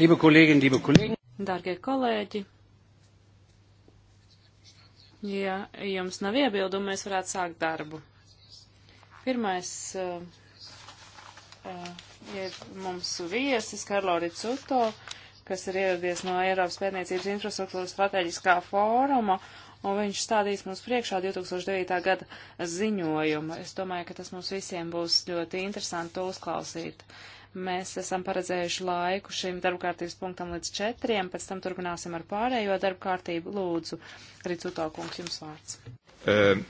Liebe Kolleginnen, liebe Kollegen. Dārgie kolēģi, ja jums nav iebildumu, mēs varētu sākt darbu. Pirmais uh, uh, ir mums viesis Karlori Cuto, kas ir ieradies no Eiropas pētniecības infrastruktūras strateģiskā fóruma, un viņš stādīs mums priekšā 2009. gada ziņojumu. Es domāju, ka tas mums visiem būs ļoti interesanti to uzklausīt. Uh, Mēs esam paredzējuši laiku šim darbkārtības punktam līdz četriem, pēc tam turpināsim ar pārējo darbkārtību. Lūdzu, Ricuto kungs, jums vārds. Uh,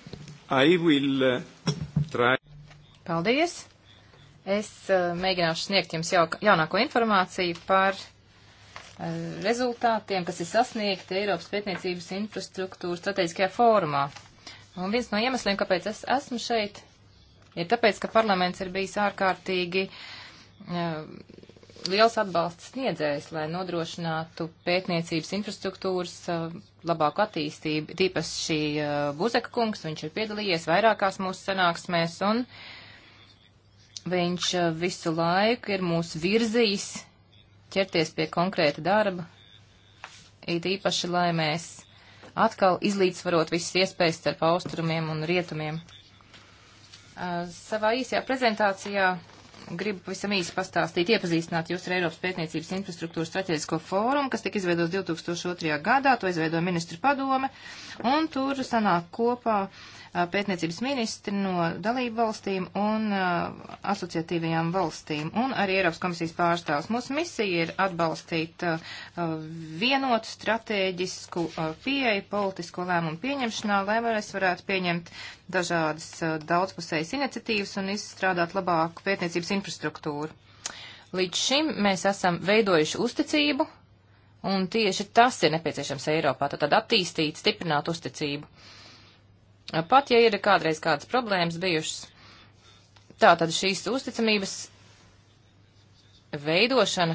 will, uh, try... Paldies! Es uh, mēģināšu sniegt jums jau, jaunāko informāciju par uh, rezultātiem, kas ir sasniegti Eiropas pētniecības infrastruktūras strateģiskajā fórumā. Un viens no iemesliem, kāpēc es esmu šeit, ir tāpēc, ka parlaments ir bijis ārkārtīgi uh, liels atbalsts sniedzējs, lai nodrošinātu pētniecības infrastruktūras labāku attīstību. Tīpas šī Buzeka kungs, viņš ir piedalījies vairākās mūsu sanāksmēs un viņš visu laiku ir mūs virzījis ķerties pie konkrēta darba, it īpaši, lai mēs atkal izlīdzvarot visas iespējas starp austrumiem un rietumiem. Savā īsajā prezentācijā gribu pavisam īsi pastāstīt, iepazīstināt jūs ar Eiropas pētniecības infrastruktūras strateģisko fórumu, kas tika izveidots 2002. gadā, to izveidoja ministru padome, un tur sanāk kopā pētniecības ministri no dalību valstīm un uh, asociatīvajām valstīm un arī Eiropas komisijas pārstāvs. Mūsu misija ir atbalstīt uh, vienotu strateģisku uh, pieeju politisko lēmumu pieņemšanā, lai mēs varētu pieņemt dažādas daudzpusējas iniciatīvas un izstrādāt labāku pētniecības infrastruktūru. Līdz šim mēs esam veidojuši uzticību, un tieši tas ir nepieciešams Eiropā, tad attīstīt, stiprināt uzticību. Uh, Pat, ja ir kādreiz kādas problēmas bijušas, tā tad šīs uzticamības veidošana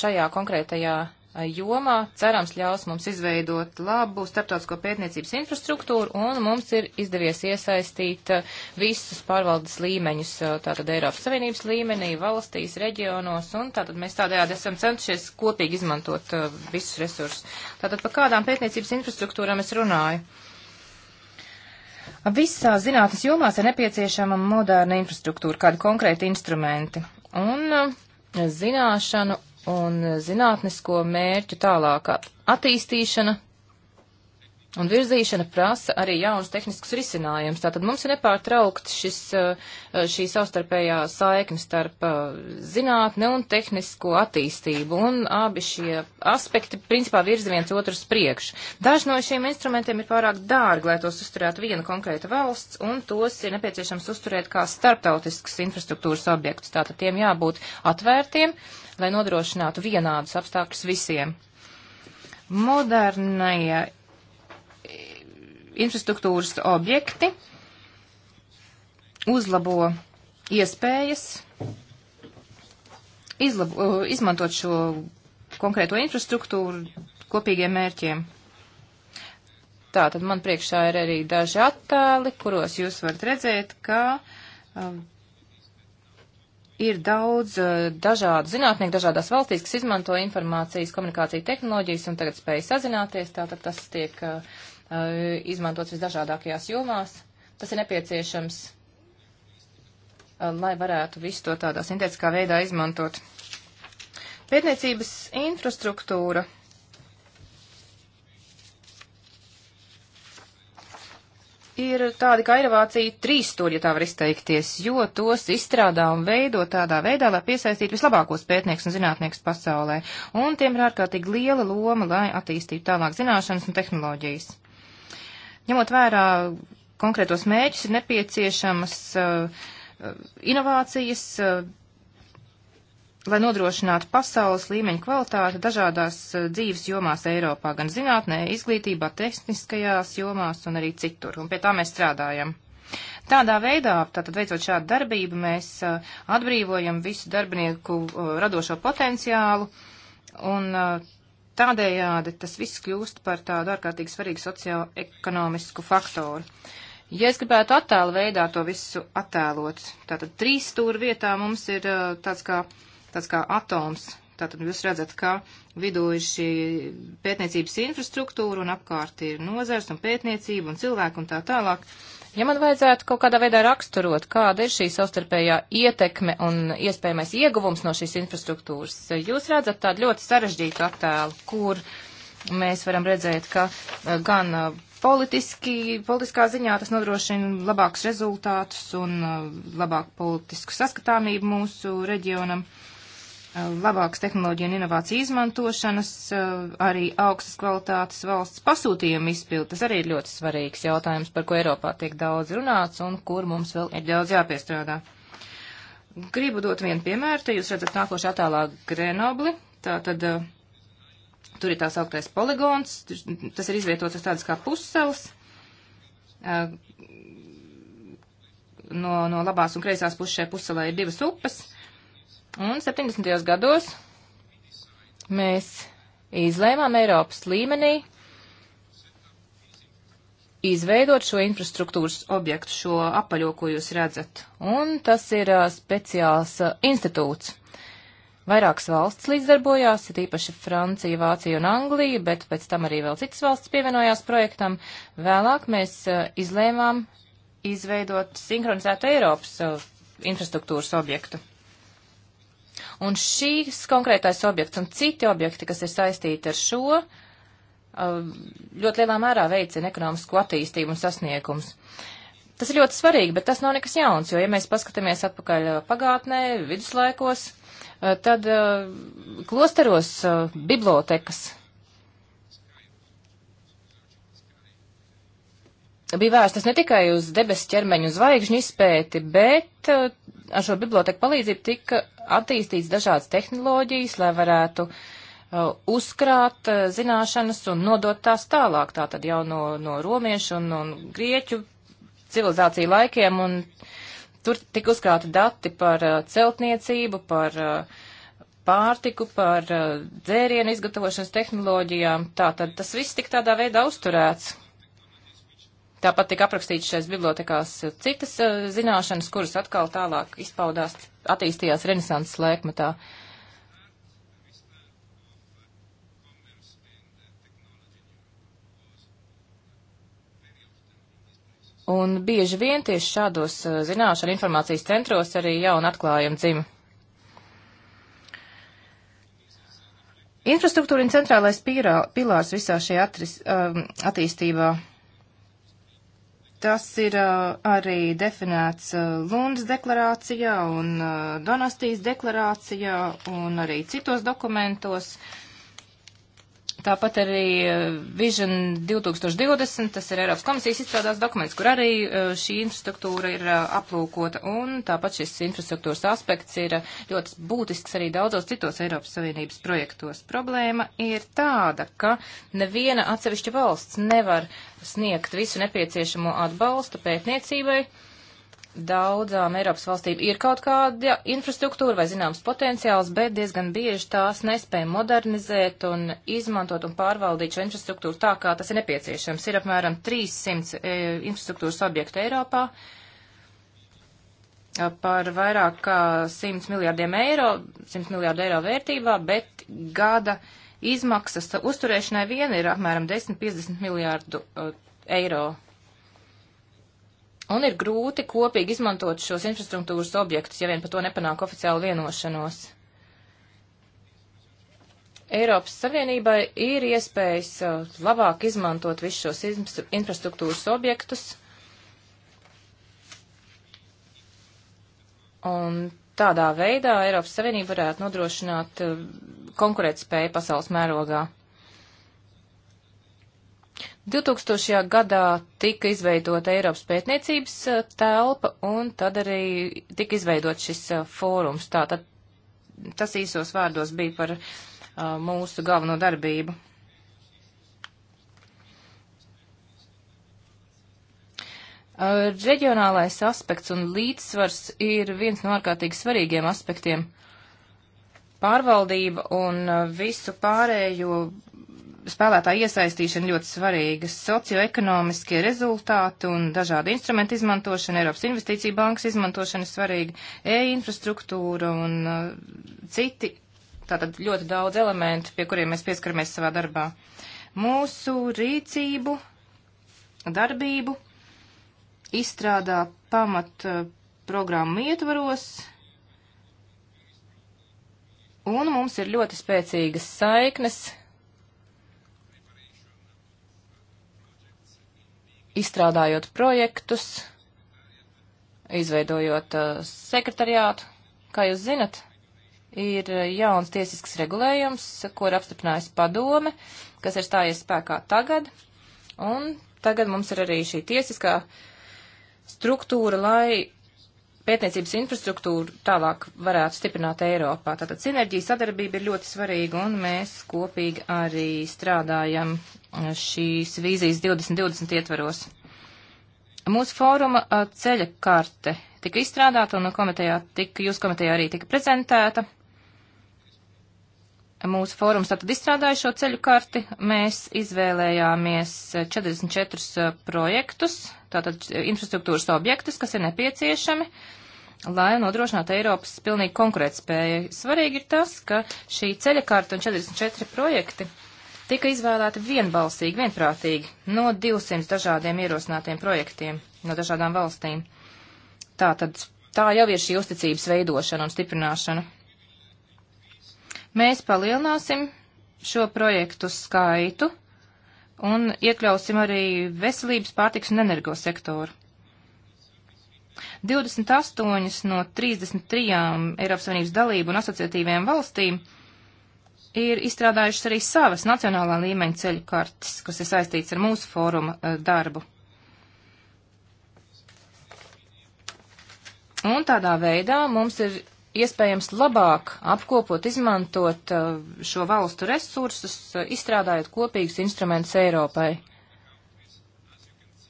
šajā konkrētajā jomā, cerams, ļaus mums izveidot labu starptautisko pētniecības infrastruktūru, un mums ir izdevies iesaistīt uh, visus pārvaldes līmeņus, uh, tātad Eiropas Savienības līmenī, valstīs, reģionos, un tātad mēs tādējādi esam centušies kopīgi izmantot uh, visus resursus. Tātad par kādām pētniecības infrastruktūrām es runāju? Visās zinātnes jomās ir nepieciešama moderna infrastruktūra, kādi konkrēti instrumenti. Un zināšanu un zinātnisko mērķu tālākā attīstīšana un virzīšana prasa arī jaunas tehniskas risinājumus. Tātad mums ir nepārtraukt šis, eh, šī savstarpējā saikne starp eh, zinātne un tehnisko attīstību, un abi šie aspekti principā virza viens otrs priekš. Daži no šiem instrumentiem ir pārāk dārgi, lai tos uzturētu viena konkrēta valsts, un tos ir nepieciešams uzturēt kā starptautiskas infrastruktūras objektus. Tātad tiem jābūt atvērtiem lai nodrošinātu vienādus apstākļus visiem. Modernie eh, infrastruktūras objekti uzlabo iespējas izlabo, eh, izmantot šo konkrēto infrastruktūru kopīgiem mērķiem. Tā tad man priekšā ir arī daži attēli, kuros jūs varat redzēt, ka um, ir daudz eh, dažādu zinātnieku dažādās valstīs, kas izmanto informācijas komunikāciju tehnoloģijas un tagad spēj sazināties, tātad tas tiek uh, izmantots visdažādākajās jomās. Tas ir nepieciešams, uh, lai varētu visu to tādā sintētiskā veidā izmantot. Pētniecības infrastruktūra ir tādi kā inovācija trīsstūri, ja tā var izteikties, jo tos izstrādā un veido tādā veidā, lai piesaistītu vislabākos pētnieks un zinātnieks pasaulē. Un tiem ir ārkārtīgi liela loma, lai attīstītu tālāk zināšanas un tehnoloģijas. Ņemot vērā konkrētos mēģus, ir nepieciešamas uh, uh inovācijas, uh, lai nodrošinātu pasaules līmeņa kvalitāti dažādās eh, dzīves jomās Eiropā, gan zinātnē, izglītībā, tehniskajās jomās un arī citur. Un pie tā mēs strādājam. Tādā veidā, tātad veicot šādu darbību, mēs eh, atbrīvojam visu darbinieku eh, radošo potenciālu un tādējādi tas viss kļūst par tādu ārkārtīgi svarīgu sociālo-ekonomisku faktoru. Ja es gribētu attēlu veidā to visu attēlot, tātad trīs stūra vietā mums ir tāds kā uh, tāds kā atoms. Tātad jūs redzat, ka vidū ir šī pētniecības infrastruktūra un apkārt ir nozars un pētniecība un cilvēku un tā tālāk. Ja man vajadzētu kaut kādā veidā raksturot, kāda ir šī savstarpējā ietekme un iespējamais ieguvums no šīs infrastruktūras, jūs redzat tādu ļoti sarežģītu attēlu, kur mēs varam redzēt, ka eh, gan eh, politiski, politiskā ziņā tas nodrošina labākus rezultātus un eh, labāku politisku saskatāmību mūsu reģionam. Uh, Eh, labākas tehnoloģiju un inovāciju izmantošanas, eh, arī augstas kvalitātes valsts pasūtījumu izpildu. Tas arī ir ļoti svarīgs jautājums, par ko Eiropā tiek daudz runāts un kur mums vēl ir daudz jāpiestrādā. Gribu dot vienu piemēru, te jūs redzat nākošā tālā Grenobli, tā tad eh, tur ir tās augtais poligons, tas ir izvietots uz tādas kā pussels, no, no labās un kreisās puses šai pusselē ir divas upes, Un 70. gados mēs izlēmām Eiropas līmenī izveidot šo infrastruktūras objektu, šo apaļo, ko jūs redzat. Un tas ir uh, speciāls uh, institūts. Vairākas valsts līdzdarbojās, ir īpaši Francija, Vācija un Anglija, bet pēc tam arī vēl citas valsts pievienojās projektam. Vēlāk mēs uh, izlēmām izveidot sinhronizētu Eiropas infrastruktūras objektu. Un šīs konkrētais objekts un citi objekti, kas ir saistīti ar šo, uh, ļoti lielā mērā veicina ekonomisko attīstību un sasniegums. Tas ir ļoti svarīgi, bet tas nav nekas jauns, jo, ja mēs paskatāmies atpakaļ uh, pagātnē, viduslaikos, uh, tad klosteros bibliotekas bija vērstas ne tikai uz debesu ķermeņu zvaigžņu izpēti, bet ar šo biblioteku palīdzību tika attīstīts dažādas tehnoloģijas, lai varētu uh, uzkrāt uh, zināšanas un nodot tās tālāk, tātad jau no, no romiešu un, un grieķu civilizāciju laikiem, un tur tika uzkrāti dati par uh, celtniecību, par pārtiku, par dzērienu izgatavošanas tehnoloģijām, tātad tas viss tik tādā veidā uzturēts. Tāpat tika aprakstīts šais bibliotekās citas uh, zināšanas, kuras atkal tālāk izpaudās, attīstījās renesanses laikmetā. Un bieži vien tieši šādos uh, zināšanu informācijas centros arī jauna atklājuma dzima. Infrastruktūra un centrālais pīrā, pilārs visā šajā atris, um, attīstībā Tas ir uh, arī definēts uh, Lundas deklarācijā un uh, Donastijas deklarācijā un arī citos dokumentos. Uh, Tāpat arī eh, Vision 2020, tas ir Eiropas komisijas izstrādās dokuments, kur arī eh, šī infrastruktūra ir eh, aplūkota, un tāpat šis infrastruktūras aspekts ir ļoti būtisks arī daudzos citos Eiropas Savienības projektos. Problēma ir tāda, ka neviena atsevišķa valsts nevar sniegt visu nepieciešamo atbalstu pētniecībai, uh, daudzām Eiropas valstīm ir kaut kāda infrastruktūra vai zināms potenciāls, bet diezgan bieži tās nespēja modernizēt un izmantot un pārvaldīt šo infrastruktūru tā, kā tas ir nepieciešams. Ir apmēram 300 e, infrastruktūras objektu Eiropā par vairāk kā 100 miljārdiem eiro, 100 miljārdu eiro vērtībā, bet gada izmaksas uzturēšanai vien ir apmēram 10-50 miljārdu e, eiro Un ir grūti kopīgi izmantot šos infrastruktūras objektus, ja vien par to nepanāk oficiālu vienošanos. Eiropas Savienībai ir iespējas uh, labāk izmantot visus šos infrastruktūras objektus. Un tādā veidā Eiropas Savienība varētu nodrošināt uh, konkurētspēju pasaules mērogā. 2000. gadā tika izveidota Eiropas pētniecības eh, telpa un tad arī tika izveidot šis eh, fórums. Tātad tas īsos vārdos bija par uh, mūsu galveno darbību. Uh, reģionālais aspekts un līdzsvars ir viens no ārkārtīgi svarīgiem aspektiem. Pārvaldība un uh, visu pārējo spēlētāja iesaistīšana ļoti svarīga. Socioekonomiskie rezultāti un dažādi instrumenti izmantošana, Eiropas investīcija bankas izmantošana svarīga, e-infrastruktūra un uh, citi. Tātad ļoti daudz elementu, pie kuriem mēs pieskaramies savā darbā. Mūsu rīcību, darbību izstrādā pamat uh, programmu ietvaros, un mums ir ļoti spēcīgas saiknes izstrādājot projektus, izveidojot uh, sekretariātu. Kā jūs zinat, ir uh, jauns tiesisks regulējums, ko ir apstiprinājusi padome, kas ir stājies spēkā tagad. Un tagad mums ir arī šī tiesiskā struktūra, lai pētniecības infrastruktūru tālāk varētu stiprināt Eiropā. Tātad sinerģija sadarbība ir ļoti svarīga, un mēs kopīgi arī strādājam eh, šīs vīzijas 2020 ietvaros. Mūsu fóruma eh, ceļa karte tika izstrādāta, un komitejā tika, jūs komitejā arī tika prezentēta mūsu fórums tātad izstrādāja šo ceļu karti. Mēs izvēlējāmies 44 eh, eh, projektus, tātad eh, infrastruktūras objektus, kas ir nepieciešami, lai nodrošinātu Eiropas pilnīgi konkurētspēju. Svarīgi ir tas, ka šī ceļa karta un 44 projekti tika izvēlēti vienbalsīgi, vienprātīgi no 200 dažādiem ierosinātiem projektiem no dažādām valstīm. Tātad tā jau ir šī uzticības veidošana un stiprināšana. Mēs palielināsim šo projektu skaitu un iekļausim arī veselības, pārtiks un energo sektoru. 28 no 33 Eiropas Savienības dalību un asociatīvajām valstīm ir izstrādājušas arī savas nacionālā līmeņa ceļu kartes, kas ir saistīts ar mūsu fóruma eh, darbu. Un tādā veidā mums ir iespējams labāk apkopot, izmantot uh, šo valstu resursus, uh, izstrādājot kopīgus instrumentus Eiropai.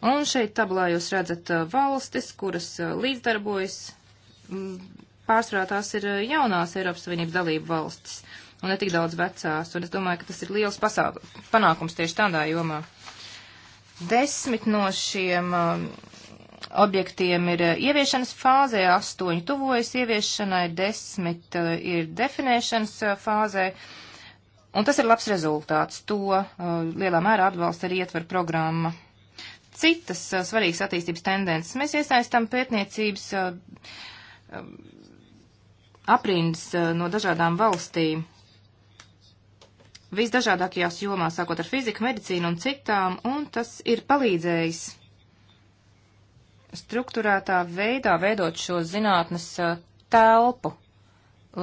Un šeit tablā jūs redzat uh, valstis, kuras līdzdarbojas. Mm, pārsvarā tās ir jaunās Eiropas Savienības dalību valstis un ne tik daudz vecās. Un es domāju, ka tas ir liels pasākums, panākums tieši tādā jomā. Desmit no šiem uh, objektiem ir eh, ieviešanas fāzē, astoņi tuvojas ieviešanai, desmit eh, ir definēšanas eh, fāzē. Un tas ir labs rezultāts. To lielā mērā atbalsta arī ietver programma. Citas svarīgas attīstības tendences. Mēs iesaistām pētniecības aprindas no dažādām valstīm. Visdažādākajās jomās, sākot ar fiziku, medicīnu un citām, un tas ir palīdzējis strukturētā veidā veidot šo zinātnes uh, telpu,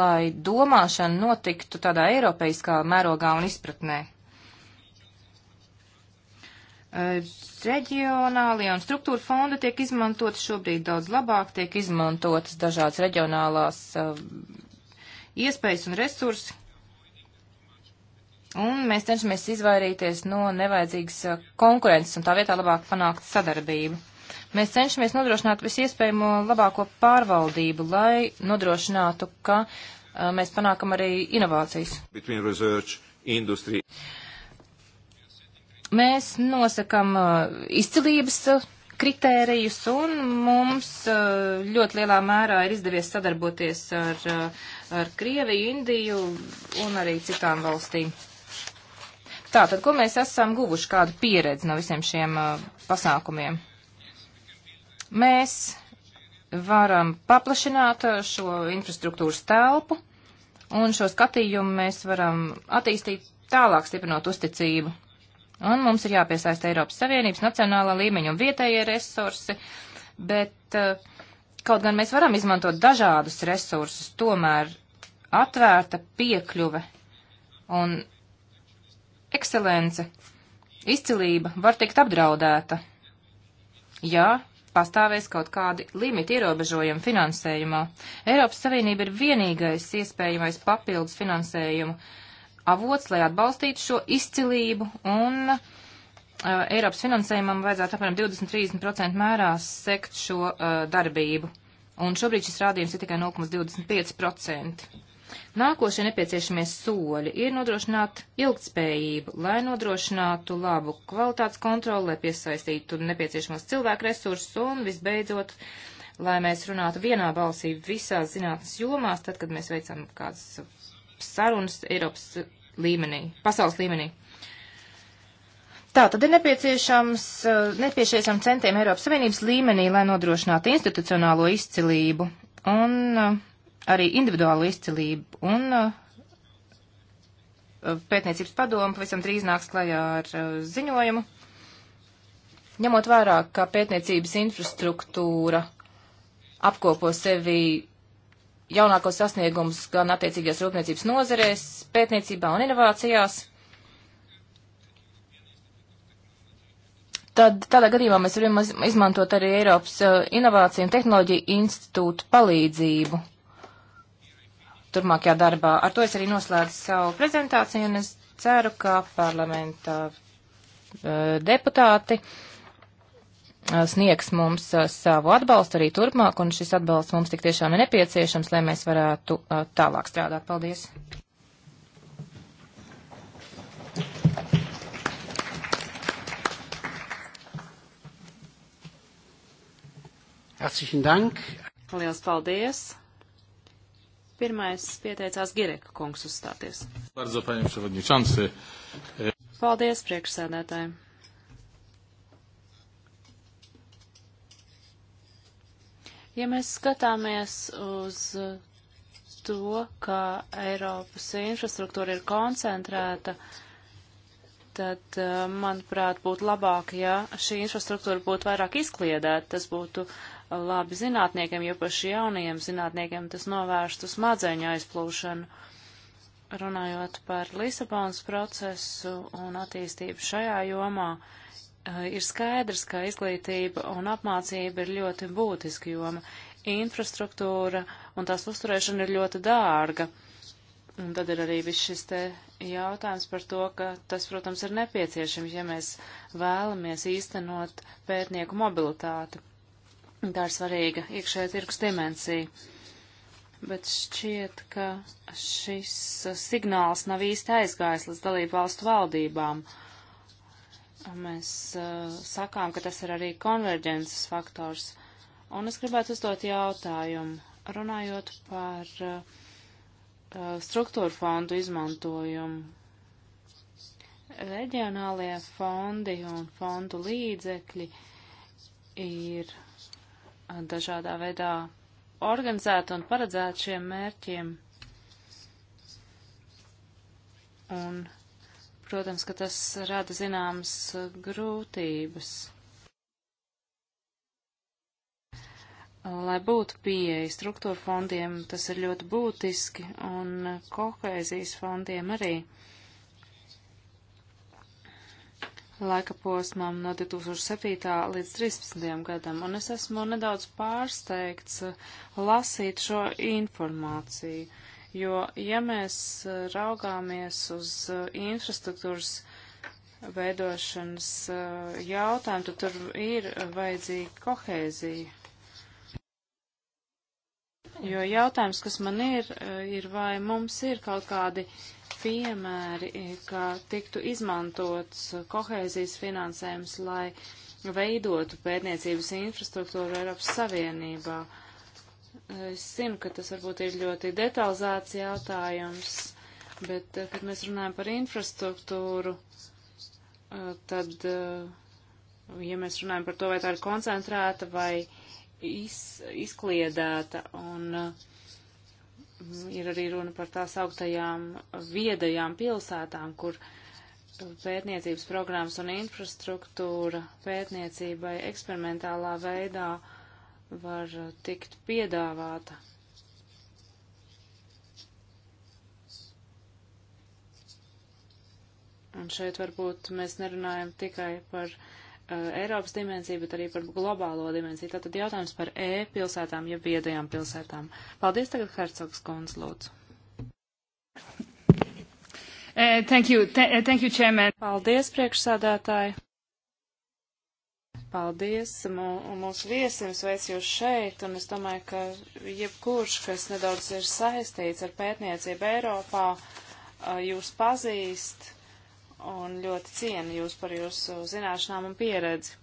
lai domāšana notiktu tādā eiropeiskā mērogā un izpratnē. Uh, reģionālie un struktūra fondi tiek izmantot šobrīd daudz labāk, tiek izmantotas dažādas reģionālās uh, iespējas un resursi. Un mēs cenšamies izvairīties no nevajadzīgas uh, konkurences un tā vietā labāk panākt sadarbību. Mēs cenšamies nodrošināt visiespējamo labāko pārvaldību, lai nodrošinātu, ka uh, mēs panākam arī inovācijas. Research, mēs nosakam uh, izcilības uh, kritērijus, un mums uh, ļoti lielā mērā ir izdevies sadarboties ar, uh, ar Krieviju, Indiju un arī citām valstīm. Tātad, ko mēs esam guvuši, kādu pieredzi no visiem šiem uh, pasākumiem? Mēs varam paplašināt šo infrastruktūras telpu, un šo skatījumu mēs varam attīstīt tālāk, stiprinot uzticību. Un mums ir jāpiesaista Eiropas Savienības nacionālā līmeņa un vietējie resursi, bet eh, kaut gan mēs varam izmantot dažādus resursus, tomēr atvērta piekļuve un ekscelence, izcilība var tikt apdraudēta. Jā, pastāvēs kaut kādi limiti ierobežojumi finansējumā. Eiropas Savienība ir vienīgais iespējamais papildus finansējumu avots, lai atbalstītu šo izcilību un uh, Eiropas finansējumam vajadzētu apmēram 20-30% mērā sekt šo uh, darbību. Un šobrīd šis rādījums ir tikai 0,25%. Nākošie nepieciešamie soļi ir nodrošināt ilgtspējību, lai nodrošinātu labu kvalitātes kontroli, lai piesaistītu nepieciešamos cilvēku resursus un, visbeidzot, lai mēs runātu vienā balsī visās zinātnes jomās, tad, kad mēs veicam kādas sarunas Eiropas līmenī, pasaules līmenī. Tā tad ir nepieciešams, nepieciešams centiem Eiropas Savienības līmenī, lai nodrošinātu institucionālo izcilību. Un arī individuālu izcilību, un uh, pētniecības padoma pavisam drīz nāks klajā ar uh, ziņojumu, ņemot vērā, ka pētniecības infrastruktūra apkopo sevi jaunākos sasniegumus gan attiecīgajās rūpniecības nozerēs, pētniecībā un inovācijās. Tad tādā gadījumā mēs varam izmantot arī Eiropas uh, Inovāciju un Tehnoloģiju institūtu palīdzību turmākajā darbā. Ar to es arī noslēdzu savu prezentāciju un es ceru, ka parlamentā eh, deputāti eh, sniegs mums eh, savu atbalstu arī turpmāk, un šis atbalsts mums tik tiešām ir nepieciešams, lai mēs varētu tālāk strādāt. Paldies! Herzlichen Dank. Liels paldies. Pirmais pieteicās Gireka kungs uzstāties. Bardzo, Paldies, priekšsēdētāji. Ja mēs skatāmies uz to, ka Eiropas infrastruktūra ir koncentrēta, tad, eh, manuprāt, būtu labāk, ja šī infrastruktūra būtu vairāk izkliedēta. Tas būtu uh, labi zinātniekiem, īpaši jaunajiem zinātniekiem, tas novērstu smadzeņu aizplūšanu. Runājot par Lisabonas procesu un attīstību šajā jomā, eh, ir skaidrs, ka izglītība un apmācība ir ļoti būtiska joma. Infrastruktūra un tās uzturēšana ir ļoti dārga. Un tad ir arī viss šis te jautājums par to, ka tas, protams, ir nepieciešams, ja mēs vēlamies īstenot pētnieku mobilitāti. Tā ir svarīga iekšējā tirgus dimensija. Bet šķiet, ka šis signāls nav īsti aizgājis līdz dalību valstu valdībām. Mēs uh, sakām, ka tas ir arī konverģences faktors. Un es gribētu uzdot jautājumu, runājot par uh, uh struktūru fondu izmantojumu. Reģionālie fondi un fondu līdzekļi ir dažādā veidā organizēta un paredzēta šiem mērķiem. Un, protams, ka tas rada zināmas grūtības. Lai būtu pieeja struktūra fondiem, tas ir ļoti būtiski, un kohēzijas fondiem arī. Uh, laika posmam no 2007. līdz 2013. gadam, un es esmu nedaudz pārsteigts uh, lasīt šo informāciju, jo, ja mēs uh, raugāmies uz uh, infrastruktūras veidošanas jautājumu, tad tur ir vajadzīga kohēzija Jo jautājums, kas man ir, eh, ir vai mums ir kaut kādi piemēri, eh, ka tiktu izmantots kohēzijas finansējums, lai veidotu pētniecības infrastruktūru Eiropas Savienībā. Eh, es zinu, ka tas varbūt ir ļoti detalizēts jautājums, bet, kad mēs runājam par infrastruktūru, tad, ja mēs runājam par to, vai tā ir koncentrēta vai uh, iz, izkliedēta un uh, ir arī runa par tās augtajām viedajām pilsētām, kur pētniecības programmas un infrastruktūra pētniecībai eksperimentālā veidā var tikt piedāvāta. Un šeit varbūt mēs nerunājam tikai par uh, Uh, Eiropas dimensiju, bet arī par globālo dimensiju. Tātad jautājums par e-pilsētām, ja viedajām pilsētām. Paldies tagad, Hercogs Kons, lūdzu. Uh, thank you, T eh, thank you, Chairman. Paldies, priekšsādātāji. Paldies, mūsu mūs viesim sveic jūs šeit, un es domāju, ka jebkurš, kas nedaudz ir saistīts ar pētniecību Eiropā, eh, jūs pazīst un ļoti cienu jūs par jūsu zināšanām un pieredzi.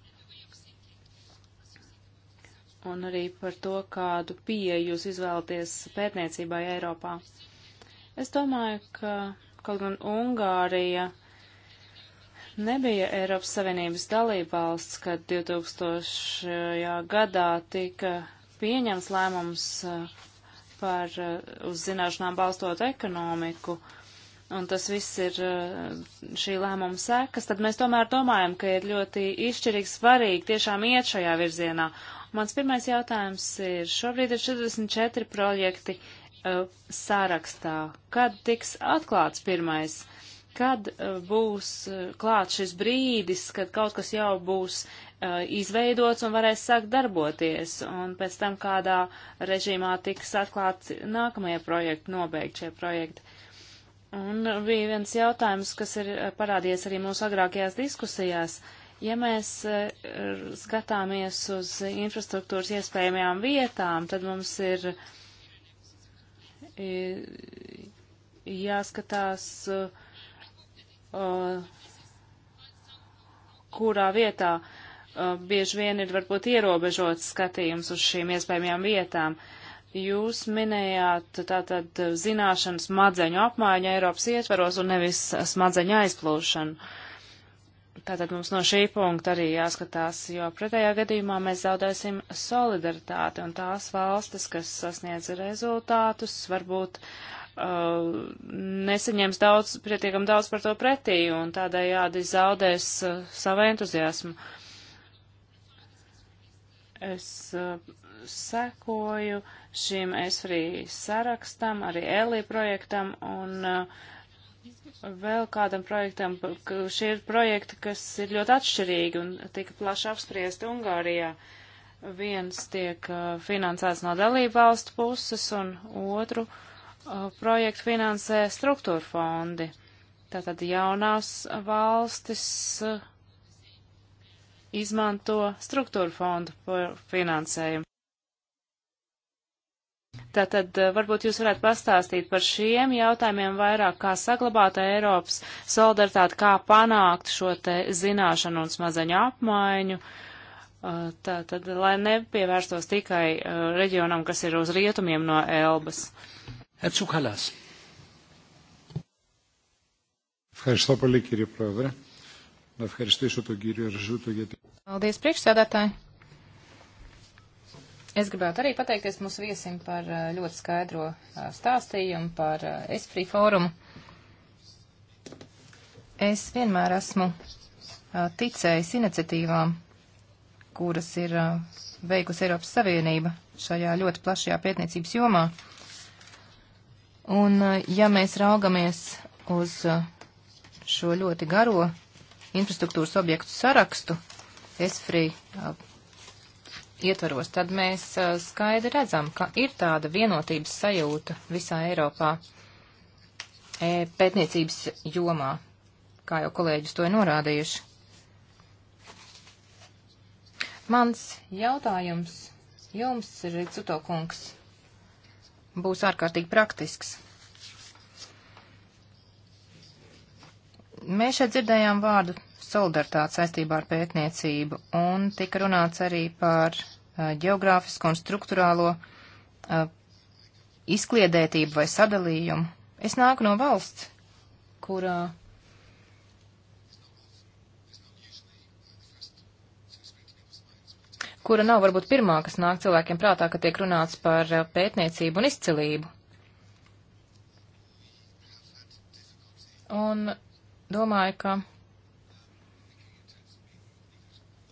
Un arī par to, kādu pieeju jūs izvēlaties pētniecībai Eiropā. Es domāju, ka kaut gan Ungārija nebija Eiropas Savienības dalībvalsts, kad 2000. gadā tika pieņems lēmums uh, par uh, uz zināšanām balstot ekonomiku. Uh, un tas viss ir eh, šī lēmuma sekas, tad mēs tomēr domājam, ka ir ļoti izšķirīgi svarīgi tiešām iet šajā virzienā. Mans pirmais jautājums ir, šobrīd ir 44 projekti uh, sārakstā. Kad tiks atklāts pirmais? Kad uh, būs uh, klāts šis brīdis, kad kaut kas jau būs izveidots un varēs sākt darboties, un pēc tam kādā režīmā tiks atklāti nākamie projekti, nobeigt šie projekti? Un bija viens jautājums, kas ir eh, parādījies arī mūsu agrākajās diskusijās. Ja mēs eh, skatāmies uz infrastruktūras iespējamajām vietām, tad mums ir eh, jāskatās, kurā vietā bieži vien ir varbūt ierobežots skatījums uz šīm iespējamajām vietām. Uh, Jūs minējāt tātad zināšanu smadzeņu apmaiņu Eiropas ietvaros un nevis smadzeņu aizplūšanu. Tātad mums no šī punkta arī jāskatās, jo pretējā gadījumā mēs zaudēsim solidaritāti un tās valstis, kas sasniedz rezultātus, varbūt uh, Uh, nesaņems daudz, pietiekam daudz par to pretī un tādējādi zaudēs uh, savu entuziasmu. Es uh, sekoju šim esfrī sarakstam, arī ELI projektam un uh, vēl kādam projektam. Šie ir projekti, kas ir ļoti atšķirīgi un tika plaši apspriesti Ungārijā. Viens tiek uh, finansēts no dalību valstu puses un otru uh, projektu finansē struktūra fondi. Tātad jaunās valstis izmanto struktūra fondu finansējumu. Tātad eh, varbūt jūs varētu pastāstīt par šiem jautājumiem vairāk, kā saglabāt Eiropas solidaritāti, kā panākt šo te zināšanu un smadzeņu apmaiņu, eh, tātad, lai nepievērstos tikai eh, reģionam, kas ir uz rietumiem no Elbas. Etsukalas. Ευχαριστώ πολύ κύριε Πρόεδρε. Να ευχαριστήσω τον κύριο Ρεζούτο γιατί... Paldies, priekšsēdētāji! Es gribētu arī pateikties mūsu viesim par eh, ļoti skaidro eh, stāstījumu par eh, Esfrī fórumu. Es vienmēr esmu ticējis iniciatīvām, kuras ir veikusi Eiropas Savienība šajā ļoti plašajā pētniecības jomā. Un ja mēs raugamies uz šo ļoti garo infrastruktūras objektu sarakstu, Esfrī ietvaros, tad mēs skaidri redzam, ka ir tāda vienotības sajūta visā Eiropā pētniecības jomā, kā jau kolēģis to ir norādījuši. Mans jautājums jums, Ricuto kungs, būs ārkārtīgi praktisks. Mēs šeit dzirdējām vārdu solidaritāti saistībā ar pētniecību, un tika runāts arī par uh, geogrāfisko un struktūrālo uh, izkliedētību vai sadalījumu. Es nāku no valsts, kurā kura nav varbūt pirmā, kas nāk cilvēkiem prātā, ka tiek runāts par uh, pētniecību un izcilību. Un domāju, ka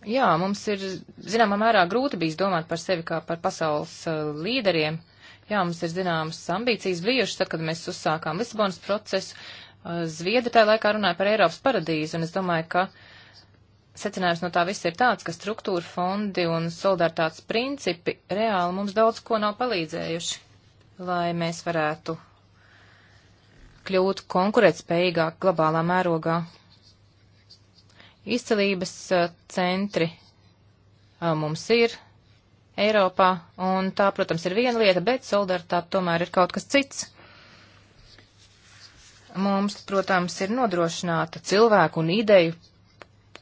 Jā, mums ir zināmā mērā grūti bijis domāt par sevi kā par pasaules uh, līderiem. Jā, mums ir zināmas ambīcijas bijušas, tad, kad mēs uzsākām Lisabonas procesu. Uh, Zviedri tajā laikā runāja par Eiropas paradīzi, un es domāju, ka secinājums no tā viss ir tāds, ka struktūra fondi un solidaritātes principi reāli mums daudz ko nav palīdzējuši, lai mēs varētu kļūt konkurētspējīgāk globālā mērogā Izcelības uh, centri uh, mums ir Eiropā, un tā, protams, ir viena lieta, bet solidaritāte tomēr ir kaut kas cits. Mums, protams, ir nodrošināta cilvēku un ideju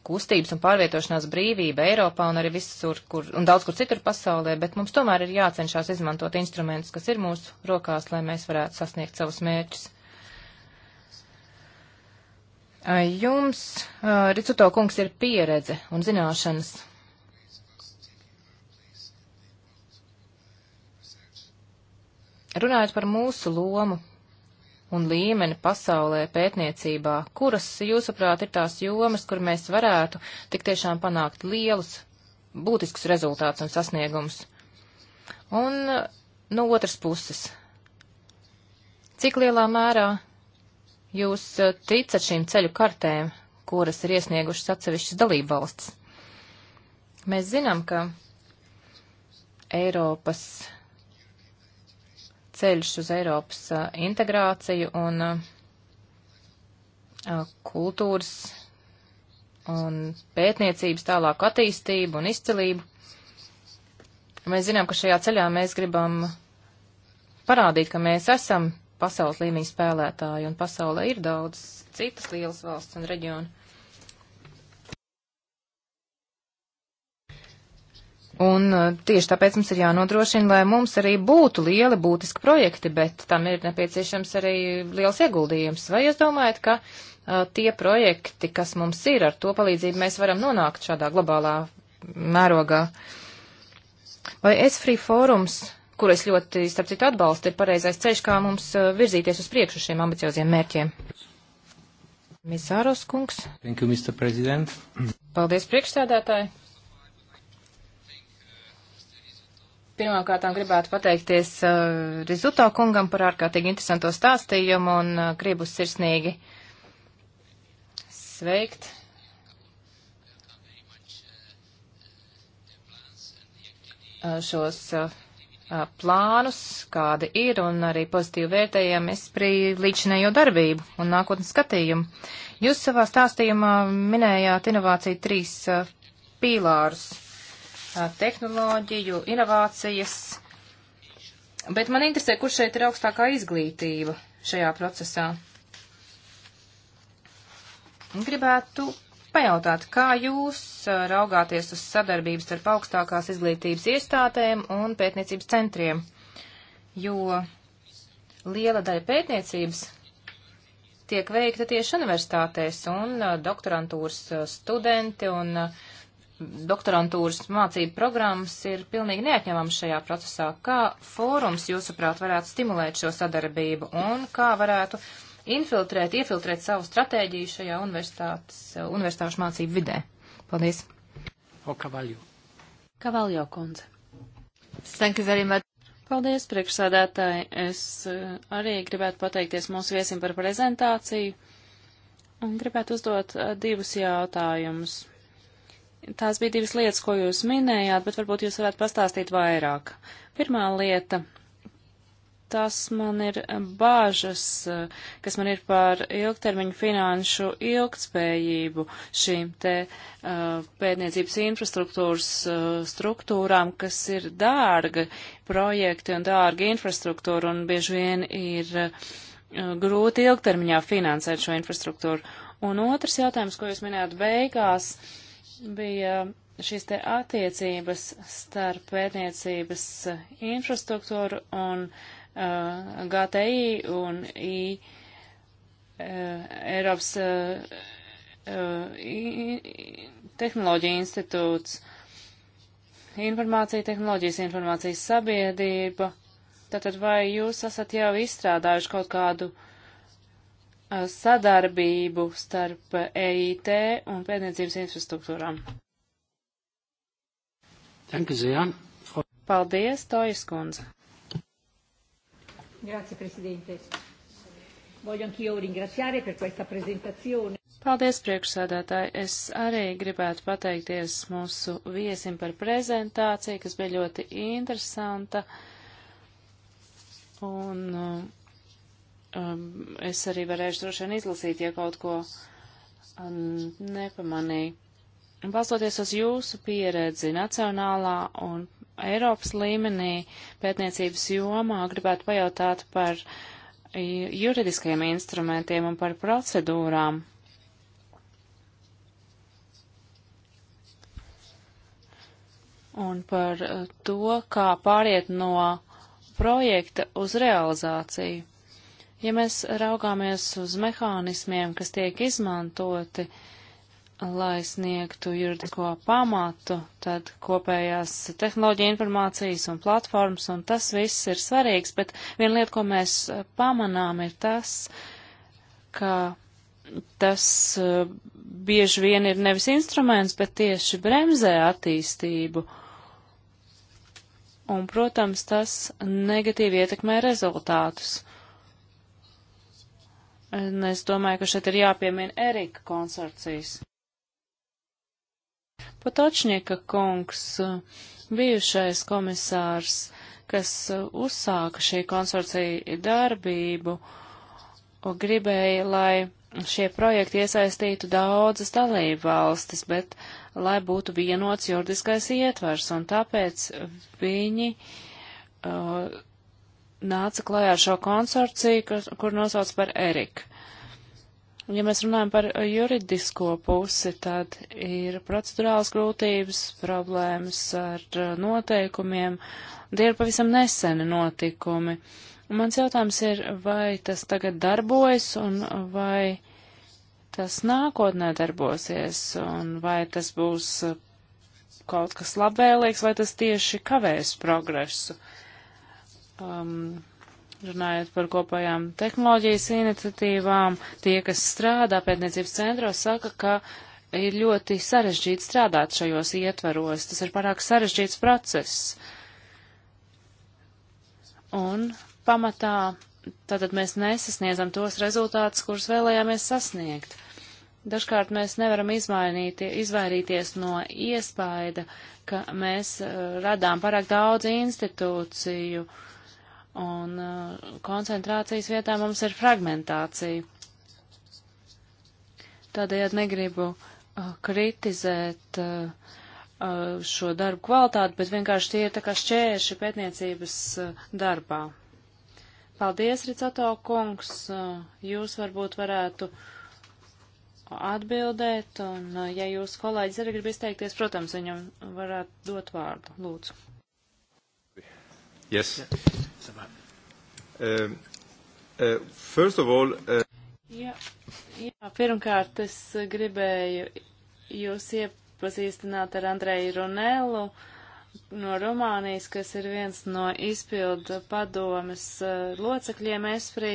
kustības un pārvietošanās brīvība Eiropā un arī visur, kur, un daudz kur citur pasaulē, bet mums tomēr ir jācenšas izmantot instrumentus, kas ir mūsu rokās, lai mēs varētu sasniegt savus mērķus. Jums, Ricuto kungs, ir pieredze un zināšanas. Runājot par mūsu lomu un līmeni pasaulē pētniecībā, kuras, jūsuprāt, ir tās jomas, kur mēs varētu tik tiešām panākt lielus, būtiskus rezultātus un sasniegumus. Un no otras puses, cik lielā mērā jūs eh, ticat šīm ceļu kartēm, kuras ir iesniegušas atsevišķas dalībvalsts? Mēs zinām, ka Eiropas ceļš uz Eiropas eh, integrāciju un eh, kultūras un pētniecības tālāku attīstību un izcilību. Mēs zinām, ka šajā ceļā mēs gribam parādīt, ka mēs esam pasaules līmeņa spēlētāji, un pasaulē ir daudz citas lielas valsts un reģionu. Un uh, tieši tāpēc mums ir jānodrošina, lai mums arī būtu lieli būtiski projekti, bet tam ir nepieciešams arī liels ieguldījums. Vai jūs domājat, ka uh, tie projekti, kas mums ir, ar to palīdzību mēs varam nonākt šādā globālā mērogā? Vai S-Free fórums kur es ļoti, starp citu, atbalstu, ir pareizais ceļš, kā mums virzīties uz priekšu šiem ambicioziem mērķiem. Mizāros kungs. Thank you, Mr. President. Paldies, priekšstādātāji. Pirmkārt, gribētu pateikties uh, Rizuto kungam par ārkārtīgi interesanto stāstījumu un uh, gribu sirsnīgi sveikt. Uh, šos uh, plānus, kādi ir, un arī pozitīvi vērtējam ESPRI līdzinējo darbību un nākotnes skatījumu. Jūs savā stāstījumā minējāt inovāciju trīs pīlārus - tehnoloģiju, inovācijas, bet man interesē, kur šeit ir augstākā izglītība šajā procesā. Gribētu pajautāt, kā jūs raugāties uz sadarbības starp augstākās izglītības iestādēm un pētniecības centriem, jo liela daļa pētniecības tiek veikta tieši universitātēs un doktorantūras studenti un doktorantūras mācību programmas ir pilnīgi neatņemams šajā procesā. Kā fórums, jūsuprāt, varētu stimulēt šo sadarbību un kā varētu uh, infiltrēt, iefiltrēt savu stratēģiju šajā universitātes, eh, universitāšu mācību vidē. Paldies. O Kavaljo. Kavaljo kundze. Thank you very much. Paldies, priekšsādātāji. Es eh, arī gribētu pateikties mūsu viesim par prezentāciju un gribētu uzdot eh, divus jautājumus. Tās bija divas lietas, ko jūs minējāt, bet varbūt jūs varētu pastāstīt vairāk. Pirmā lieta tas man ir bāžas, kas man ir par ilgtermiņu finanšu ilgtspējību šīm te uh, pētniecības infrastruktūras uh, struktūrām, kas ir dārga projekti un dārga infrastruktūra un bieži vien ir uh, grūti ilgtermiņā finansēt šo infrastruktūru. Un otrs jautājums, ko jūs minējāt beigās, bija šīs te attiecības starp pētniecības infrastruktūru un uh, Uh, GTI un I, uh, Eiropas uh, tehnoloģija institūts, informācija, tehnoloģijas informācijas sabiedrība. Tātad vai jūs esat jau izstrādājuši kaut kādu sadarbību starp EIT un pētniecības infrastruktūrām? Paldies, Tojas kundze. Grazie Presidente. Voglio anch'io ringraziare per questa presentazione. Paldies, priekšsēdētāji. Es arī gribētu pateikties mūsu viesim par prezentāciju, kas bija ļoti interesanta. Un um, es arī varēšu droši vien izlasīt, ja kaut ko um, nepamanīju. Balstoties uz jūsu pieredzi nacionālā un Eiropas līmenī pētniecības jomā gribētu pajautāt par juridiskajiem instrumentiem un par procedūrām. Un par eh, to, kā pāriet no projekta uz realizāciju. Ja mēs raugāmies uz mehānismiem, kas tiek izmantoti, uh, lai sniegtu juridisko pamatu, tad kopējās tehnoloģija informācijas un platformas, un tas viss ir svarīgs, bet viena lieta, ko mēs pamanām, ir tas, ka tas uh, bieži vien ir nevis instruments, bet tieši bremzē attīstību. Un, protams, tas negatīvi ietekmē rezultātus. Un es domāju, ka šeit ir jāpiemina Erika konsorcijas. Potočņieka kungs, bijušais komisārs, kas uzsāka šī konsorcija darbību, gribēja, lai šie projekti iesaistītu daudzas dalību valstis, bet lai būtu vienots juridiskais ietvars, un tāpēc viņi uh, nāca klajā ar šo konsorciju, kur, kur nosauc par Eriku. Un ja mēs runājam par uh, juridisko pusi, tad ir procedurāls grūtības, problēmas ar uh, noteikumiem, un tie ir pavisam neseni notikumi. Un mans jautājums ir, vai tas tagad darbojas un vai tas nākotnē darbosies, un vai tas būs uh, kaut kas labvēlīgs, vai tas tieši kavēs progresu. Um, runājot par kopējām tehnoloģijas iniciatīvām, tie, kas strādā pētniecības centros, saka, ka ir ļoti sarežģīti strādāt šajos ietvaros. Tas ir pārāk sarežģīts process. Un pamatā tātad mēs nesasniedzam tos rezultātus, kurus vēlējāmies sasniegt. Dažkārt mēs nevaram izvairīties no iespaida, ka mēs eh, radām pārāk daudz institūciju, uh, Un uh, koncentrācijas vietā mums ir fragmentācija. Tādējādi negribu uh, kritizēt uh, uh šo darbu kvalitāti, bet vienkārši tie ir tā kā šķērši pētniecības uh, darbā. Paldies, Ricato kungs, uh, jūs varbūt varētu atbildēt, un ja jūs kolēģis arī grib izteikties, protams, viņam varētu dot vārdu. Lūdzu. Yes. Yeah. Uh, uh, first of all. Uh... Jā, jā, pirmkārt es gribēju jūs iepazīstināt ar Andreju Runelu no Rumānijas, kas ir viens no izpildu padomes uh, locekļiem Esprī.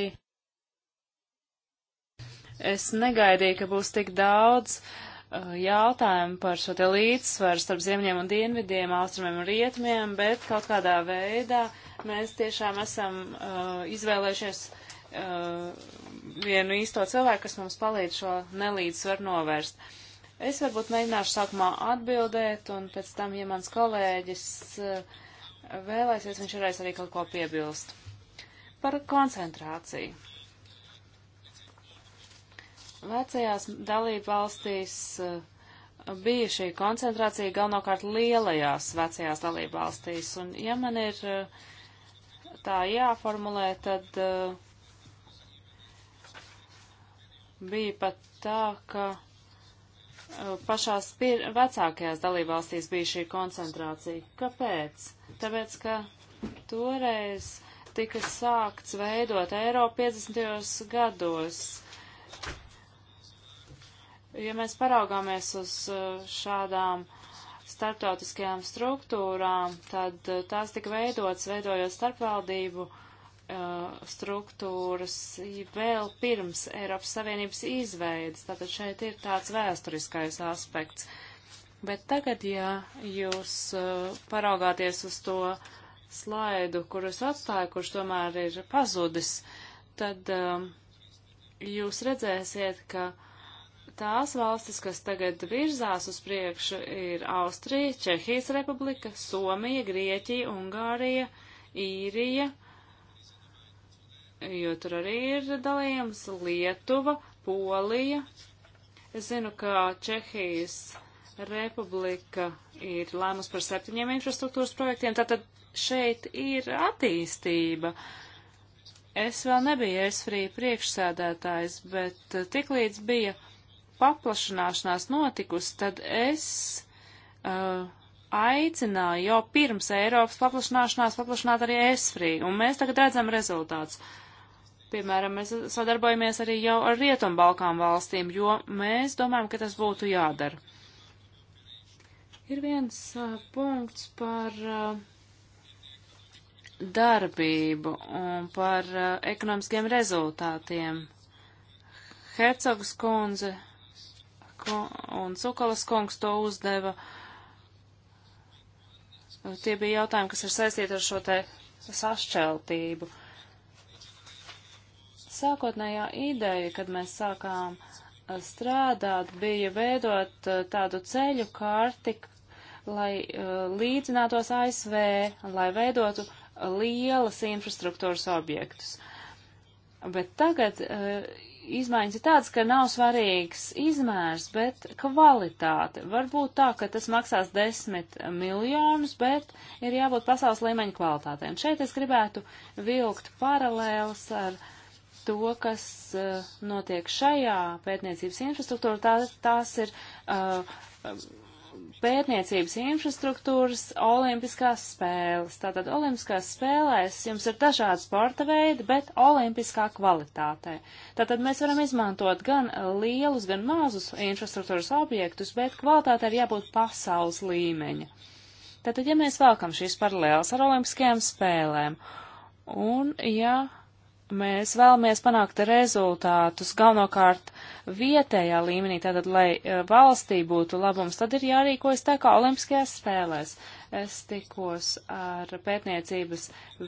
Es negaidīju, ka būs tik daudz uh, jautājumu par šo te līdzsvaru starp ziemļiem un dienvidiem, austrumiem un rietumiem, bet kaut kādā veidā uh, Mēs tiešām esam uh, izvēlējušies uh, vienu īsto cilvēku, kas mums palīdz šo nelīdzsvaru novērst. Es varbūt mēģināšu sākumā atbildēt, un pēc tam, ja mans kolēģis uh, vēlēsies, viņš varēs arī kaut ko piebilst. Par koncentrāciju. Vecajās dalību valstīs uh, bija šī koncentrācija galvenokārt lielajās vecajās dalību valstīs, un ja man ir uh, tā jāformulē, tad uh, bija pat tā, ka uh, pašās pir vecākajās dalībvalstīs bija šī koncentrācija. Kāpēc? Tāpēc, ka toreiz tika sākts veidot Eiropu 50. gados. Ja mēs paraugāmies uz uh, šādām uh, starptautiskajām struktūrām, tad eh, tās tika veidotas, veidojot starpvaldību uh, struktūras vēl pirms Eiropas Savienības izveidas. Tātad šeit ir tāds vēsturiskais aspekts. Bet tagad, ja jūs uh, paraugāties uz to slaidu, kurus atstāju, kurš tomēr ir pazudis, tad uh, jūs redzēsiet, ka uh, tās valstis, kas tagad virzās uz priekšu, ir Austrija, Čehijas republika, Somija, Grieķija, Ungārija, Īrija, jo tur arī ir dalījums, Lietuva, Polija. Es zinu, ka Čehijas republika ir lēmus par septiņiem infrastruktūras projektiem, tātad šeit ir attīstība. Es vēl nebiju ESFRI priekšsēdētājs, bet tiklīdz bija paplašanāšanās notikusi, tad es uh, aicināju jau pirms Eiropas paplašanāšanās paplašināt arī ESFRI, un mēs tagad redzam rezultātus. Piemēram, mēs sadarbojamies arī jau ar Rietumbalkām valstīm, jo mēs domājam, ka tas būtu jādara. Ir viens uh, punkts par uh, darbību un par uh, ekonomiskiem rezultātiem. Hercogs kundze un Cukalas kungs to uzdeva. Tie bija jautājumi, kas ir saistīti ar šo te sašķeltību. Sākotnējā ideja, kad mēs sākām eh, strādāt, bija veidot eh, tādu ceļu karti, lai eh, līdzinātos ASV, lai veidotu lielas infrastruktūras objektus. Bet tagad uh, izmaiņas ir tādas, ka nav svarīgs izmērs, bet kvalitāte. Varbūt tā, ka tas maksās desmit miljonus, bet ir jābūt pasaules līmeņa kvalitātei. Un šeit es gribētu vilkt paralēlus ar to, kas uh, notiek šajā pētniecības infrastruktūrā. Tā, tās ir. Uh, pētniecības infrastruktūras olimpiskās spēles. Tātad olimpiskās spēlēs jums ir dažādi sporta veidi, bet olimpiskā kvalitātē. Tātad mēs varam izmantot gan lielus, gan mazus infrastruktūras objektus, bet kvalitāte ir jābūt pasaules līmeņa. Tātad, ja mēs vēlkam šīs paralēlas ar olimpiskajām spēlēm, un ja mēs vēlamies panākt rezultātus galvenokārt vietējā līmenī, tātad, lai eh, valstī būtu labums, tad ir jārīkojas tā kā Olimpiskajās spēlēs. Es tikos ar pētniecības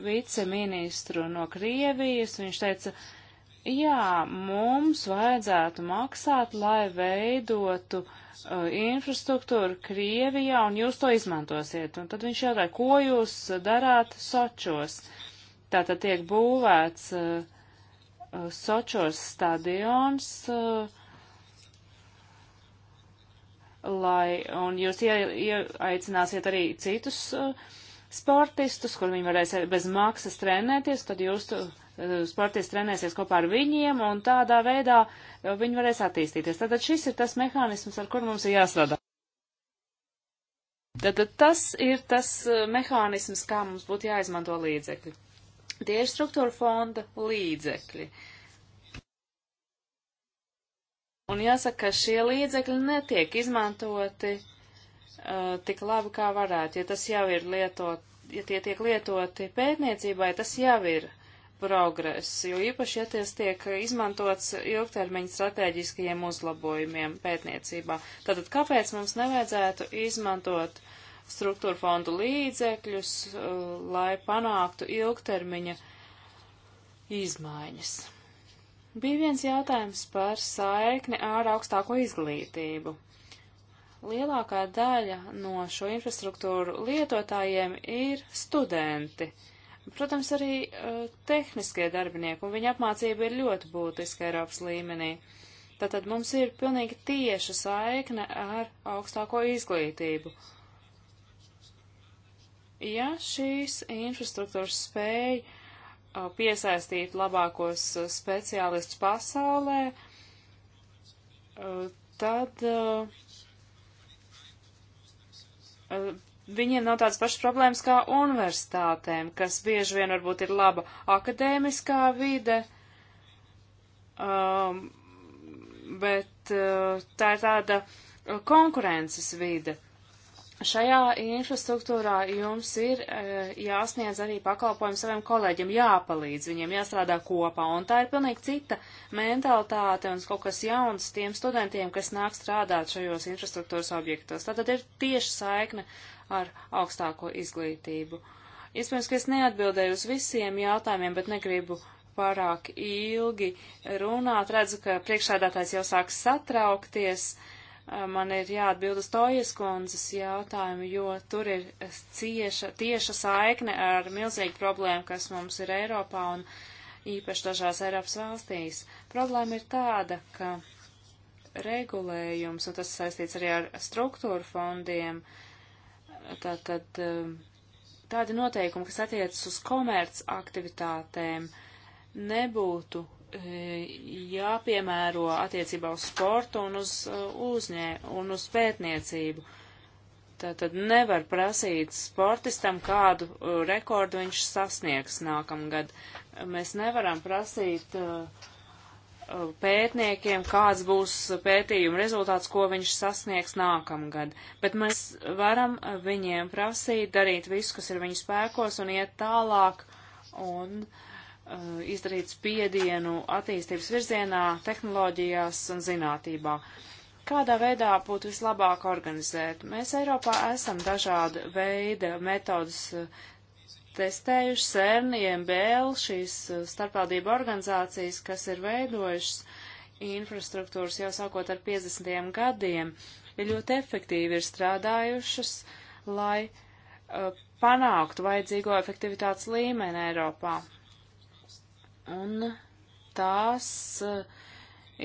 viceministru no Krievijas, viņš teica, jā, mums vajadzētu maksāt, lai veidotu uh, infrastruktūru Krievijā, un jūs to izmantosiet. Un tad viņš jautāja, ko jūs darāt Sočos? Uh, Tātad tiek būvēts uh, uh, Sočos stadions, uh, lai, un jūs ie, ieaicināsiet arī citus uh, sportistus, kur viņi varēs bez maksas trenēties, tad jūs uh, sportisti trenēsies kopā ar viņiem, un tādā veidā viņi varēs attīstīties. Tātad šis ir tas mehānisms, ar kur mums ir jāstrādā. Tātad tas ir tas uh, mehānisms, kā mums būtu jāizmanto līdzekļi. Tie ir struktūra fonda līdzekļi. Un jāsaka, ka šie līdzekļi netiek izmantoti uh, tik labi, kā varētu. Ja tas jau ir lietot, ja tie tiek lietoti pētniecībai, tas jau ir progress, jo īpaši, ja tas tiek izmantots ilgtermiņa strateģiskajiem uzlabojumiem pētniecībā. Tātad, kāpēc mums nevajadzētu izmantot uh, struktūra fondu līdzekļus, uh, lai panāktu ilgtermiņa izmaiņas. Bija viens jautājums par saikni ar augstāko izglītību. Lielākā daļa no šo infrastruktūru lietotājiem ir studenti. Protams, arī uh, tehniskie darbinieki, un viņa apmācība ir ļoti būtiska Eiropas līmenī. Tātad mums ir pilnīgi tieša saikne ar augstāko izglītību. Uh, Ja šīs infrastruktūras spēja uh, piesaistīt labākos uh, speciālistus pasaulē, uh, tad viņiem nav tādas pašas problēmas kā universitātēm, kas bieži vien varbūt ir laba akadēmiskā vide, um, bet uh, tā ir tāda konkurences vide. Šajā infrastruktūrā jums ir e, jāsniedz arī pakalpojumi saviem kolēģiem, jāpalīdz viņiem, jāstrādā kopā, un tā ir pilnīgi cita mentalitāte un kaut kas jauns tiem studentiem, kas nāk strādāt šajos infrastruktūras objektos. Tātad ir tieši saikne ar augstāko izglītību. Iespējams, ka es neatbildēju uz visiem jautājumiem, bet negribu pārāk ilgi runāt. Redzu, ka priekšādātājs jau sāk satraukties. Uh, man ir jāatbild uz Tojas kundzes jautājumu, jo tur ir cieša, tieša saikne ar milzīgu problēmu, kas mums ir Eiropā un īpaši dažās Eiropas valstīs. Problēma ir tāda, ka regulējums, un tas saistīts arī ar struktūru fondiem, tātad um, tādi noteikumi, kas attiecas uz komerc aktivitātēm, nebūtu jāpiemēro attiecībā uz sportu un uz, uh, uzņē, un uz pētniecību. Tātad nevar prasīt sportistam, kādu uh, rekordu viņš sasniegs nākamgad. Mēs nevaram prasīt uh, pētniekiem, kāds būs pētījuma rezultāts, ko viņš sasniegs nākamgad. Bet mēs varam viņiem prasīt darīt visu, kas ir viņu spēkos un iet tālāk un uh, Eh, izdarīt spiedienu attīstības virzienā, tehnoloģijās un zinātībā. Kādā veidā būtu vislabāk organizēt? Mēs Eiropā esam dažāda veida metodus eh, testējuši, CERN, IMBL, šīs eh, starpvaldība organizācijas, kas ir veidojušas infrastruktūras jau sākot ar 50. gadiem, ir ļoti efektīvi ir strādājušas, lai uh, panāktu vajadzīgo efektivitātes līmeni Eiropā un tās eh,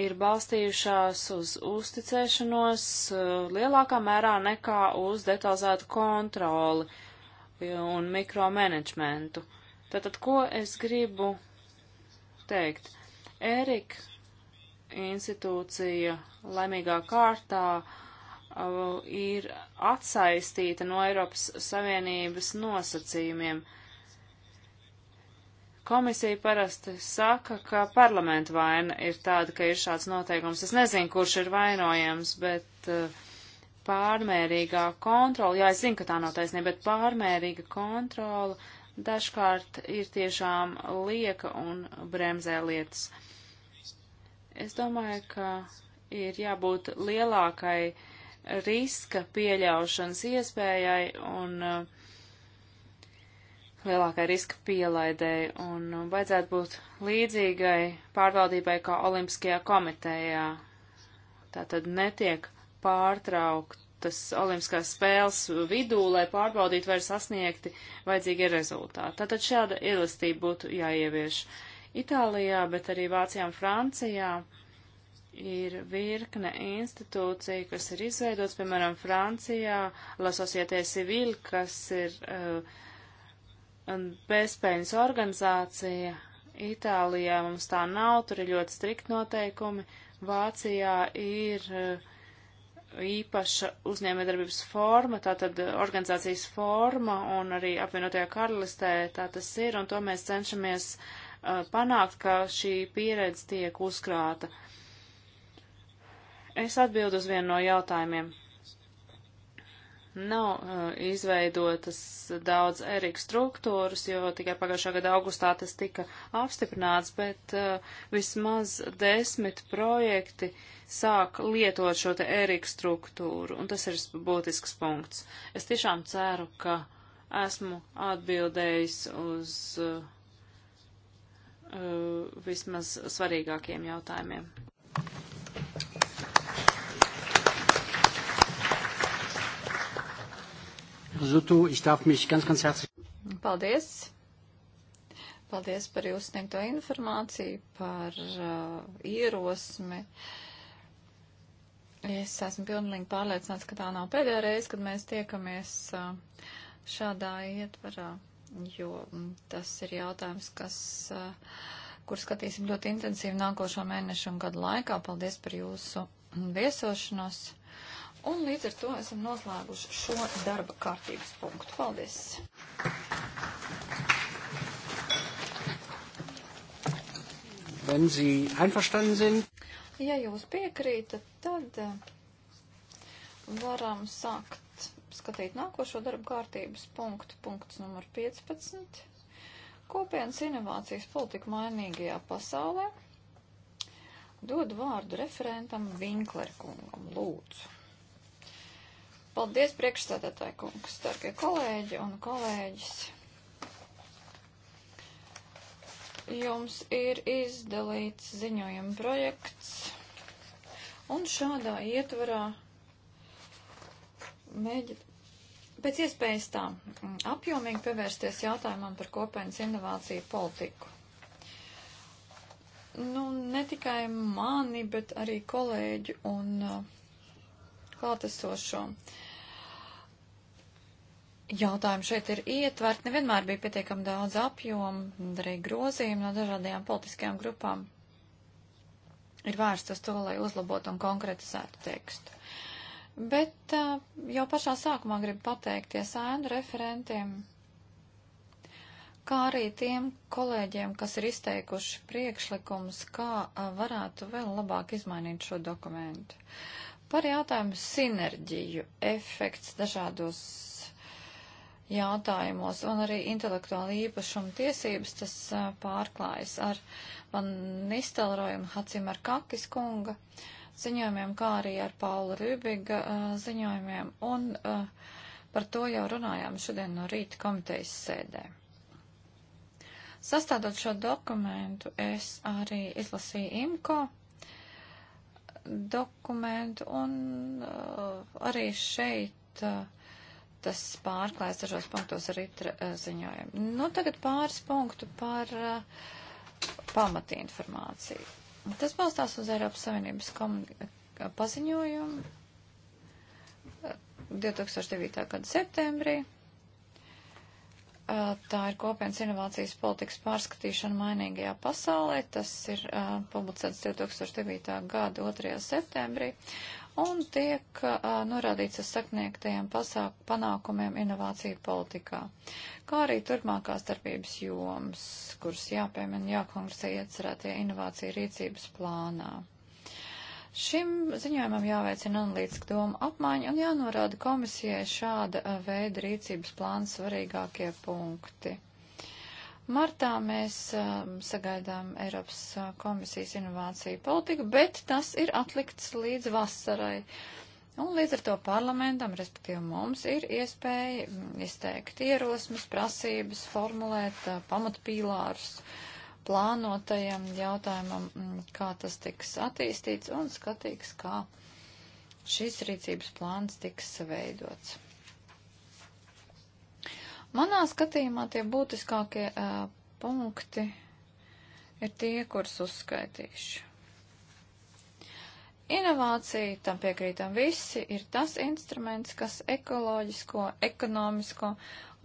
ir balstījušās uz uzticēšanos eh, lielākā mērā nekā uz detalizētu kontroli un mikromanagementu. Tātad, ko es gribu teikt? Erika institūcija laimīgā kārtā uh, ir atsaistīta no Eiropas Savienības nosacījumiem. Uh, Komisija parasti saka, ka parlamenta vaina ir tāda, ka ir šāds noteikums. Es nezinu, kurš ir vainojams, bet eh, pārmērīgā kontrola, jā, es zinu, ka tā nav taisnība, bet pārmērīga kontrola dažkārt ir tiešām lieka un bremzē lietas. Es domāju, ka ir jābūt lielākai riska pieļaušanas iespējai un uh, lielākai riska pielaidēji, un vajadzētu būt līdzīgai pārvaldībai kā Olimpiskajā komitejā. Tā tad netiek pārtrauktas Olimpiskās spēles vidū, lai pārbaudītu vai ir sasniegti vajadzīgie rezultāti. Tātad šāda ielastība būtu jāievieš Itālijā, bet arī Vācijā un Francijā. Ir virkne institūcija, kas ir izveidots, piemēram, Francijā, La Société Civile, kas ir uh, bezpējas organizācija. Itālijā mums tā nav, tur ir ļoti strikt noteikumi. Vācijā ir uh, īpaša uzņēmējdarbības forma, tātad uh, organizācijas forma un arī apvienotajā karalistē tā tas ir, un to mēs cenšamies uh, panākt, ka šī pieredze tiek uzkrāta. Es atbildu uz vienu no jautājumiem nav uh, izveidotas daudz Erika struktūras, jo tikai pagājušā gada augustā tas tika apstiprināts, bet uh, vismaz desmit projekti sāk lietot šo te Erika struktūru, un tas ir būtisks punkts. Es tiešām ceru, ka esmu atbildējis uz uh, uh, vismaz svarīgākiem jautājumiem. Zutu, ich darf mich ganz, ganz herzlich. Paldies! Paldies par jūsu sniegto informāciju, par uh, ierosmi. Es esmu pilnīgi pārliecināts, ka tā nav pēdējā reize, kad mēs tiekamies uh, šādā ietvarā, jo mm, tas ir jautājums, kas. Uh, kur skatīsim ļoti intensīvi nākošo mēnešu un gadu laikā. Paldies par jūsu mm, viesošanos. Un līdz ar to esam noslēguši šo darba kārtības punktu. Paldies! Wenn Sie einverstanden sind. Ja jūs piekrītat, tad eh, varam sākt skatīt nākošo darba kārtības punktu, punkts numur 15. Kopienas inovācijas politika mainīgajā pasaulē. Dod vārdu referentam Vinklerkungam, lūdzu. Paldies, priekšstādātāji kungs, darbie kolēģi un kolēģis. Jums ir izdalīts ziņojuma projekts, un šādā ietvarā mēģināt pēc iespējas tā mm, apjomīgi pievērsties jautājumam par kopienas inovāciju politiku. Nu, ne tikai mani, bet arī kolēģi un uh, klātesošo. Jautājumi šeit ir ietverti, nevienmēr bija pietiekami daudz apjomu, arī grozījumi no dažādajām politiskajām grupām ir vērsts uz to, lai uzlabotu un konkretizētu tekstu. Bet uh, jau pašā sākumā gribu pateikties ēnu referentiem, kā arī tiem kolēģiem, kas ir izteikuši priekšlikumus, kā uh, varētu vēl labāk izmainīt šo dokumentu. Uh, Par jautājumu sinerģiju, efekts dažādos jautājumos un arī intelektuāla īpašuma tiesības, tas pārklājas ar Van Nistelroju un Hacim ar Kakis kunga ziņojumiem, kā arī ar Paula Rībiga ziņojumiem, un uh, par to jau runājām šodien no rīta komitejas sēdē. Sastādot šo dokumentu, es arī izlasīju IMCO dokumentu, un uh, arī šeit uh, tas pārklājas dažos punktos arī uh, ziņojumu. Nu, tagad pāris punktu par uh, pamatinformāciju. Tas balstās uz Eiropas Savienības paziņojumu uh, 2009. gada septembrī tā ir kopienas inovācijas politikas pārskatīšana mainīgajā pasaulē. Tas ir uh, publicēts 2009. gada 2. septembrī un tiek uh, norādīts uz sakniegtajiem panākumiem inovāciju politikā, kā arī turpmākās darbības joms, kuras jāpiemina jākongresē iecerētie inovāciju rīcības plānā. Šim ziņojumam jāveicina analītiska doma apmaiņa un jānorāda komisijai šāda eh, veida rīcības plāna svarīgākie punkti. Martā mēs um, sagaidām Eiropas eh, komisijas inovāciju politiku, bet tas ir atlikts līdz vasarai. Un līdz ar to parlamentam, respektīvi mums, ir iespēja mm, izteikt ierosmes, prasības, formulēt uh, pamatpīlārus. Uh, plānotajam jautājumam, mm, kā tas tiks attīstīts un skatīgs, kā šis rīcības plāns tiks veidots. Manā skatījumā tie būtiskākie uh, punkti ir tie, kurus uzskaitīšu. Inovācija, tam piekrītam visi, ir tas instruments, kas ekoloģisko, ekonomisko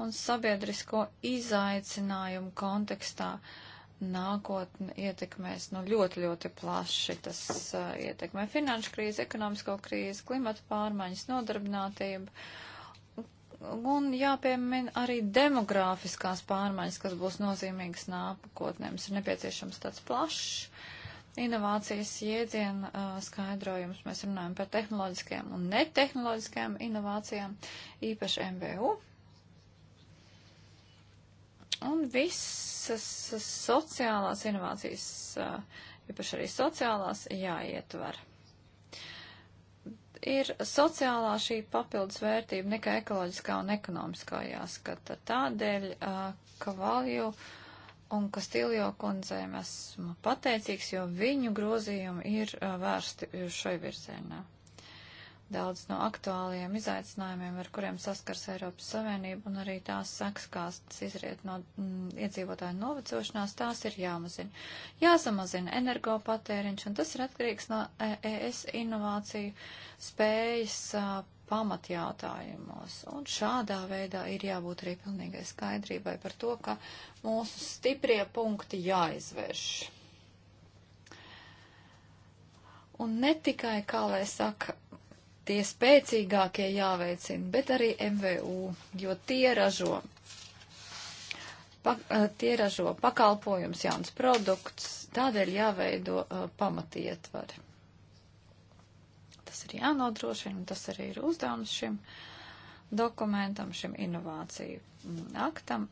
un sabiedrisko izaicinājumu kontekstā uh, nākotni ietekmēs nu, ļoti, ļoti plaši. Tas uh, ietekmē finanšu krīzi, ekonomisko krīzi, klimatu pārmaiņas, nodarbinātību. Un jāpiemina arī demogrāfiskās pārmaiņas, kas būs nozīmīgas nākotnē. Mums ir nepieciešams tāds plašs inovācijas jēdziena uh, skaidrojums. Mēs runājam par tehnoloģiskajām un netehnoloģiskajām inovācijām, īpaši MVU. Un visas sociālās inovācijas, īpaši arī sociālās, jāietver. Ir sociālā šī papildus vērtība nekā ekoloģiskā un ekonomiskā jāskata. Tādēļ Kavalju un Kastiljo kundzēm esmu pateicīgs, jo viņu grozījumi ir vērsti šai virzienā daudz no aktuālajiem izaicinājumiem, ar kuriem saskars Eiropas Savienība un arī tās seks, kas izriet no mm, iedzīvotāju novecošanās, tās ir jāmazina. Jāsamazina energopatēriņš, un tas ir atkarīgs no ES e inovāciju spējas pamatjautājumos. Un šādā veidā ir jābūt arī pilnīgai skaidrībai par to, ka mūsu stiprie punkti jāizvērš. Un ne tikai, kā lai saka, tie spēcīgākie jāveicina, bet arī MVU, jo tie ražo, pa, eh, tie ražo pakalpojums, jauns produkts, tādēļ jāveido uh, eh, pamatietveri. Tas ir jānodrošina, un tas arī ir uzdevums šim dokumentam, šim inovāciju mm, aktam,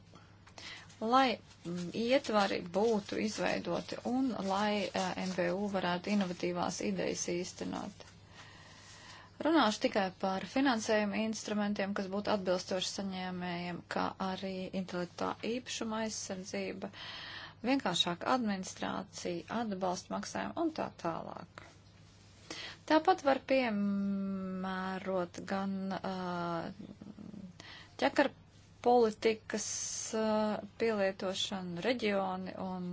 lai mm, ietvari būtu izveidoti un lai uh, eh, MVU varētu inovatīvās idejas īstenot. Runāšu tikai par finansējumu instrumentiem, kas būtu atbilstoši saņēmējiem, kā arī intelektuā īpašuma aizsardzība, vienkāršāka administrācija, atbalsta maksājuma un tā tālāk. Tāpat var piemērot gan uh, ķekar politikas uh, pielietošanu reģioni un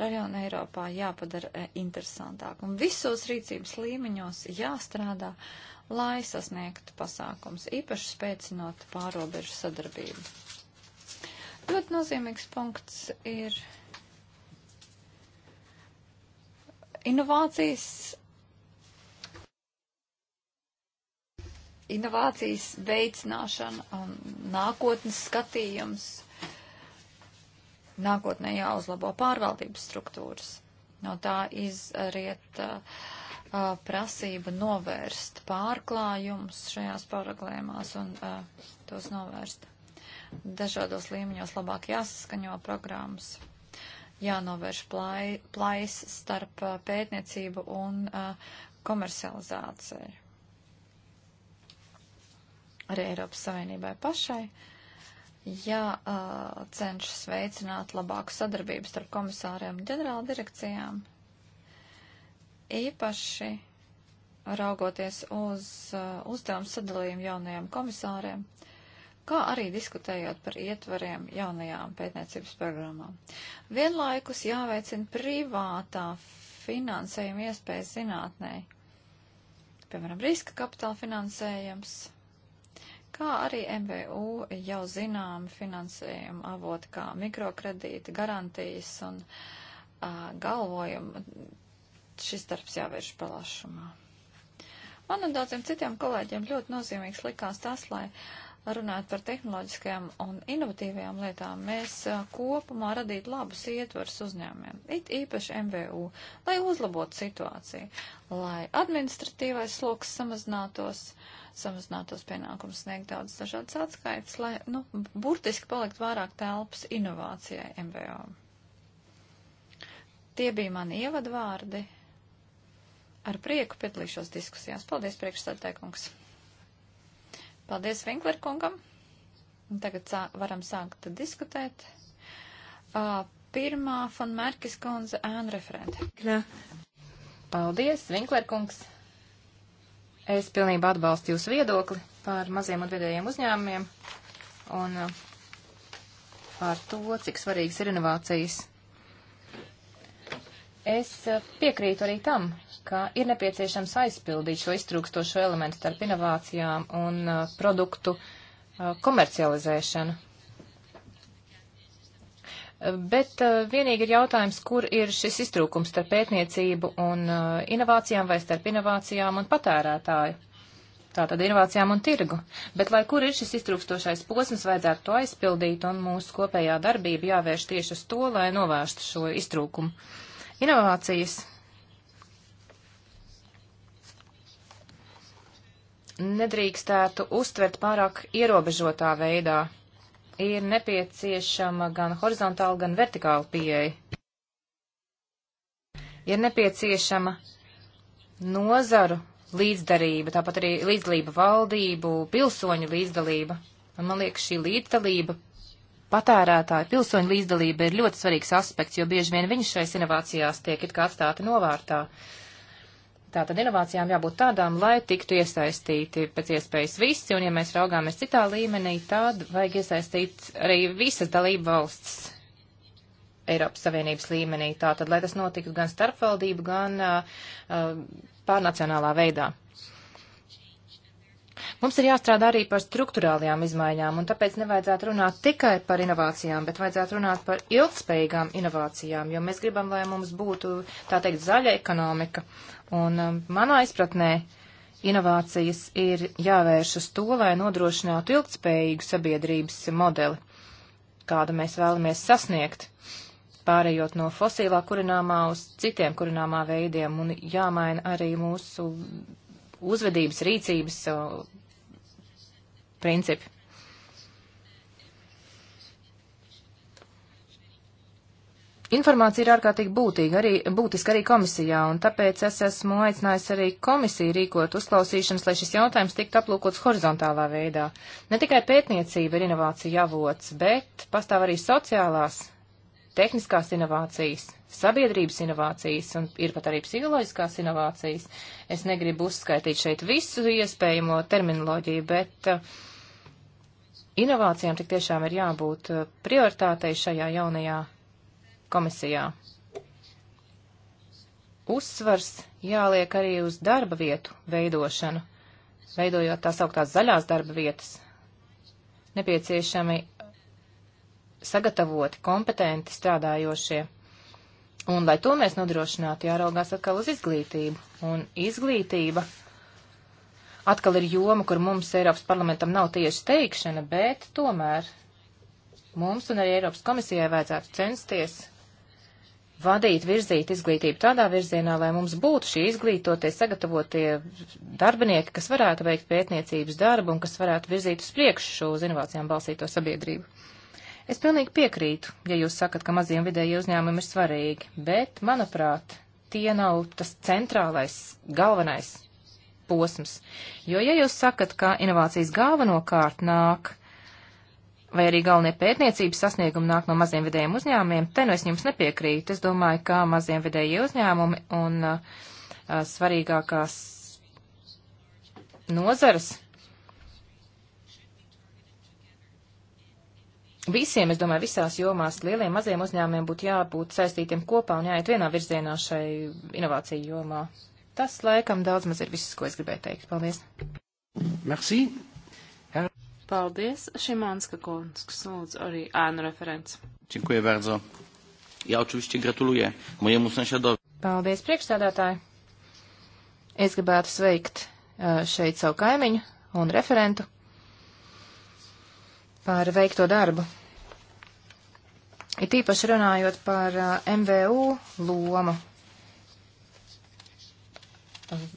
rajonu Eiropā jāpadara uh, interesantāk. Un visos rīcības līmeņos jāstrādā. Uh, lai sasniegtu pasākums, īpaši spēcinot pārobežu sadarbību. Ļoti nozīmīgs punkts ir inovācijas. Inovācijas veicināšana, um, nākotnes skatījums, nākotnē jāuzlabo pārvaldības struktūras. No tā izriet uh, uh, prasība novērst pārklājumus šajās programmās un uh, tos novērst. Dažādos līmeņos labāk jāsaskaņo programmas, jānovērš plai, plais starp uh, pētniecību un uh, komercializāciju. Arī Eiropas Savienībai pašai jācenšas uh, veicināt labāku sadarbību starp komisāriem un ģenerāla direkcijām īpaši raugoties uz uh, uzdevumu sadalījumu jaunajiem komisāriem, kā arī diskutējot par ietvariem jaunajām pētniecības programmām. Vienlaikus jāveicina privātā finansējuma iespējas zinātnē, piemēram, riska kapitāla finansējums, kā arī MVU jau zinām finansējuma avoti kā mikrokredīti, garantijas un uh, galvojumi šis darbs jāvērš plašumā. Man un daudziem citiem kolēģiem ļoti nozīmīgs likās tas, lai runāt par tehnoloģiskajām un inovatīvajām lietām, mēs kopumā radītu labus ietvarus uzņēmumiem, it īpaši MVU, lai uzlabotu situāciju, lai administratīvais sloks samazinātos, samazinātos pienākums sniegt daudz dažādas atskaites, lai, nu, burtiski palikt vairāk telpas inovācijai MVU. Tie bija mani ievadvārdi Ar prieku piedalīšos diskusijās. Paldies, priekšsēdētājkungs. Paldies Vinklerkungam. Tagad sā, varam sākt diskutēt. Uh, pirmā von Mērkis kundze ēna referente. Paldies, Vinklerkungs. Es pilnībā atbalstu jūsu viedokli par maziem un vidējiem uzņēmumiem un par to, cik svarīgas ir inovācijas Es eh, piekrītu arī tam, ka ir nepieciešams aizpildīt šo iztrūkstošo elementu starp inovācijām un eh, produktu eh, komercializēšanu. Bet vienīgi ir jautājums, kur ir šis iztrūkums starp pētniecību un inovācijām vai starp inovācijām un patērētāju. Tātad inovācijām un tirgu. Bet lai kur ir šis iztrūkstošais posms, vajadzētu to aizpildīt un mūsu kopējā darbība jāvērš tieši uz to, lai novērstu šo iztrūkumu. Inovācijas nedrīkstētu uztvert pārāk ierobežotā veidā. Ir nepieciešama gan horizontāla, gan vertikāla pieeja. Ir nepieciešama nozaru līdzdarība, tāpat arī līdzdalība valdību, pilsoņu līdzdalība. Un man liekas, šī līdzdalība patērētāja, pilsoņa līdzdalība ir ļoti svarīgs aspekts, jo bieži vien viņi šais inovācijās tiek it kā atstāti novārtā. Tātad inovācijām jābūt tādām, lai tiktu iesaistīti pēc iespējas visi, un ja mēs raugāmies citā līmenī, tad vajag iesaistīt arī visas dalību valsts Eiropas Savienības līmenī. Tātad, lai tas notiktu gan starpvaldību, gan uh, pārnacionālā veidā. Mums ir jāstrādā arī par struktūrālajām izmaiņām, un tāpēc nevajadzētu runāt tikai par inovācijām, bet vajadzētu runāt par ilgspējīgām inovācijām, jo mēs gribam, lai mums būtu, tā teikt, zaļa ekonomika. Un um, manā izpratnē inovācijas ir jāvērš uz to, lai nodrošinātu ilgspējīgu sabiedrības modeli, kādu mēs vēlamies sasniegt pārējot no fosilā kurināmā uz citiem kurināmā veidiem un jāmaina arī mūsu uzvedības, rīcības principi. Informācija ir ārkārtīgi būtīga, arī, būtiska arī komisijā, un tāpēc es esmu aicinājis arī komisiju rīkot uzklausīšanas, lai šis jautājums tiktu aplūkots horizontālā veidā. Ne tikai pētniecība ir inovācija avots, bet pastāv arī sociālās tehniskās inovācijas, sabiedrības inovācijas un ir pat arī psiholoģiskās inovācijas. Es negribu uzskaitīt šeit visu iespējamo terminoloģiju, bet uh, inovācijām tik tiešām ir jābūt uh, prioritātei šajā jaunajā komisijā. Uzsvars jāliek arī uz darba vietu veidošanu, veidojot tās augtās zaļās darba vietas. Nepieciešami sagatavoti, kompetenti strādājošie. Un, lai to mēs nodrošinātu, jāraugās atkal uz izglītību. Un izglītība atkal ir joma, kur mums Eiropas parlamentam nav tieši teikšana, bet tomēr mums un arī Eiropas komisijai vajadzētu censties vadīt, virzīt izglītību tādā virzienā, lai mums būtu šī izglītotie, sagatavotie darbinieki, kas varētu veikt pētniecības darbu un kas varētu virzīt uz priekšu šo uz inovācijām balsīto sabiedrību. Es pilnīgi piekrītu, ja jūs sakat, ka maziem vidēji uzņēmumi ir svarīgi, bet, manuprāt, tie nav tas centrālais, galvenais posms. Jo, ja jūs sakat, ka inovācijas galvenokārt nāk, vai arī galvenie pētniecības sasniegumi nāk no maziem vidējiem uzņēmumiem, te nu es jums nepiekrītu. Es domāju, ka maziem vidējie uzņēmumi un uh, svarīgākās nozares visiem, es domāju, visās jomās lieliem, maziem uzņēmumiem būtu jābūt saistītiem kopā un jāiet vienā virzienā šai inovāciju jomā. Tas laikam daudz maz ir viss, ko es gribēju teikt. Paldies. Merci. Her... Paldies, Šimanska Konsks, lūdzu, arī ēnu referents. Činkuja Verdzo. Jā, očivišķi gratuluję mojemu sanšadovi. Paldies, priekšstādātāji. Es gribētu sveikt šeit savu kaimiņu un referentu par veikto darbu. Ir tīpaši runājot par uh, MVU lomu,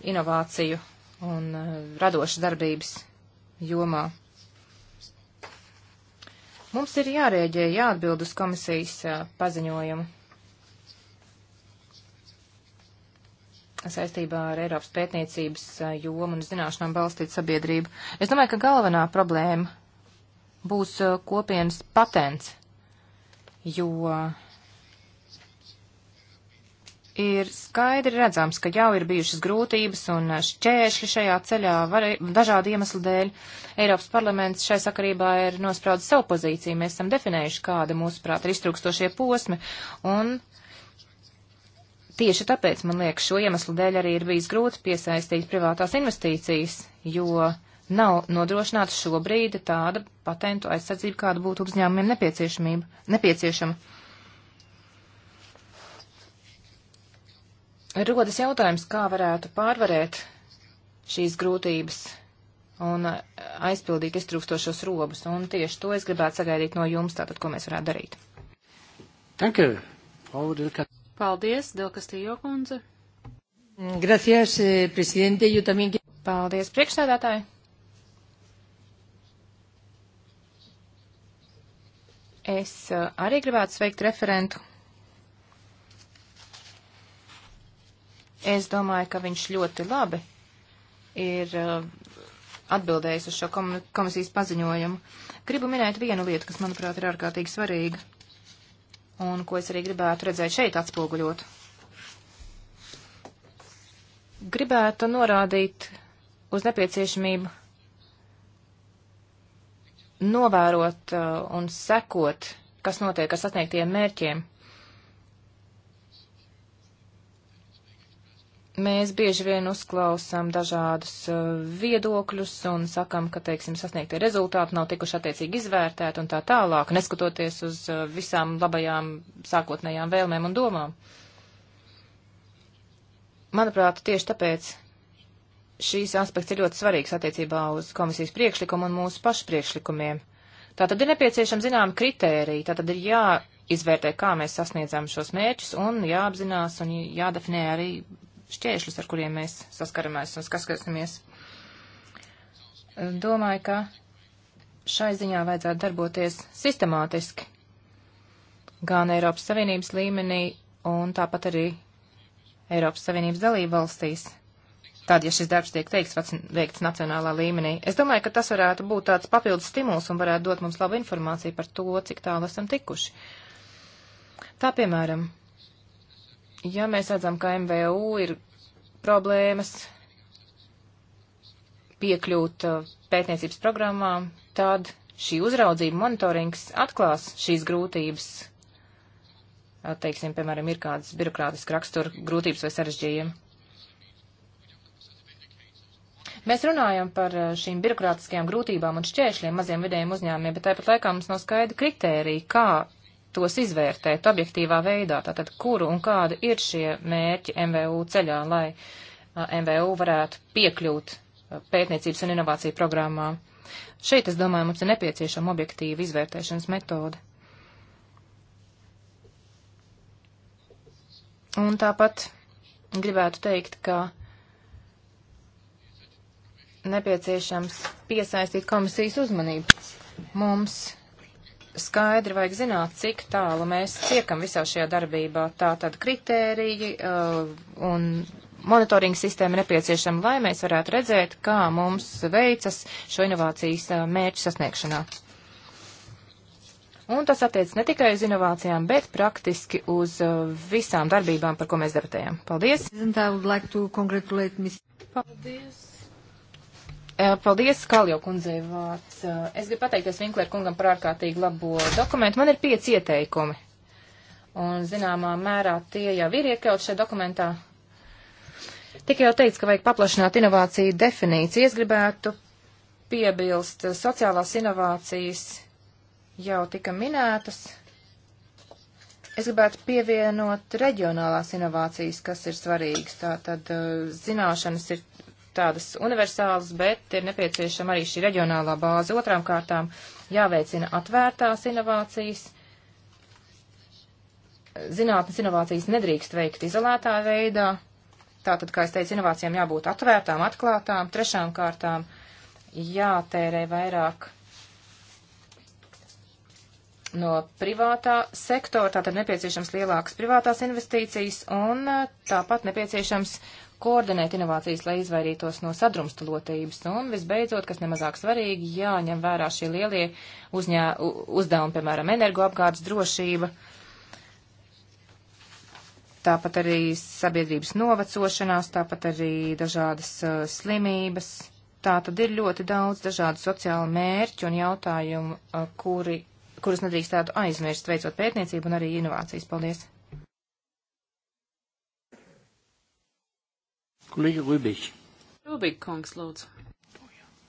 inovāciju un uh, radošas darbības jomā. Mums ir jārēģē, jāatbild uz komisijas uh, paziņojumu saistībā ar Eiropas pētniecības jomu un zināšanām balstīt sabiedrību. Es domāju, ka galvenā problēma būs uh, kopienas patents, jo ir skaidri redzams, ka jau ir bijušas grūtības un šķēršļi šajā ceļā var, dažādu iemeslu dēļ. Eiropas parlaments šai sakarībā ir nospraudis savu pozīciju. Mēs esam definējuši, kāda mūsuprāt ir iztrūkstošie posmi. Un tieši tāpēc, man liekas, šo iemeslu dēļ arī ir bijis grūti piesaistīt privātās investīcijas, jo nav nodrošināta šobrīd tāda patentu aizsardzība, kāda būtu uzņēmumiem nepieciešama. Rodas jautājums, kā varētu pārvarēt šīs grūtības un aizpildīt iztrūkstošos robus, un tieši to es gribētu sagaidīt no jums, tātad, ko mēs varētu darīt. Danke, Frau Dilka. Paldies, Dilkastījo kundze. Gracias, eh, presidente, jo tamien. Paldies, priekšsēdētāji. Es eh, arī gribētu sveikt referentu. Es domāju, ka viņš ļoti labi ir eh, atbildējis uz šo komisijas paziņojumu. Gribu minēt vienu lietu, kas, manuprāt, ir ārkārtīgi svarīga un ko es arī gribētu redzēt šeit atspoguļot. Gribētu norādīt uz nepieciešamību novērot uh, un sekot, kas notiek ar sasniegtiem mērķiem. Mēs bieži vien uzklausām dažādus uh, viedokļus un sakam, ka, teiksim, sasniegtie rezultāti nav tikuši attiecīgi izvērtēti un tā tālāk, neskatoties uz uh, visām labajām sākotnējām vēlmēm un domām. Manuprāt, tieši tāpēc šīs aspekts ir ļoti svarīgs attiecībā uz komisijas priekšlikumu un mūsu pašu priekšlikumiem. Tā tad ir nepieciešama zināma kritērija, tā tad ir jāizvērtē, kā mēs sasniedzām šos mērķus un jāapzinās un jādefinē arī šķēršļus, ar kuriem mēs saskaramies un saskaramies. Domāju, ka šai ziņā vajadzētu darboties sistemātiski gan Eiropas Savienības līmenī un tāpat arī Eiropas Savienības dalību valstīs tad, ja šis darbs tiek teiks, veikts nacionālā līmenī. Es domāju, ka tas varētu būt tāds papildus stimuls un varētu dot mums labu informāciju par to, cik tālu esam tikuši. Tā piemēram, ja mēs redzam, ka MVU ir problēmas piekļūt uh, pētniecības programmām, tad šī uzraudzība monitorings atklās šīs grūtības. Uh, teiksim, piemēram, ir kādas birokrātiski rakstura grūtības vai sarežģījumi. Mēs runājam par eh, šīm birokrātiskajām grūtībām un šķēršļiem maziem vidējiem uzņēmumiem, bet tāpat laikā mums nav skaidri kritērija, kā tos izvērtēt objektīvā veidā, tātad kuru un kāda ir šie mērķi MVU ceļā, lai a, eh, MVU varētu piekļūt a, eh, pētniecības un inovāciju programmām. Šeit, es domāju, mums ir nepieciešama objektīva izvērtēšanas metode. Un tāpat gribētu teikt, ka nepieciešams piesaistīt komisijas uzmanību. Mums skaidri vajag zināt, cik tālu mēs tiekam visā šajā darbībā. Tā tad kritēriji uh, un monitoringa sistēma nepieciešama, lai mēs varētu redzēt, kā mums veicas šo inovācijas uh, mērķu sasniegšanā. Un tas attiec ne tikai uz inovācijām, bet praktiski uz uh, visām darbībām, par ko mēs debatējam. Paldies! Paldies! Eh, paldies, Kaljo kundzei vārds. Eh, es gribu pateikties Vinklēra kungam par ārkārtīgi labo dokumentu. Man ir pieci ieteikumi. Un, zināmā mērā, tie jau ir iekļauts šajā dokumentā. Tikai jau teicu, ka vajag paplašināt inovāciju definīciju. Es gribētu piebilst, eh, sociālās inovācijas jau tika minētas. Es gribētu pievienot reģionālās inovācijas, kas ir svarīgas. Tātad zināšanas ir tādas universālas, bet ir nepieciešama arī šī reģionālā bāze. Otrām kārtām jāveicina atvērtās inovācijas. Zinātnes inovācijas nedrīkst veikt izolētā veidā. Tātad, kā es teicu, inovācijām jābūt atvērtām, atklātām. Trešām kārtām jātērē vairāk no privātā sektora, tātad nepieciešams lielākas privātās investīcijas un eh, tāpat nepieciešams koordinēt inovācijas, lai izvairītos no sadrumstalotības. Un visbeidzot, kas nemazāk svarīgi, jāņem vērā šie lielie uzņē, uzdevumi, piemēram, energoapgādes drošība, tāpat arī sabiedrības novecošanās, tāpat arī dažādas uh, slimības. Tā tad ir ļoti daudz dažādu sociālu mērķu un jautājumu, uh, kuri, kurus nedrīkstētu aizmirst, veicot pētniecību un arī inovācijas. Paldies! Kolēģi Rubik. Rubik kungs, lūdzu.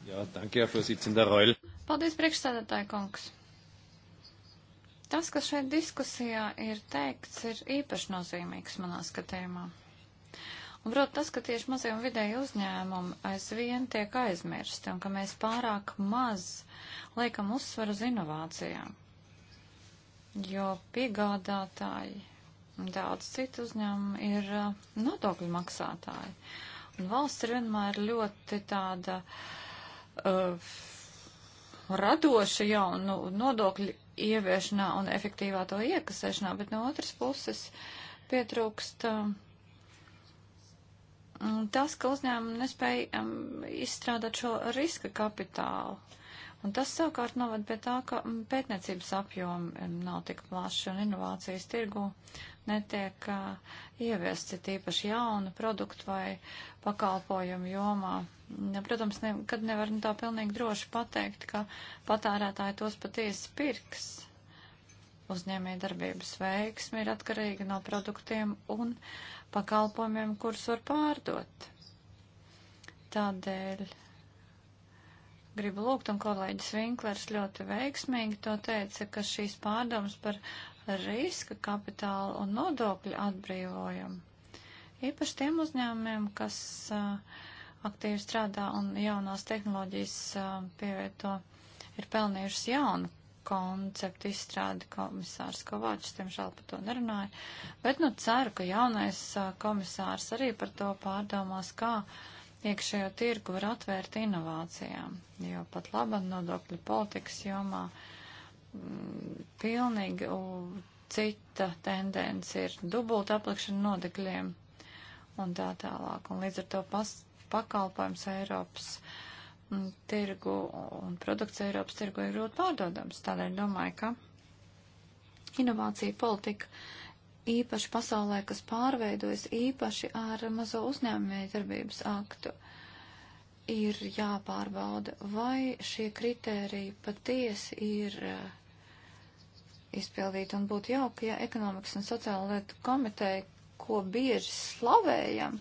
Jā, danke, Herr Vorsitzender Reul. Paldies, priekšsēdētāji kungs. Tas, kas šeit diskusijā ir teikts, ir īpaši nozīmīgs manā skatījumā. Un, protams, tas, ka tieši mazie un vidēji uzņēmumi aizvien tiek aizmirsti un ka mēs pārāk maz liekam uzsvaru uz inovācijām, jo piegādātāji Daudz citu uzņēmumu ir uh, nodokļu maksātāji. Un valsts ir vienmēr ļoti tāda uh, radoša jaunu nodokļu ieviešanā un efektīvā to iekasēšanā, bet no otras puses pietrūkst uh, tas, ka uzņēmumi nespēja um, izstrādāt šo riska kapitālu. Un tas savukārt novad pie tā, ka um, pētniecības apjomi um, nav tik plaši un inovācijas tirgu netiek uh, ieviesti tīpaši jaunu produktu vai pakalpojumu jomā. Ja, protams, nekad nevar tā pilnīgi droši pateikt, ka patērētāji tos patiesi pirks. Uzņēmēja darbības veiksmi ir atkarīga no produktiem un pakalpojumiem, kurus var pārdot. Tādēļ gribu lūgt, un kolēģis Vinklers ļoti veiksmīgi to teica, ka šīs pārdomas par riska kapitāla un nodokļu atbrīvojumu. Īpaši tiem uzņēmumiem, kas aktīvi strādā un jaunās tehnoloģijas pievieto, ir pelnījušas jaunu konceptu izstrādi komisārs Kovačs, tiemžēl par to nerunāja, bet nu ceru, ka jaunais komisārs arī par to pārdomās, kā iekšējo tirgu var atvērt inovācijām, jo pat laba nodokļu politikas jomā. Uh, pilnīgi cita tendence ir dubulta aplikšana nodekļiem un tā tālāk. Un līdz ar to pas, pakalpojums Eiropas tirgu un produkts Eiropas tirgu ir ļoti pārdodams. Tādēļ domāju, ka inovācija politika īpaši pasaulē, kas pārveidojas īpaši ar mazo uzņēmēju darbības aktu, ir jāpārbauda, vai šie kritēriji patiesi ir uh, izpildīta un būtu jauki, ja ekonomikas un sociāla lietu komiteja, ko bieži slavējam,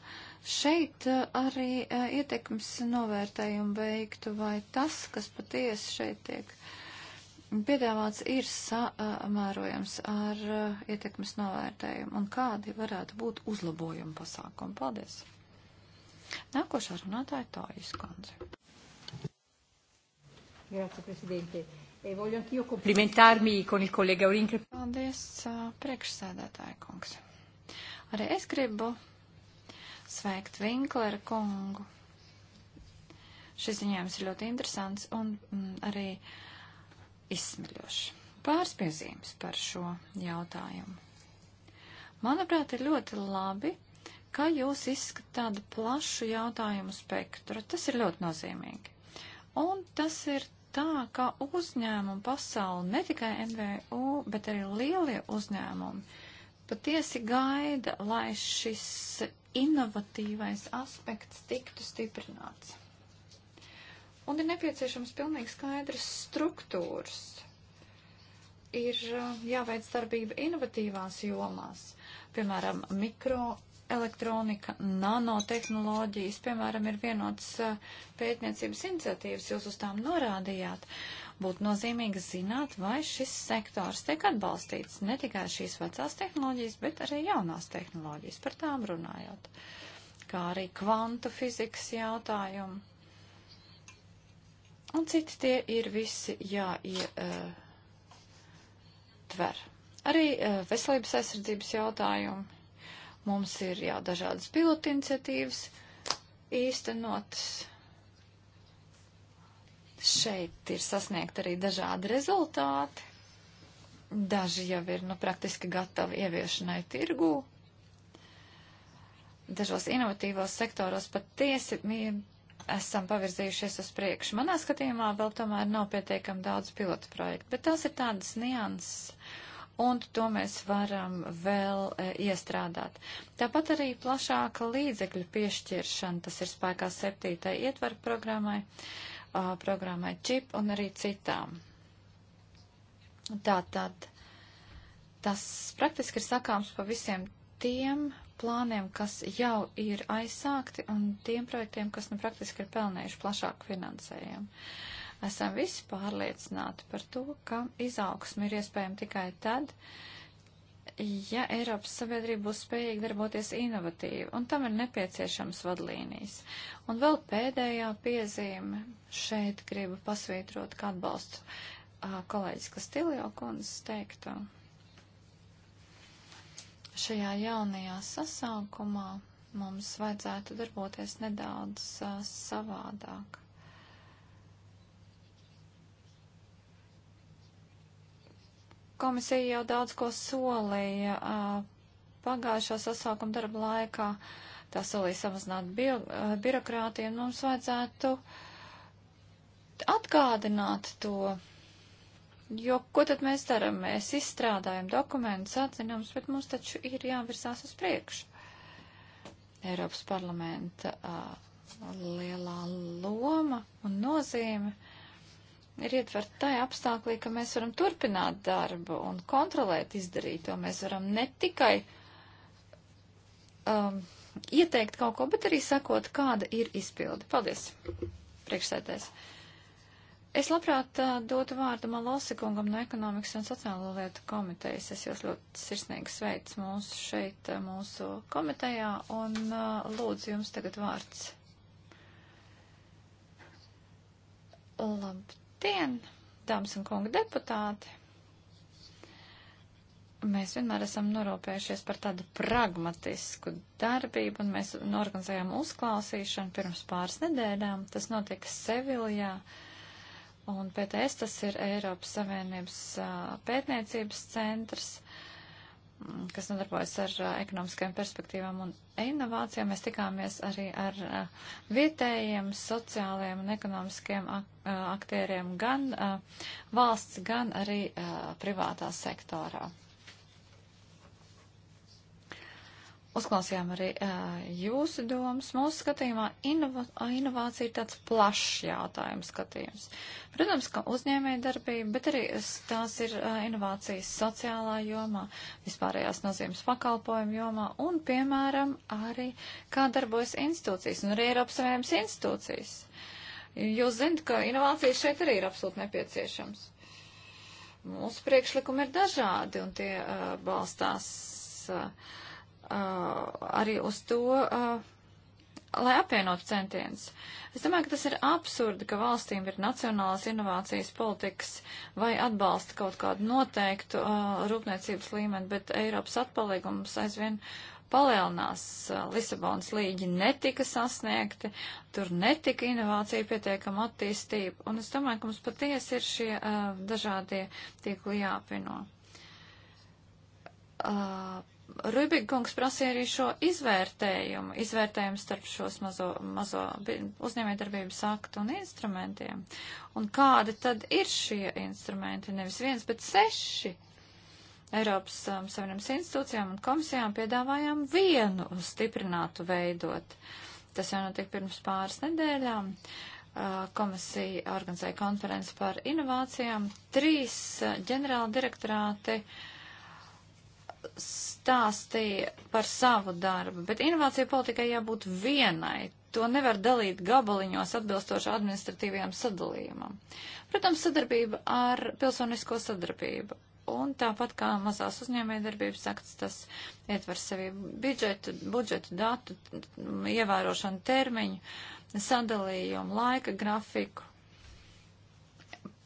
šeit eh, arī eh, ietekmes novērtējumu veiktu, vai tas, kas patiesi šeit tiek piedāvāts, ir samērojams ar eh, ietekmes novērtējumu un kādi varētu būt uzlabojumi pasākumi. Paldies! Nākošā runātāja Tājas Kandze. Grazie, Presidente. E voglio anch'io complimentarmi con il collega Urink. Paldies, priekšsēdētāja kungs. Arī es gribu sveikt Vinklera kungu. Šis ziņojums ir ļoti interesants un mm, arī izsmeļošs. Pāris piezīmes par šo jautājumu. Manuprāt, ir ļoti labi, ka jūs izskat tādu plašu jautājumu spektru. Tas ir ļoti nozīmīgi. Un tas ir tā, ka uzņēmumu pasauli, ne tikai MVU, bet arī lielie uzņēmumi, patiesi gaida, lai šis inovatīvais aspekts tiktu stiprināts. Un ir nepieciešams pilnīgi skaidrs struktūras. Ir uh, jāveic darbība inovatīvās jomās, piemēram, mikro elektronika, nanotehnoloģijas, piemēram, ir vienotas pētniecības iniciatīvas, jūs uz tām norādījāt. Būtu nozīmīgi zināt, vai šis sektors tiek atbalstīts ne tikai šīs vecās tehnoloģijas, bet arī jaunās tehnoloģijas, par tām runājot, kā arī kvantu fizikas jautājumu. Un citi tie ir visi jāietver. Uh, Arī uh, veselības aizsardzības jautājumi Mums ir jau dažādas pilotiniciatīvas īstenotas. Šeit ir sasniegt arī dažādi rezultāti. Daži jau ir nu, praktiski gatavi ieviešanai tirgū. Dažos inovatīvos sektoros patiesi esam pavirzījušies uz priekšu. Manā skatījumā vēl tomēr nav pietiekami daudz pilotu projektu, bet tās ir tādas nianses, un to mēs varam vēl e, iestrādāt. Tāpat arī plašāka līdzekļu piešķiršana, tas ir spēkā septītai ietvaru programmai, a, programmai ČIP un arī citām. Tātad tas praktiski ir sakāms pa visiem tiem plāniem, kas jau ir aizsākti un tiem projektiem, kas nu praktiski ir pelnējuši plašāku finansējumu. Uh, esam visi pārliecināti par to, ka izaugsme ir iespējama tikai tad, ja Eiropas sabiedrība būs spējīga darboties inovatīvi, un tam ir nepieciešams vadlīnijas. Un vēl pēdējā piezīme šeit gribu pasvītrot, kā atbalstu kolēģis Kastiljo kundzes teikto. Šajā jaunajā sasaukumā mums vajadzētu darboties nedaudz a, savādāk. Komisija jau daudz ko solīja pagājušā sasākuma darba laikā. Tā solīja samazināt bio, birokrātiju, un mums vajadzētu atgādināt to. Jo ko tad mēs darām? Mēs izstrādājam dokumentus, atzinumus, bet mums taču ir jāvirzās uz priekšu. Eiropas parlamenta a, lielā loma un nozīme ir ietverta tajā apstāklī, ka mēs varam turpināt darbu un kontrolēt izdarīto. Mēs varam ne tikai um, ieteikt kaut ko, bet arī sakot, kāda ir izpildi. Paldies, priekšsēdēs. Es labprāt uh, dotu vārdu Malosikungam no ekonomikas un sociālo lietu komitejas. Es jūs ļoti sirsnīgi sveicu mūsu šeit, uh, mūsu komitejā, un uh, lūdzu jums tagad vārds. Labi, Labdien, dāmas un kungi deputāti! Mēs vienmēr esam norūpējušies par tādu pragmatisku darbību, un mēs norganizējām uzklausīšanu pirms pāris nedēļām. Tas notika Seviljā, un PTS tas ir Eiropas Savienības pētniecības centrs. Uh, kas nodarbojas ar uh, ekonomiskajām perspektīvām un inovācijām. Mēs tikāmies arī ar uh, vietējiem, sociālajiem un ekonomiskajiem uh, aktieriem gan valsts, gan arī privātā sektorā. Uzklausījām arī uh, jūsu domas. Mūsu skatījumā inova, inovācija ir tāds plašs jautājums skatījums. Protams, ka uzņēmēja darbība, bet arī tās ir uh, inovācijas sociālā jomā, vispārējās nozīmes pakalpojumu jomā un, piemēram, arī kā darbojas institūcijas un arī Eiropas Savienības institūcijas. Jūs zinat, ka inovācijas šeit arī ir absolūti nepieciešams. Mūsu priekšlikumi ir dažādi un tie uh, balstās. Uh, Uh, arī uz to, uh, lai apvienotu centienus. Es domāju, ka tas ir absurdi, ka valstīm ir nacionālās inovācijas politikas vai atbalsta kaut kādu noteiktu uh, rūpniecības līmeni, bet Eiropas atpalīgums aizvien palielinās. Lisabonas līģi netika sasniegti, tur netika inovācija pietiekama attīstība, un es domāju, ka mums patiesi ir šie uh, dažādie tīkli jāapvieno. Uh, Rubikungs prasīja arī šo izvērtējumu, izvērtējumu starp šos mazo, mazo uzņēmējdarbības aktu un instrumentiem. Un kādi tad ir šie instrumenti? Nevis viens, bet seši. Eiropas um, Savienības institūcijām un komisijām piedāvājām vienu stiprinātu veidot. Tas jau notika pirms pāris nedēļām. Uh, komisija organizēja konferenci par inovācijām. Trīs uh, ģenerāla direktorāti uh, stāstīja par savu darbu, bet inovācija politikai jābūt vienai. To nevar dalīt gabaliņos atbilstoši administratīvajam sadalījumam. Protams, sadarbība ar pilsonisko sadarbību. Un tāpat kā mazās uzņēmējdarbības akts, tas ietver sevi budžetu, budžetu datu, ievērošanu termiņu, sadalījumu, laika grafiku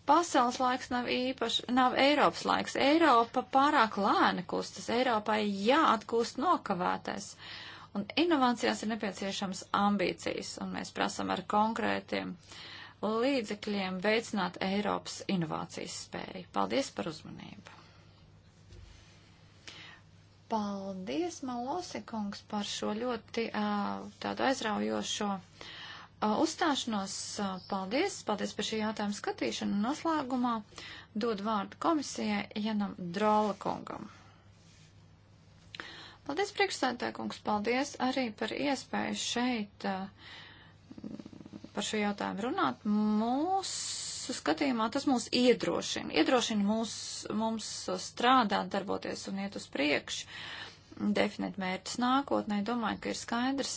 Pasaules laiks nav īpaši, nav Eiropas laiks. Eiropa pārāk lēni kustas. Eiropai jāatkūst nokavētais. Un inovācijās ir nepieciešams ambīcijas, un mēs prasam ar konkrētiem līdzekļiem veicināt Eiropas inovācijas spēju. Paldies par uzmanību! Paldies, Malosikungs, par šo ļoti uh, tādu aizraujošo uh, uzstāšanos. Paldies! Paldies par šī jautājuma skatīšanu. Noslēgumā dod vārdu komisijai Janam Drola kungam. Paldies, priekšsēdētāj kungs! Paldies arī par iespēju šeit par šo jautājumu runāt. Mūsu skatījumā tas mūs iedrošina. Iedrošina mūs, mums strādāt, darboties un iet uz priekšu definēt mērķus nākotnē. Domāju, ka ir skaidrs,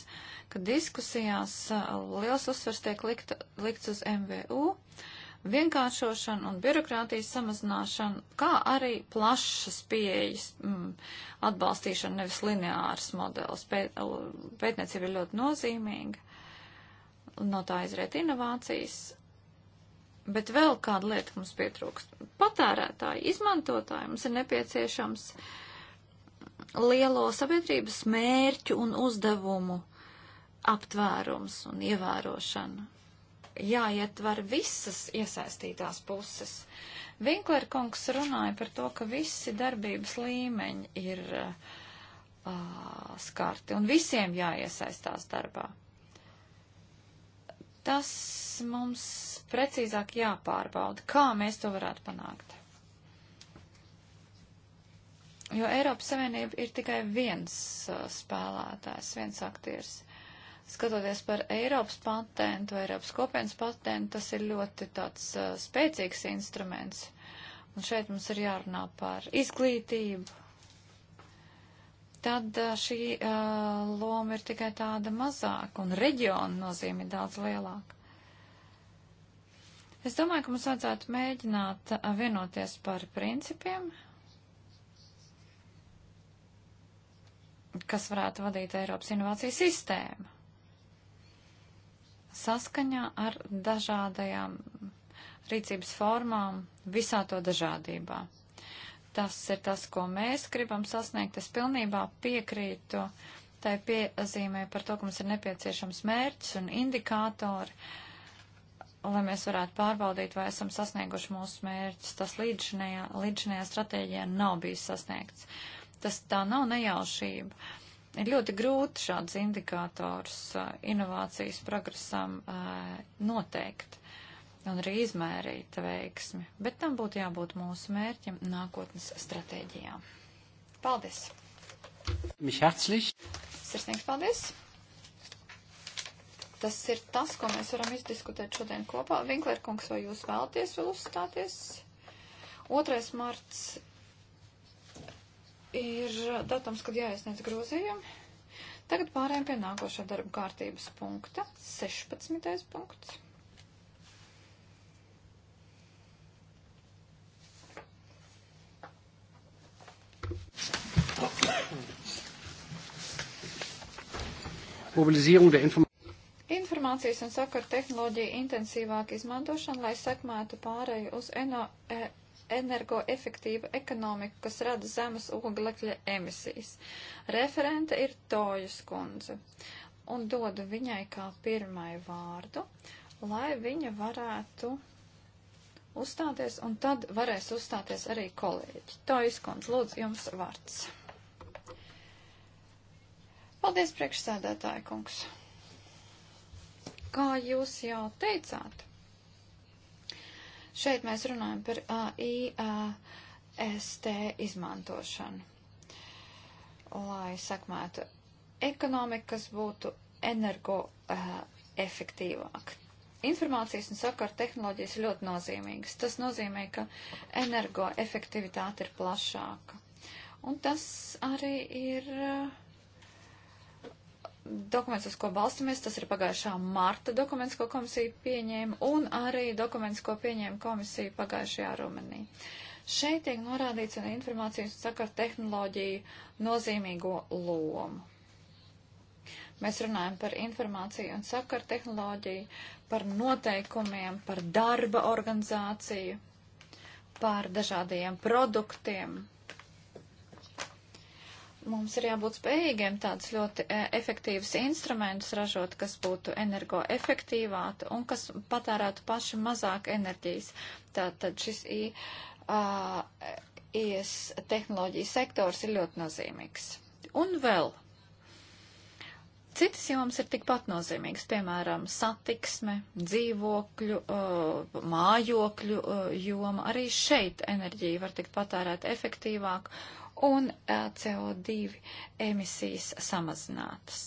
ka diskusijās liels uzsvers tiek likt, likts uz MVU, vienkāršošanu un birokrātijas samazināšanu, kā arī plašas pieejas m, mm, atbalstīšanu, nevis lineārs modelis. Pēt, pētniecība ir ļoti nozīmīga, no tā izriet inovācijas. Bet vēl kāda lieta mums pietrūkst. Patērētāji, izmantotāji mums ir nepieciešams uh, lielo sabiedrības mērķu un uzdevumu aptvērums un ievērošana. Jāietver visas iesaistītās puses. Vinklera kungs runāja par to, ka visi darbības līmeņi ir uh, skarti un visiem jāiesaistās darbā. Tas mums precīzāk jāpārbauda, kā mēs to varētu panākt. Jo Eiropas Savienība ir tikai viens uh, spēlētājs, viens aktieris. Skatoties par Eiropas patentu, Eiropas kopienas patentu, tas ir ļoti tāds uh, spēcīgs instruments. Un šeit mums ir jārunā par izglītību. Tad uh, šī uh, loma ir tikai tāda mazāka, un reģiona nozīme ir daudz lielāka. Es domāju, ka mums vajadzētu mēģināt uh, vienoties par principiem, kas varētu vadīt Eiropas inovāciju sistēmu saskaņā ar dažādajām rīcības formām visā to dažādībā. Tas ir tas, ko mēs gribam sasniegt. Es pilnībā piekrītu tai piezīmē par to, ka mums ir nepieciešams mērķis un indikātori, lai mēs varētu pārbaudīt, vai esam sasnieguši mūsu mērķis. Tas līdzinējā, līdzinējā stratēģijā nav bijis sasniegts. Uh, Tas tā nav nejaušība. Ir ļoti grūti šādus indikātors inovācijas progresam noteikt un arī izmērīt veiksmi, bet tam būtu jābūt mūsu mērķim nākotnes stratēģijām. Paldies! Mich herzlich! Sirsnīgs paldies! Tas ir tas, ko mēs varam izdiskutēt šodien kopā. Vinkler kungs, vai jūs vēlaties vēl uzstāties? 2. marts ir datums, kad jāiesniedz grozījumi. Tagad pārējām pie nākošā darba kārtības punkta, 16. punkts. Informācijas un sakaru tehnoloģiju intensīvāk izmantošana, lai sekmētu pārēju uz NO, e, energoefektīvu ekonomiku, kas rada zemes oglekļa emisijas. Referente ir Tojas kundze, un dodu viņai kā pirmai vārdu, lai viņa varētu uzstāties, un tad varēs uzstāties arī kolēģi. Tojas kundze, lūdzu, jums vārds. Paldies, priekšsēdētāja kungs. Kā jūs jau teicāt, Šeit mēs runājam par IST izmantošanu, lai sakmētu ekonomiku, kas būtu energoefektīvāka. Informācijas un sakaru tehnoloģijas ir ļoti nozīmīgas. Tas nozīmē, ka energoefektivitāte ir plašāka. Un tas arī ir uh, dokuments, uz ko balstamies, tas ir pagājušā marta dokuments, ko komisija pieņēma, un arī dokuments, ko pieņēma komisija pagājušajā Rumenī. Šeit tiek norādīts un informācijas sakar tehnoloģiju nozīmīgo lomu. Mēs runājam par informāciju un sakaru tehnoloģiju, par noteikumiem, par darba organizāciju, par dažādiem produktiem, mums ir jābūt spējīgiem tādus ļoti e, efektīvus instrumentus ražot, kas būtu energoefektīvāti un kas patērētu paši mazāk enerģijas. Tātad šis I, a, IS tehnoloģija sektors ir ļoti nozīmīgs. Un vēl. Citas jomas ir tikpat nozīmīgas, piemēram, satiksme, dzīvokļu, mājokļu joma. Arī šeit enerģija var tikt patērēt efektīvāk un CO2 emisijas samazinātas.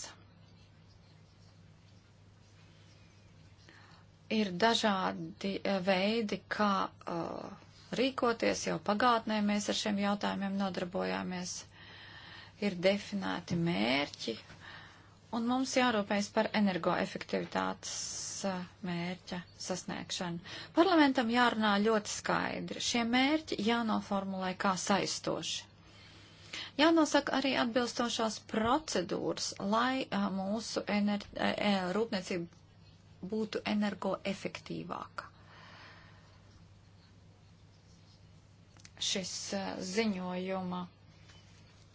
Ir dažādi veidi, kā uh, rīkoties, jau pagātnē mēs ar šiem jautājumiem nodarbojāmies. Ir definēti mērķi, un mums jārūpējas par energoefektivitātes mērķa sasniegšanu. Parlamentam jārunā ļoti skaidri. Šie mērķi jānoformulē kā saistoši. Jānosaka arī atbilstošās procedūras, lai a, mūsu ener a, rūpniecība būtu energoefektīvāka. Šis a, ziņojuma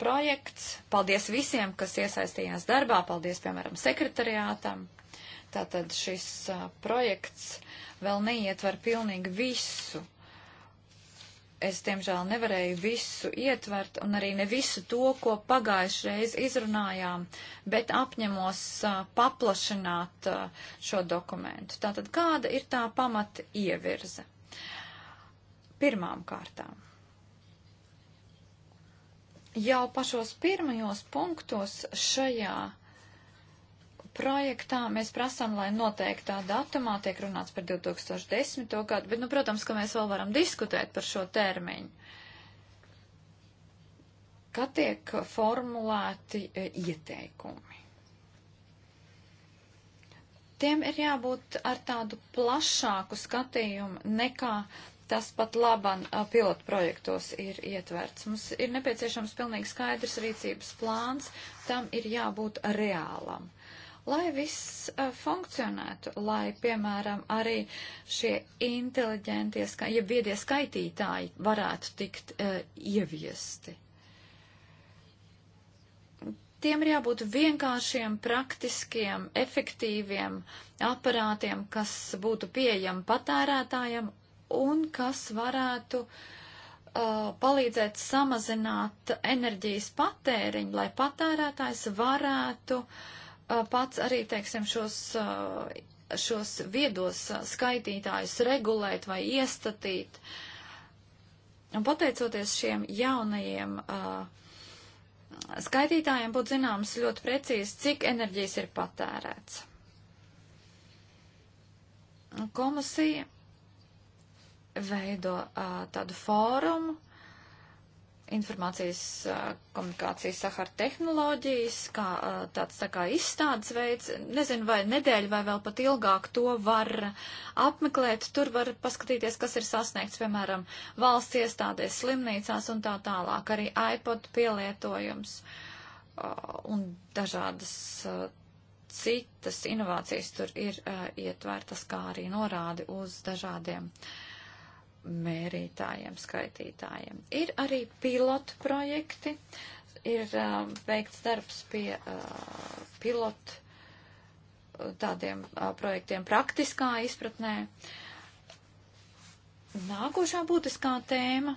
projekts, paldies visiem, kas iesaistījās darbā, paldies, piemēram, sekretariātam. Tātad šis projekts vēl neietver pilnīgi visu uh, es, diemžēl, nevarēju visu ietvert un arī ne visu to, ko pagājušreiz izrunājām, bet apņemos uh, paplašināt uh, šo dokumentu. Tātad, kāda ir tā pamata ievirze? Pirmām kārtām. Jau pašos pirmajos punktos šajā projektā mēs prasām, lai noteiktā datumā tiek runāts par 2010. gadu, bet, nu, protams, ka mēs vēl varam diskutēt par šo termiņu. Kā tiek formulēti e, ieteikumi? Tiem ir jābūt ar tādu plašāku skatījumu nekā tas pat laban e, pilotu projektos ir ietverts. Mums ir nepieciešams pilnīgi skaidrs rīcības plāns, tam ir jābūt reālam lai viss uh, funkcionētu, lai, piemēram, arī šie inteliģentie, ja viedie skaitītāji varētu tikt uh, ieviesti. Tiem ir jābūt vienkāršiem, praktiskiem, efektīviem aparātiem, kas būtu pieejami patērētājiem un kas varētu uh, palīdzēt samazināt enerģijas patēriņu, lai patērētājs varētu uh, pats arī, teiksim, šos, šos viedos skaitītājus regulēt vai iestatīt. Un pateicoties šiem jaunajiem skaitītājiem, būtu zināms ļoti precīzi, cik enerģijas ir patērēts. Komisija veido tādu fórumu, informācijas komunikācijas sahara tehnoloģijas, kā tāds tā kā izstādes veids. Nezinu, vai nedēļu vai vēl pat ilgāk to var apmeklēt. Tur var paskatīties, kas ir sasniegts, piemēram, valsts iestādēs, slimnīcās un tā tālāk. Arī iPod pielietojums un dažādas citas inovācijas tur ir ietvērtas, kā arī norādi uz dažādiem. Uh, mērītājiem, skaitītājiem. Ir arī pilotu projekti, ir uh, veikts darbs pie uh, pilotu uh, tādiem uh, projektiem praktiskā izpratnē. Nākošā būtiskā tēma,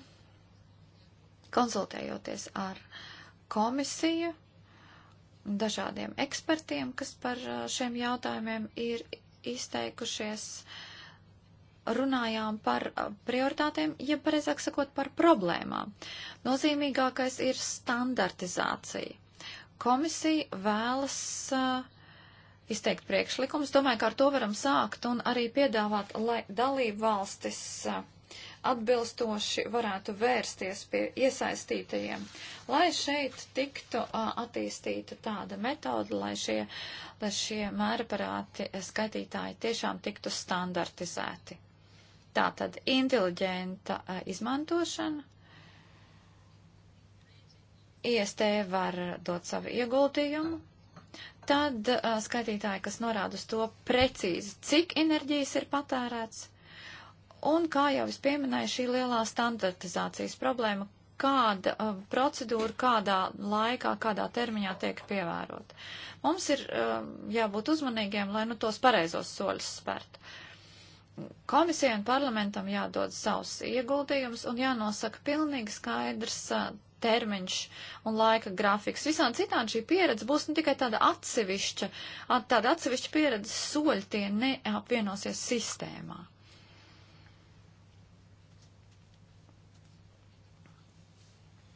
konsultējoties ar komisiju, dažādiem ekspertiem, kas par uh, šiem jautājumiem ir izteikušies, uh, runājām par uh, prioritātēm, ja pareizāk sakot, par problēmām. Nozīmīgākais ir standartizācija. Komisija vēlas uh, izteikt priekšlikums. Domāju, ka ar to varam sākt un arī piedāvāt, lai dalību valstis uh, atbilstoši varētu vērsties pie iesaistītajiem, lai šeit tiktu uh, attīstīta tāda metoda, lai šie, lai šie mērparāti skaitītāji tiešām tiktu standartizēti. Tā tad inteliģenta eh, izmantošana. IST var dot savu ieguldījumu. Tad uh, skaitītāji, kas norāda uz to precīzi, cik enerģijas ir patērēts. Un, kā jau es pieminēju, šī lielā standartizācijas problēma, kāda uh, procedūra, kādā laikā, kādā termiņā tiek pievērota. Mums ir uh, jābūt uzmanīgiem, lai nu tos pareizos soļus spērtu. Uh, Komisijai un parlamentam jādod savus ieguldījumus un jānosaka pilnīgi skaidrs termiņš un laika grafiks. Visām citām šī pieredze būs ne tikai tāda atsevišķa, tāda atsevišķa pieredze soļi, tie neapvienosies sistēmā.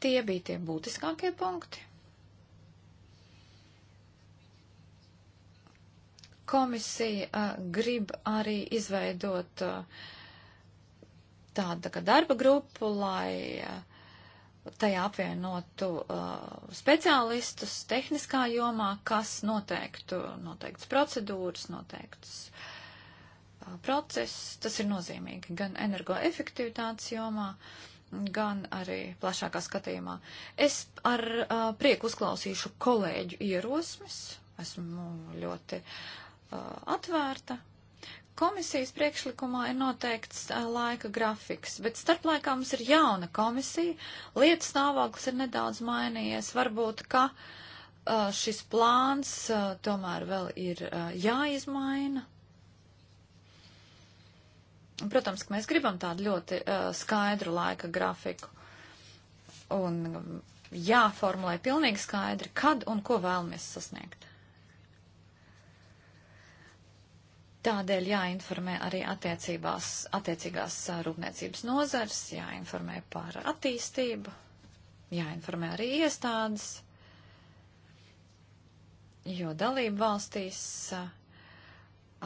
Tie bija tie būtiskākie punkti. Komisija uh, grib arī izveidot uh, tādu tā darba grupu, lai uh, tajā apvienotu uh, speciālistus tehniskā jomā, kas noteiktu noteikts procedūras, noteikts uh, process. Tas ir nozīmīgi gan energoefektivitātes jomā, gan arī plašākā skatījumā. Es ar uh, prieku uzklausīšu kolēģu ierosmes. Esmu ļoti uh, Uh, atvērta. Komisijas priekšlikumā ir noteikts uh, laika grafiks, bet starp laikā mums ir jauna komisija, lietas stāvoklis ir nedaudz mainījies, varbūt, ka uh, šis plāns tomēr vēl ir jāizmaina. Protams, ka mēs gribam tādu ļoti skaidru laika grafiku un um, jāformulē pilnīgi skaidri, kad un ko vēlamies sasniegt. Tādēļ jāinformē arī attiecīgās rūpniecības nozars, jāinformē par attīstību, jāinformē arī iestādes, jo dalību valstīs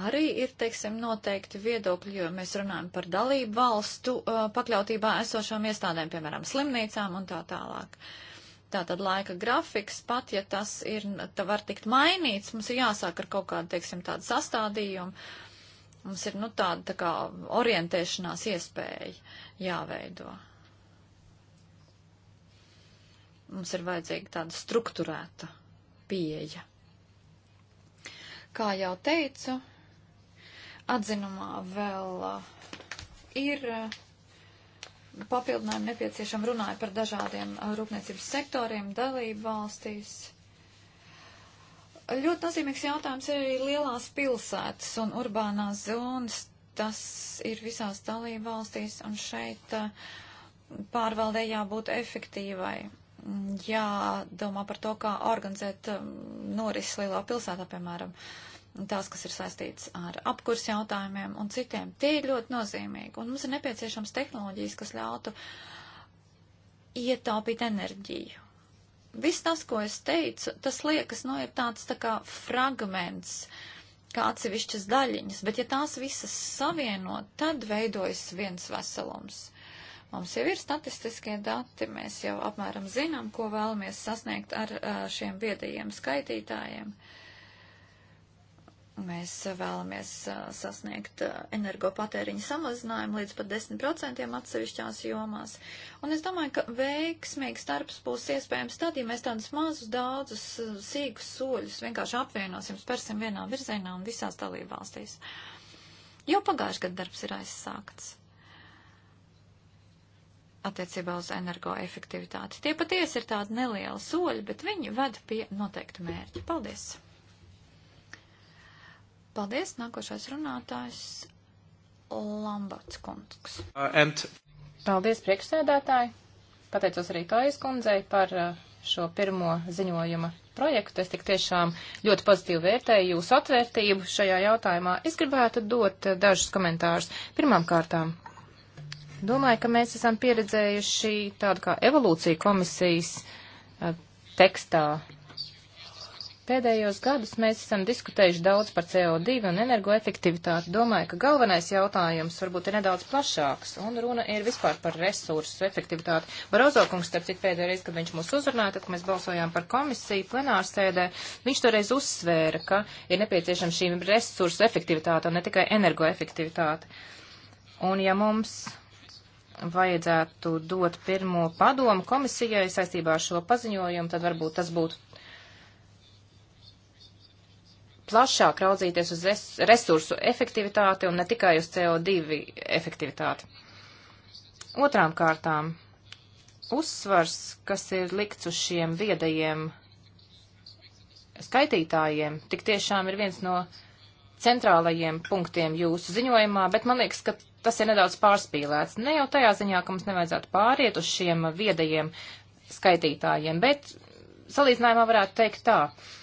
arī ir, teiksim, noteikti viedokļi, jo mēs runājam par dalību valstu pakļautībā esošām iestādēm, piemēram, slimnīcām un tā tālāk. Uh, Tātad laika grafiks, pat ja tas ir, tā var tikt mainīts, mums ir jāsāk ar kaut kādu, teiksim, tādu sastādījumu. Mums ir, nu, tāda tā kā orientēšanās iespēja jāveido. Mums ir vajadzīga tāda strukturēta pieeja. Kā jau teicu, atzinumā vēl uh, ir uh, papildinājumu nepieciešam runāja par dažādiem uh, rūpniecības sektoriem, dalību valstīs. Ļoti nozīmīgs jautājums ir arī lielās pilsētas un urbānās zonas. Tas ir visās dalību valstīs, un šeit uh, pārvaldē jābūt efektīvai. Jādomā par to, kā organizēt um, noris lielā pilsētā, piemēram. Uh, tās, kas ir saistītas ar apkurs jautājumiem un citiem. Tie ir ļoti nozīmīgi, un mums ir nepieciešams tehnoloģijas, kas ļautu ietaupīt enerģiju. Viss tas, ko es teicu, tas liekas, nu, ir tāds tā kā fragments, kā atsevišķas daļiņas, bet ja tās visas savienot, tad veidojas viens veselums. Mums jau ir statistiskie dati, mēs jau apmēram zinām, ko vēlamies sasniegt ar šiem viedajiem skaitītājiem. Uh, Mēs eh, vēlamies eh, sasniegt eh, energopatēriņu samazinājumu līdz pat 10% atsevišķās jomās. Un es domāju, ka veiksmīgs darbs būs iespējams tad, ja mēs tādus mazus, daudzus, sīkus soļus vienkārši apvienosim, spērsim vienā virzienā un visās dalībvalstīs. Jau pagājuši gadu darbs ir aizsākts attiecībā uz energoefektivitāti. Tie patiesi ir tādi nelieli soļi, bet viņi ved pie noteiktu mērķu. Paldies! Paldies, nākošais runātājs Lambats Kungs. Uh, and... Paldies, priekšsēdētāji. Pateicos arī Kājas kundzei par uh, šo pirmo ziņojuma projektu. Es tik tiešām ļoti pozitīvi vērtēju jūsu atvērtību šajā jautājumā. Es gribētu dot uh, dažus komentārus. Pirmām kārtām, domāju, ka mēs esam pieredzējuši tādu kā evolūciju komisijas uh, tekstā Pēdējos gadus mēs esam diskutējuši daudz par CO2 un energoefektivitāti. Domāju, ka galvenais jautājums varbūt ir nedaudz plašāks, un runa ir vispār par resursu efektivitāti. Barozo kungs, starp citu, pēdējo reizi, kad viņš mūs uzrunāja, tad, kad mēs balsojām par komisiju plenārsēdē, viņš toreiz uzsvēra, ka ir nepieciešama šī resursu efektivitāte un ne tikai energoefektivitāte. Un ja mums vajadzētu dot pirmo padomu komisijai saistībā ar šo paziņojumu, tad varbūt tas būtu plašāk raudzīties uz resursu efektivitāti un ne tikai uz CO2 efektivitāti. Otrām kārtām, uzsvars, kas ir likts uz šiem viedajiem skaitītājiem, tik tiešām ir viens no centrālajiem punktiem jūsu ziņojumā, bet man liekas, ka tas ir nedaudz pārspīlēts. Ne jau tajā ziņā, ka mums nevajadzētu pāriet uz šiem viedajiem skaitītājiem, bet salīdzinājumā varētu teikt tā. Uh,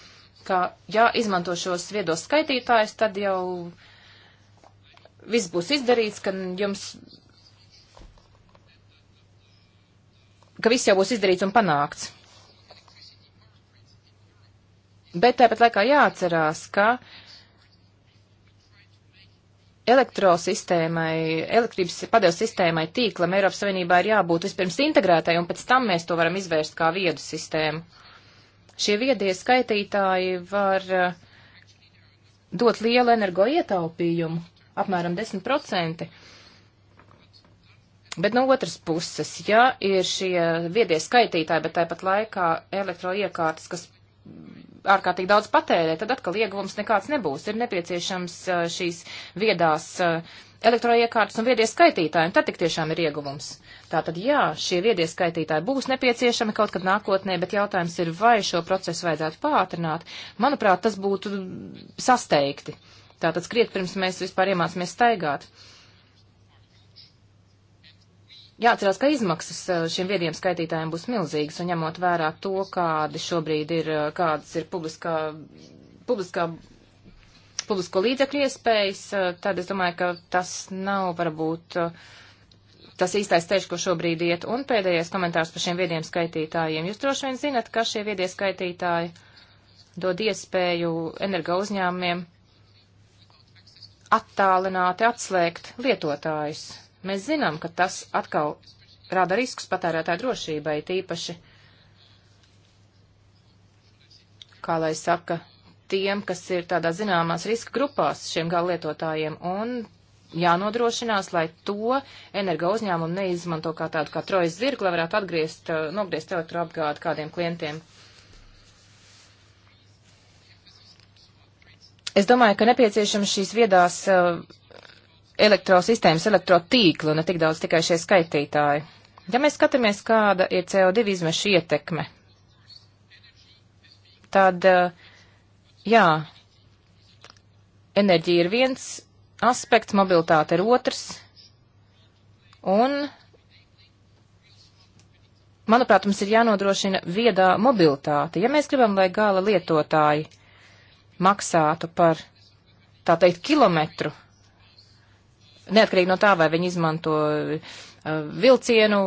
ka, ja izmanto šos viedos skaitītājus, tad jau viss būs izdarīts, ka jums ka viss jau būs izdarīts un panākts. Bet tāpat laikā jāatcerās, ka elektrosistēmai, elektrības padev sistēmai, tīklam Eiropas Savienībā ir jābūt vispirms integrētai, un pēc tam mēs to varam izvērst kā viedu sistēmu. Šie viedie skaitītāji var eh, dot lielu energo ietaupījumu, apmēram 10%. Bet no otras puses, ja ir šie viedie skaitītāji, bet tāpat laikā elektroiekārtas, kas ārkārtīgi daudz patērē, tad atkal ieguvums nekāds nebūs. Ir nepieciešams eh, šīs viedās uh, elektroiekārtas un viedie skaitītāji, un tad tik tiešām ir ieguvums. Tātad, jā, šie viedie skaitītāji būs nepieciešami kaut kad nākotnē, bet jautājums ir, vai šo procesu vajadzētu pātrināt. Manuprāt, tas būtu sasteigti. Tātad skriet pirms mēs vispār iemācāmies staigāt. Jāatcerās, ka izmaksas eh, šiem viediem skaitītājiem būs milzīgas, un ņemot vērā to, kādi šobrīd ir, eh, kādas ir publiskā, publiskā publisko līdzekļu iespējas, eh, tad es domāju, ka tas nav varbūt eh, tas īstais ceļš, ko šobrīd iet. Un pēdējais komentārs par šiem viediem skaitītājiem. Jūs droši vien zinat, ka šie viedie skaitītāji dod iespēju energo uzņēmumiem attālināti atslēgt lietotājus. Mēs zinām, ka tas atkal rada riskus patērētāju drošībai, tīpaši, kā lai saka, tiem, kas ir tādā zināmās riska grupās šiem gallietotājiem un jānodrošinās, lai to energo uzņēmumu neizmanto kā tādu kā trojas zirgu, lai varētu atgriezt, eh, nogriezt elektroapgādi kādiem klientiem. Es domāju, ka nepieciešams šīs viedās eh, elektrosistēmas, elektrotīklu, ne tik daudz tikai šie skaitītāji. Ja mēs skatāmies, kāda ir CO2 izmeša ietekme, tad uh, Jā, enerģija ir viens aspekts, mobilitāte ir otrs. Un, manuprāt, mums ir jānodrošina viedā mobilitāte. Ja mēs gribam, lai gala lietotāji maksātu par, tā teikt, kilometru, neatkarīgi no tā, vai viņi izmanto uh, vilcienu,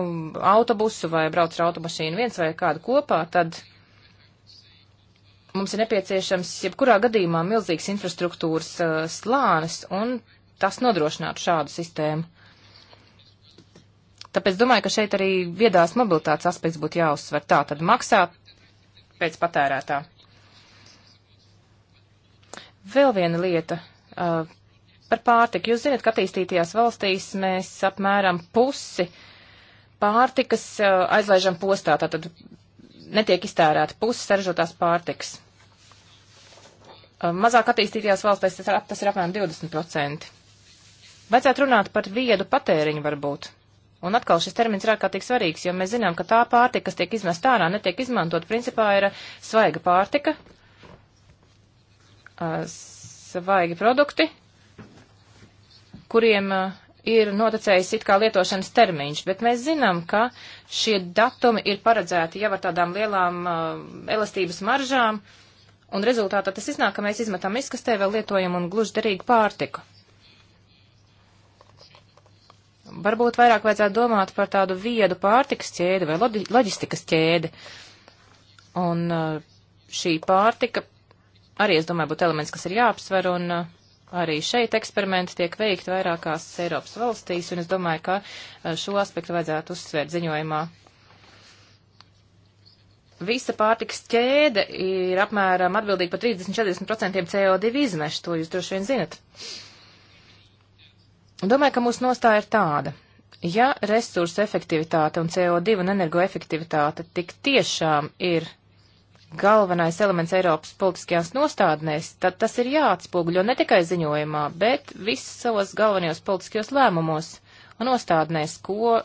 autobusu vai brauc ar automašīnu viens vai kādu kopā, tad uh, mums ir nepieciešams jebkurā gadījumā milzīgs infrastruktūras uh, slānis, un tas nodrošinātu šādu sistēmu. Tāpēc domāju, ka šeit arī viedās mobilitātes aspekts būtu jāuzsver. Tā tad maksā pēc patērētā. Vēl viena lieta uh, par pārtiku. Jūs zināt, ka attīstītajās valstīs mēs apmēram pusi pārtikas uh, aizlaižam postā, tātad netiek iztērēta pusi saražotās pārtikas. Eh, mazāk attīstītajās valstīs tas ir apmēram 20%. Vajadzētu runāt par viedu patēriņu varbūt. Un atkal šis termins ir ārkārtīgi svarīgs, jo mēs zinām, ka tā pārtika, kas tiek izmesta ārā, netiek izmantot, principā ir svaiga pārtika, eh, svaigi produkti, kuriem eh, ir noticējis it kā lietošanas termiņš, bet mēs zinām, ka šie datumi ir paredzēti jau ar tādām lielām elastības maržām, uh, Un rezultātā tas iznāk, ka mēs izmetam izkastē vēl lietojumu un gluži derīgu pārtiku. Varbūt vairāk vajadzētu domāt par tādu viedu pārtikas ķēdi vai loģistikas ķēdi. Un uh, šī pārtika arī, es domāju, būtu elements, kas ir jāapsver, un uh, arī šeit eksperimenti tiek veikti vairākās Eiropas valstīs, un es domāju, ka uh, šo aspektu vajadzētu uzsvērt ziņojumā visa pārtiks ķēde ir apmēram atbildīga par 30-40% CO2 izmešu, to jūs droši vien zinat. Domāju, ka mūsu nostāja ir tāda. Ja resursu efektivitāte un CO2 un energoefektivitāte tik tiešām ir galvenais elements Eiropas politiskajās nostādnēs, tad tas ir jāatspoguļo ne tikai ziņojumā, bet visos savos galvenajos politiskajos lēmumos un nostādnēs, ko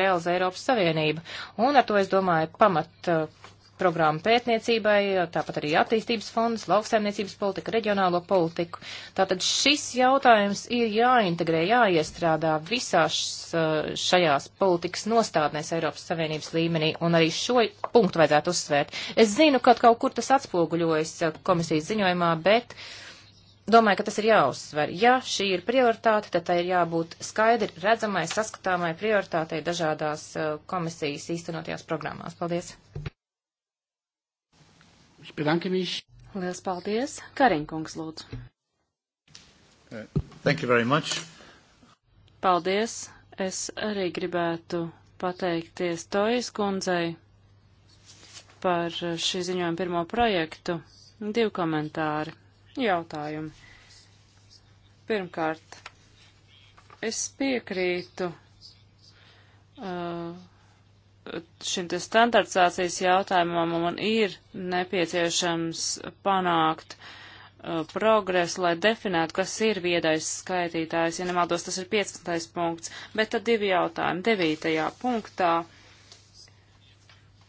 realizē Eiropas Savienība. Un ar to, es domāju, pamat eh, programmu pētniecībai, tāpat arī attīstības fonds, lauksaimniecības politika, reģionālo politiku. Tātad šis jautājums ir jāintegrē, jāiestrādā visās eh, šajās politikas nostādnēs Eiropas Savienības līmenī, un arī šo punktu vajadzētu uzsvērt. Es zinu, ka kaut kur tas atspoguļojas eh, komisijas ziņojumā, bet. Uh, domāju, ka tas ir jāuzsver. Ja šī ir prioritāte, tad tai ir jābūt skaidri redzamai, saskatāmai prioritātei dažādās uh, komisijas īstenotajās programmās. Paldies! Lielas paldies! Kariņkungs, lūdzu! Uh, thank you very much! Paldies! Es arī gribētu pateikties Tojas kundzei par uh, šī ziņojuma pirmo projektu. Divi komentāri jautājumi. Pirmkārt, es piekrītu uh, šim te standartizācijas jautājumam, un man ir nepieciešams panākt uh, progresu, lai definētu, kas ir viedais skaitītājs. Ja nemaldos, tas ir 15. punkts, bet tad divi jautājumi. 9. punktā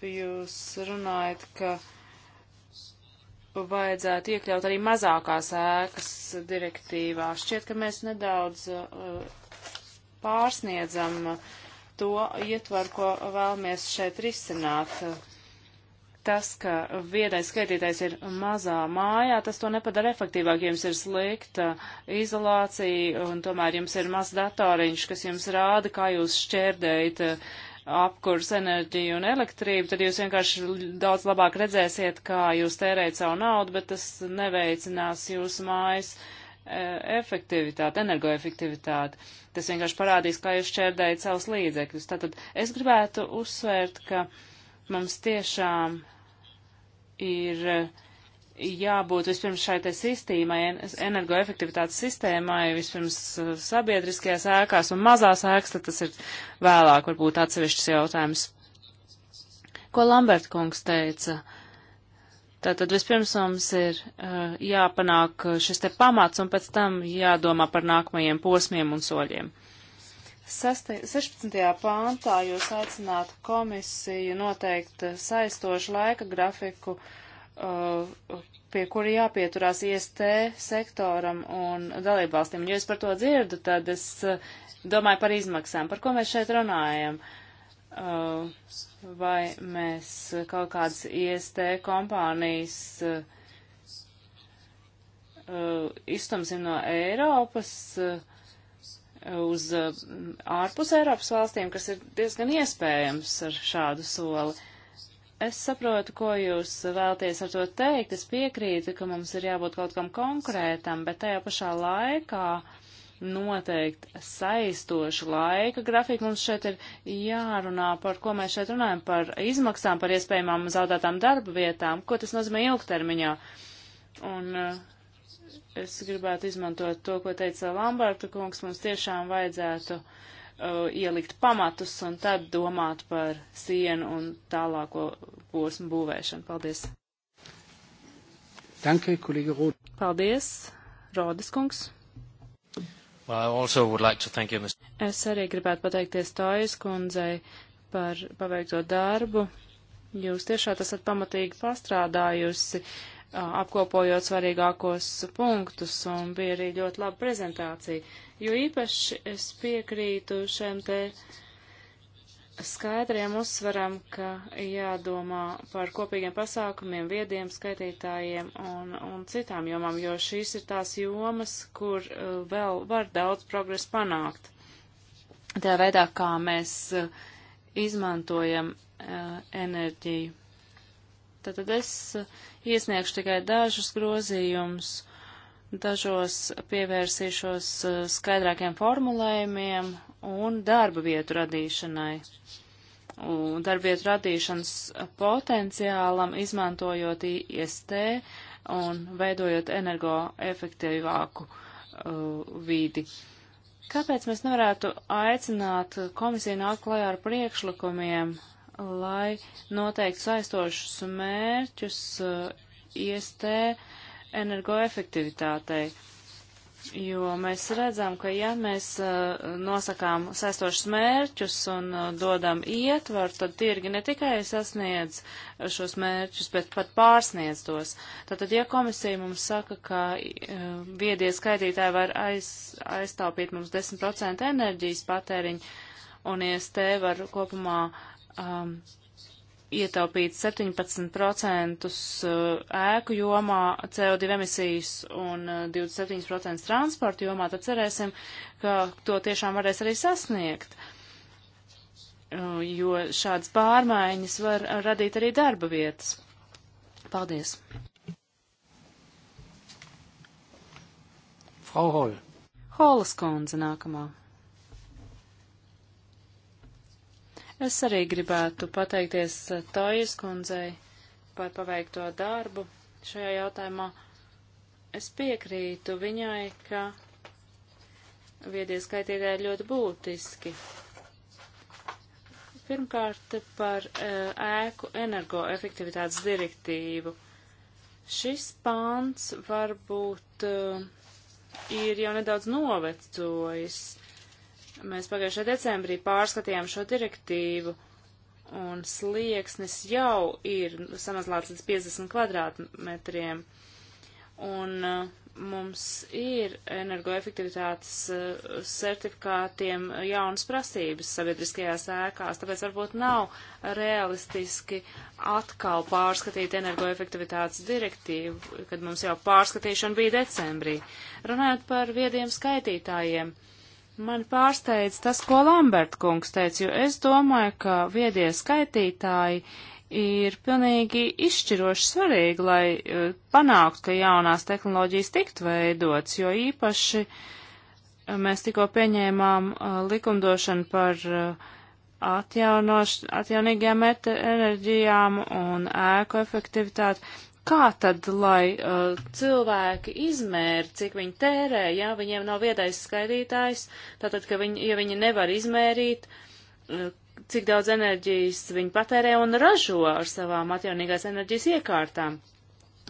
jūs runājat, ka uh, vajadzētu iekļaut arī mazākās ēkas direktīvā. Šķiet, ka mēs nedaudz uh, pārsniedzam uh, to ietvaru, ko vēlamies šeit risināt. Tas, ka viedais skaitītājs ir mazā mājā, tas to nepadara efektīvāk. Jums ir slikta izolācija un tomēr jums ir maz datoriņš, kas jums rāda, kā jūs šķērdējat uh, apkurs enerģiju un elektrību, tad jūs vienkārši daudz labāk redzēsiet, kā jūs tērējat savu naudu, bet tas neveicinās jūsu mājas e, efektivitāti, energoefektivitāti. Tas vienkārši parādīs, kā jūs šķērdējat savus līdzekļus. Tātad es gribētu uzsvērt, ka mums tiešām ir uh, jābūt vispirms šai te sistīmai, energoefektivitātes sistēmai, vispirms uh, sabiedriskajās ēkās un mazās ēkas, tad tas ir vēlāk varbūt atsevišķs jautājums. Ko Lambert kungs teica? Tātad vispirms mums ir uh, jāpanāk uh, šis te pamats un pēc tam jādomā par nākamajiem posmiem un soļiem. 16. pāntā jūs aicināt komisiju noteikt uh, saistošu laika grafiku uh, Uh, pie kura jāpieturās IST sektoram un dalībvalstīm. Ja es par to dzirdu, tad es uh, domāju par izmaksām. Par ko mēs šeit runājam? Uh, vai mēs kaut kādas IST kompānijas izstumsim no Eiropas uz ārpus Eiropas valstīm, kas ir diezgan iespējams ar šādu soli? Es saprotu, ko jūs vēlties ar to teikt. Es piekrītu, ka mums ir jābūt kaut kam konkrētam, bet tajā pašā laikā noteikti saistošu laika grafiku. Mums šeit ir jārunā par, ko mēs šeit runājam, par izmaksām, par iespējamām zaudētām darba vietām, ko tas nozīmē ilgtermiņā. Un eh, es gribētu izmantot to, ko teica Lamberta kungs, mums tiešām vajadzētu uh, uh, ielikt pamatus un tad domāt par sienu un tālāko posmu būvēšanu. Paldies! Danke, kolēģi Rod. Paldies, Rodas kungs. Well, like you, es arī gribētu pateikties Tājas kundzei par paveikto darbu. Jūs tiešām esat pamatīgi pastrādājusi, uh, apkopojot svarīgākos punktus, un bija arī ļoti laba prezentācija jo īpaši es piekrītu šiem te skaidriem uzsvaram, ka jādomā par kopīgiem pasākumiem, viediem skaitītājiem un, un citām jomām, jo šīs ir tās jomas, kur uh, vēl var daudz progresu panākt. Tā veidā, kā mēs uh, izmantojam uh, enerģiju. Tad es iesniegšu tikai dažus grozījumus Dažos pievērsīšos uh, skaidrākiem formulējumiem un darba vietu radīšanai. Un darba vietu radīšanas potenciālam izmantojot IST un veidojot energoefektīvāku uh, vidi. Kāpēc mēs nevarētu aicināt komisiju nāk klajā ar priekšlikumiem, lai noteikti saistošus mērķus uh, IST uh, energoefektivitātei. Jo mēs redzam, ka ja mēs uh, nosakām saistošus mērķus un uh, dodam ietvaru, tad tirgi ne tikai sasniedz šos mērķus, bet pat pārsniedz tos. Tātad, ja komisija mums saka, ka uh, viedie skaitītāji var aiz, aiztaupīt mums 10% enerģijas patēriņu un IST var kopumā um, ietaupīt 17% eh, ēku jomā CO2 emisijas un 27% eh, transporta jomā, tad cerēsim, ka to tiešām varēs arī sasniegt, eh, jo šādas pārmaiņas var radīt arī darba vietas. Paldies! Frau Hol. Holas kundze nākamā. Es arī gribētu pateikties eh, Tojas kundzei par paveikto darbu šajā jautājumā. Es piekrītu viņai, ka viedieskaitīgai ir ļoti būtiski. Pirmkārt, par eh, ēku energoefektivitātes direktīvu. Šis pāns varbūt eh, ir jau nedaudz novecojis Mēs pagājušajā decembrī pārskatījām šo direktīvu, un slieksnis jau ir samazināts līdz 50 kvadrātmetriem. Un uh, mums ir energoefektivitātes uh, certifikātiem jaunas prasības sabiedriskajās ēkās, tāpēc varbūt nav realistiski atkal pārskatīt energoefektivitātes direktīvu, kad mums jau pārskatīšana bija decembrī. Runājot par viediem skaitītājiem. Uh, Man pārsteidz tas, ko Lambert kungs teica, jo es domāju, ka viedie skaitītāji ir pilnīgi izšķiroši svarīgi, lai eh, panāktu, ka jaunās tehnoloģijas tiktu veidots, jo īpaši eh, mēs tikko pieņēmām eh, likumdošanu par atjaunīgajām enerģijām un ēku efektivitāti kā tad, lai uh, cilvēki izmēra, cik viņi tērē, ja viņiem nav viedais skaidrītājs, tātad, ka viņi, ja viņi nevar izmērīt, uh, cik daudz enerģijas viņi patērē un ražo ar savām atjaunīgās enerģijas iekārtām.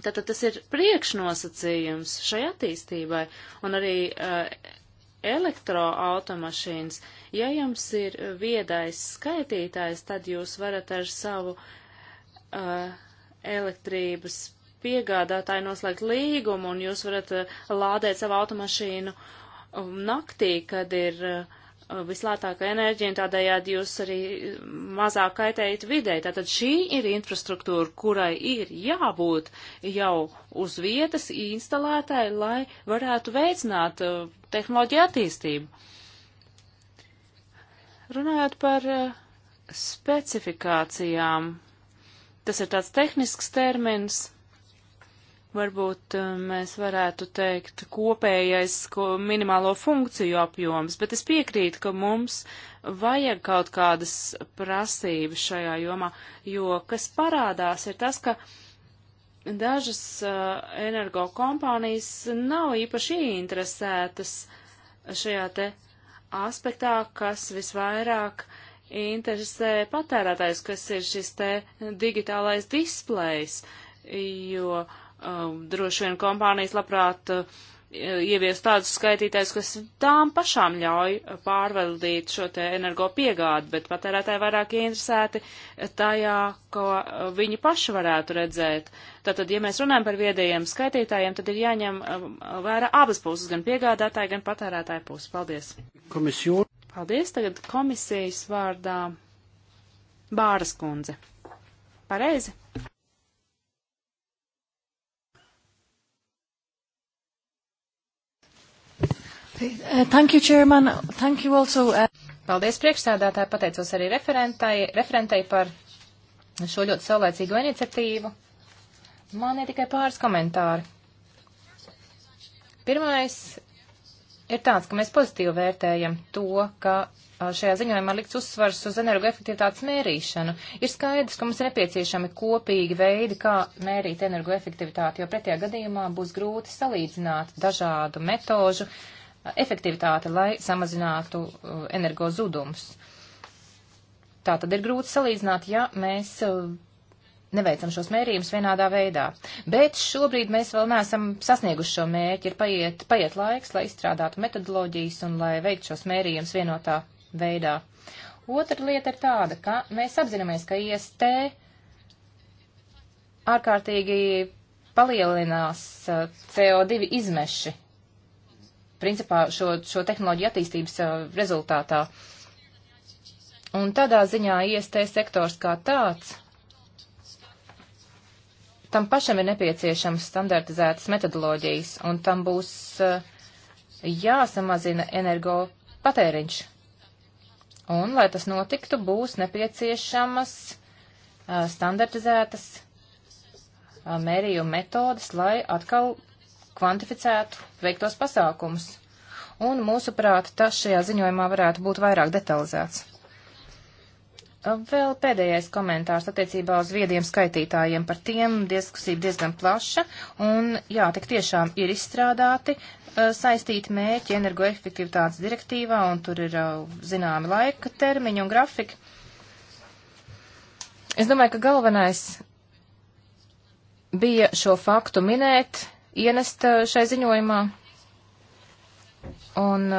Tātad tas ir priekšnosacījums šai attīstībai un arī uh, elektroautomašīnas. Ja jums ir viedais skaitītājs, tad jūs varat ar savu uh, elektrības piegādātāji noslēgt līgumu, un jūs varat eh, lādēt savu automašīnu um, naktī, kad ir eh, vislētākā enerģija, un tādējādi jūs arī eh, mazāk kaitējat vidē. Tātad šī ir infrastruktūra, kurai ir jābūt jau uz vietas instalētai, lai varētu veicināt tehnoloģiju attīstību. Runājot par specifikācijām, Tas ir tāds tehnisks termins. Varbūt eh, mēs varētu teikt kopējais ko minimālo funkciju apjoms, bet es piekrītu, ka mums vajag kaut kādas prasības šajā jomā, jo kas parādās ir tas, ka dažas uh, energokompānijas nav īpaši interesētas šajā te aspektā, kas visvairāk uh, interesē patērētājs, kas ir šis te digitālais displejs, jo uh, droši vien kompānijas labprāt uh, ievies tādus skaitītājus, kas tām pašām ļauj pārvaldīt šo te energo piegādi, bet patērētāji vairāk ieinteresēti tajā, ko uh, viņi paši varētu redzēt. Tātad, ja mēs runājam par viedajiem skaitītājiem, tad ir jāņem um, vērā abas puses, gan piegādātāji, gan patērētāji puses. Paldies. Komisjon. Paldies tagad komisijas vārdā Bāras kundze. Pareizi? Uh, thank you, Chairman. Thank you also. Uh, Paldies priekšsēdētāji, pateicos arī referentai, referentai par šo ļoti saulēcīgo iniciatīvu. Man ir tikai pāris komentāri. Pirmais ir tāds, ka mēs pozitīvi vērtējam to, ka šajā ziņojumā likts uzsvars uz energoefektivitātes mērīšanu. Ir skaidrs, ka mums ir nepieciešami kopīgi veidi, kā mērīt energoefektivitāti, jo pretējā gadījumā būs grūti salīdzināt dažādu metožu efektivitāti, lai samazinātu energo zudumus. Tā tad ir grūti salīdzināt, ja mēs neveicam šos mērījumus vienādā veidā. Bet šobrīd mēs vēl neesam sasnieguši šo mērķi, ir paiet, paiet laiks, lai izstrādātu metodoloģijas un lai veiktu šos mērījumus vienotā veidā. Otra lieta ir tāda, ka mēs apzināmies, ka IST ārkārtīgi palielinās uh, CO2 izmeši, principā šo, šo tehnoloģiju attīstības uh, rezultātā. Un tādā ziņā IST sektors kā tāds Tam pašam ir nepieciešams standartizētas metodoloģijas, un tam būs eh, jāsamazina energo patēriņš. Un, lai tas notiktu, būs nepieciešamas eh, standartizētas eh, mērījuma metodas, lai atkal kvantificētu veiktos pasākumus. Un, mūsuprāt, tas šajā ziņojumā varētu būt vairāk detalizēts. Vēl pēdējais komentārs attiecībā uz viediem skaitītājiem. Par tiem diskusija diezgan plaša un, jā, tik tiešām ir izstrādāti eh, saistīti mērķi energoefektivitātes direktīvā un tur ir eh, zināmi laika termiņi un grafiki. Es domāju, ka galvenais bija šo faktu minēt, ienest eh, šai ziņojumā un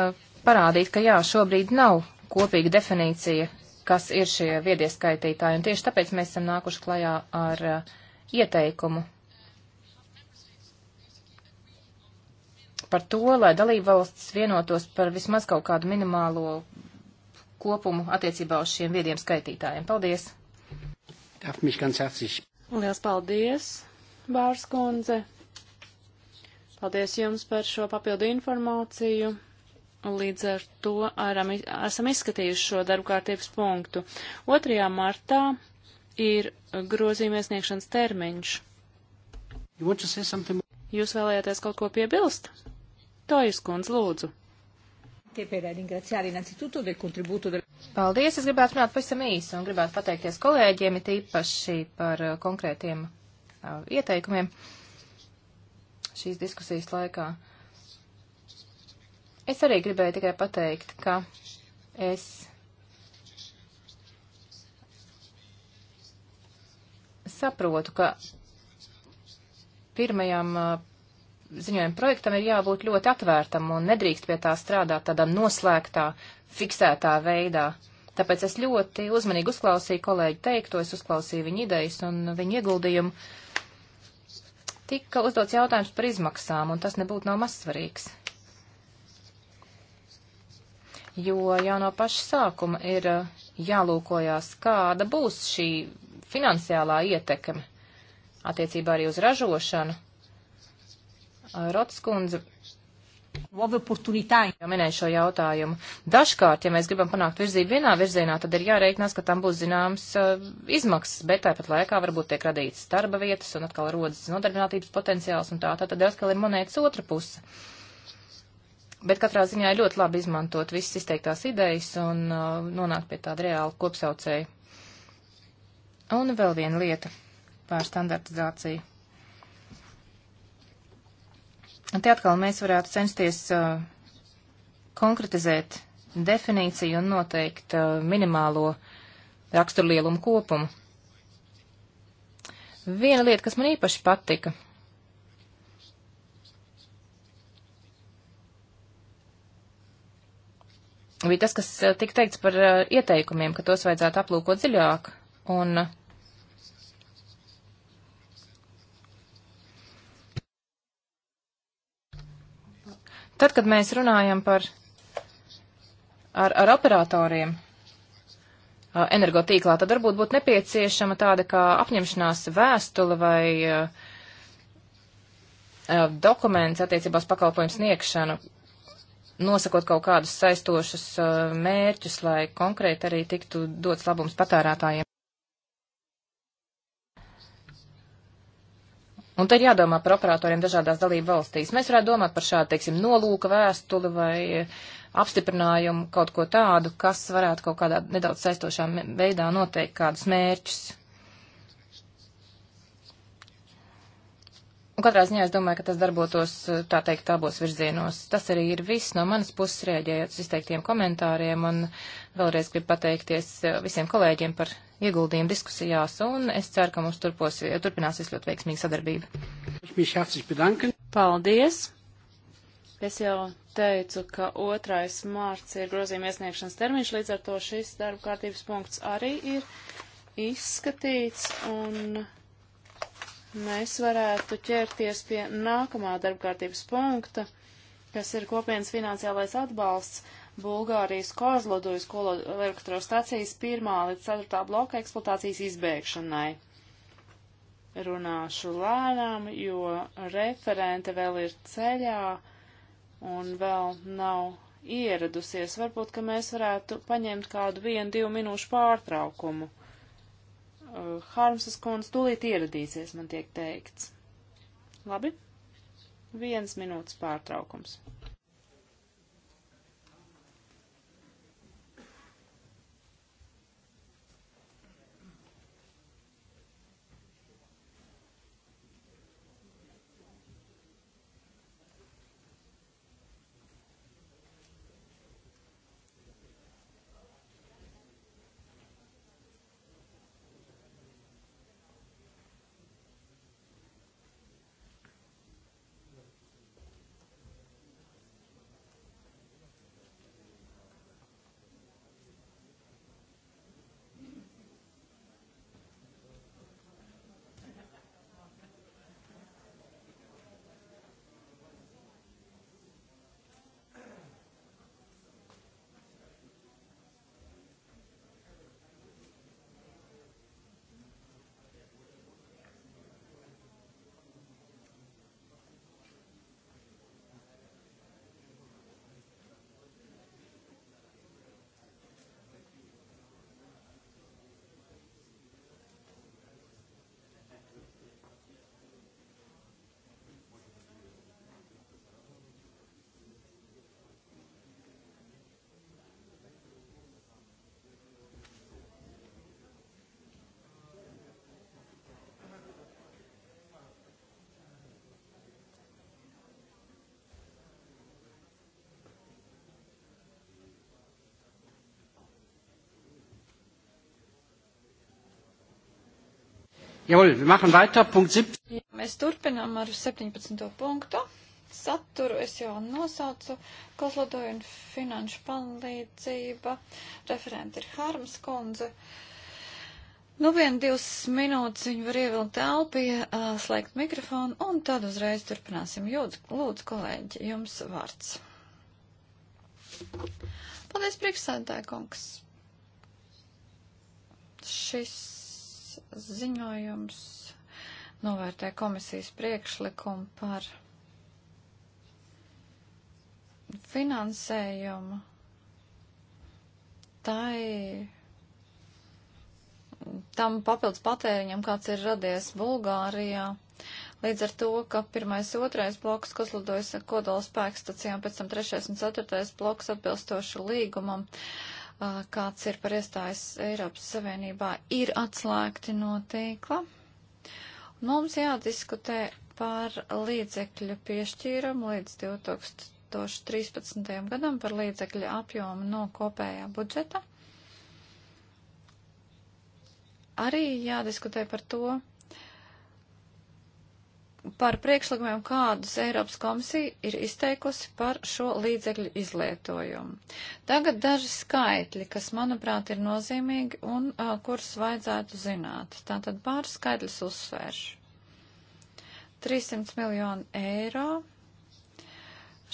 parādīt, ka jā, šobrīd nav kopīga definīcija kas ir šie viedieskaitītāji. Un tieši tāpēc mēs esam nākuši klajā ar uh, ieteikumu par to, lai dalība valsts vienotos par vismaz kaut kādu minimālo kopumu attiecībā uz šiem viediem skaitītājiem. Paldies! Liels paldies, Bārskundze! Paldies jums par šo papildu informāciju! Līdz ar to aram, esam izskatījuši šo darbu kārtības punktu. 2. martā ir grozījuma iesniegšanas termiņš. Jūs vēlējāties kaut ko piebilst? Tojas kundz, lūdzu. Paldies, es gribētu runāt pavisam īsi un gribētu pateikties kolēģiem, it īpaši par uh, konkrētiem uh, ieteikumiem šīs diskusijas laikā. Uh, Es arī gribēju tikai pateikt, ka es saprotu, ka pirmajam uh, ziņojuma projektam ir jābūt ļoti atvērtam un nedrīkst pie tā strādāt tādā noslēgtā, fiksētā veidā. Tāpēc es ļoti uzmanīgi uzklausīju kolēģi teikto, es uzklausīju viņu idejas un viņu ieguldījumu. Tika uzdots jautājums par izmaksām, un tas nebūtu nav mazsvarīgs jo jau no paša sākuma ir eh, jālūkojās, kāda būs šī finansiālā ietekme attiecībā arī uz ražošanu. Eh, Rotskundze jau minēja šo jautājumu. Dažkārt, ja mēs gribam panākt virzību vienā virzienā, tad ir jāreikinās, ka tam būs zināmas uh, eh, izmaksas, bet tāpat laikā varbūt tiek radītas darba vietas un atkal rodas nodarbinātības potenciāls un tā, tā tad atkal ir monētas otra puse. Uh, Bet katrā ziņā ir ļoti labi izmantot visas izteiktās idejas un uh, nonākt pie tāda reāla kopsaucēja. Un vēl viena lieta pār standartizāciju. Un te atkal mēs varētu censties uh, konkretizēt definīciju un noteikt uh, minimālo raksturlielumu kopumu. Viena lieta, kas man īpaši patika, bija tas, kas eh, tika teikts par eh, ieteikumiem, ka tos vajadzētu aplūkot dziļāk. Un tad, kad mēs runājam par ar, ar operatoriem eh, energotīklā, tad varbūt būtu nepieciešama tāda kā apņemšanās vēstule vai uh, dokuments attiecībās pakalpojumu sniegšanu, nosakot kaut kādus saistošus uh, mērķus, lai konkrēti arī tiktu dots labums patērētājiem. Un te ir jādomā par operatoriem dažādās dalību valstīs. Mēs varētu domāt par šādu, teiksim, nolūka vēstuli vai eh, apstiprinājumu, kaut ko tādu, kas varētu kaut kādā nedaudz saistošā veidā noteikt kādus mērķus. Un katrā ziņā es domāju, ka tas darbotos, eh, tā teikt, abos virzienos. Tas arī ir viss no manas puses rēģējot uz izteiktiem komentāriem un vēlreiz gribu pateikties eh, visiem kolēģiem par ieguldījumu diskusijās un es ceru, ka mums turpos, turpināsies ļoti veiksmīga sadarbība. Paldies! Es jau teicu, ka 2. mārts ir grozījuma iesniegšanas termiņš, līdz ar to šis darba kārtības punkts arī ir izskatīts un mēs varētu ķerties pie nākamā darbkārtības punkta, kas ir kopienas finansiālais atbalsts Bulgārijas Kozlodujas elektrostacijas pirmā līdz ceturtā bloka eksploatācijas izbēgšanai. Runāšu lēnām, jo referente vēl ir ceļā un vēl nav ieradusies. Varbūt, ka mēs varētu paņemt kādu vienu, divu minūšu pārtraukumu uh, Harmsas kundze tūlīt ieradīsies, man tiek teikts. Labi? Viens minūtes pārtraukums. Jawohl, wir machen weiter. Punkt 17. Ja, mēs turpinām ar 17. punktu. Saturu es jau nosaucu. Kozlodoju un finanšu palīdzība. Referenti ir Harms kundze. Nu, vien divas minūtes viņu var ievilkt elpī, slēgt mikrofonu un tad uzreiz turpināsim. Jūdzu, lūdzu, kolēģi, jums vārds. Paldies, priekšsēdētāji kungs. Šis ziņojums novērtē komisijas priekšlikumu par finansējumu tai tam papildus patēriņam, kāds ir radies Bulgārijā. Līdz ar to, ka pirmais, otrais bloks, kas lidojas kodola spēkstacijām, pēc tam trešais un ceturtais bloks atbilstoši līgumam, uh, kāds ir par iestājas Eiropas Savienībā, ir atslēgti no tīkla. Mums jādiskutē par līdzekļu piešķīrumu līdz 2013. gadam, par līdzekļu apjomu no kopējā budžeta. Arī jādiskutē par to, par priekšlikumiem, kādus Eiropas komisija ir izteikusi par šo līdzekļu izlietojumu. Tagad daži skaitļi, kas, manuprāt, ir nozīmīgi un uh, kurus vajadzētu zināt. Tātad pāris skaitļus uzsvēršu. 300 miljonu eiro.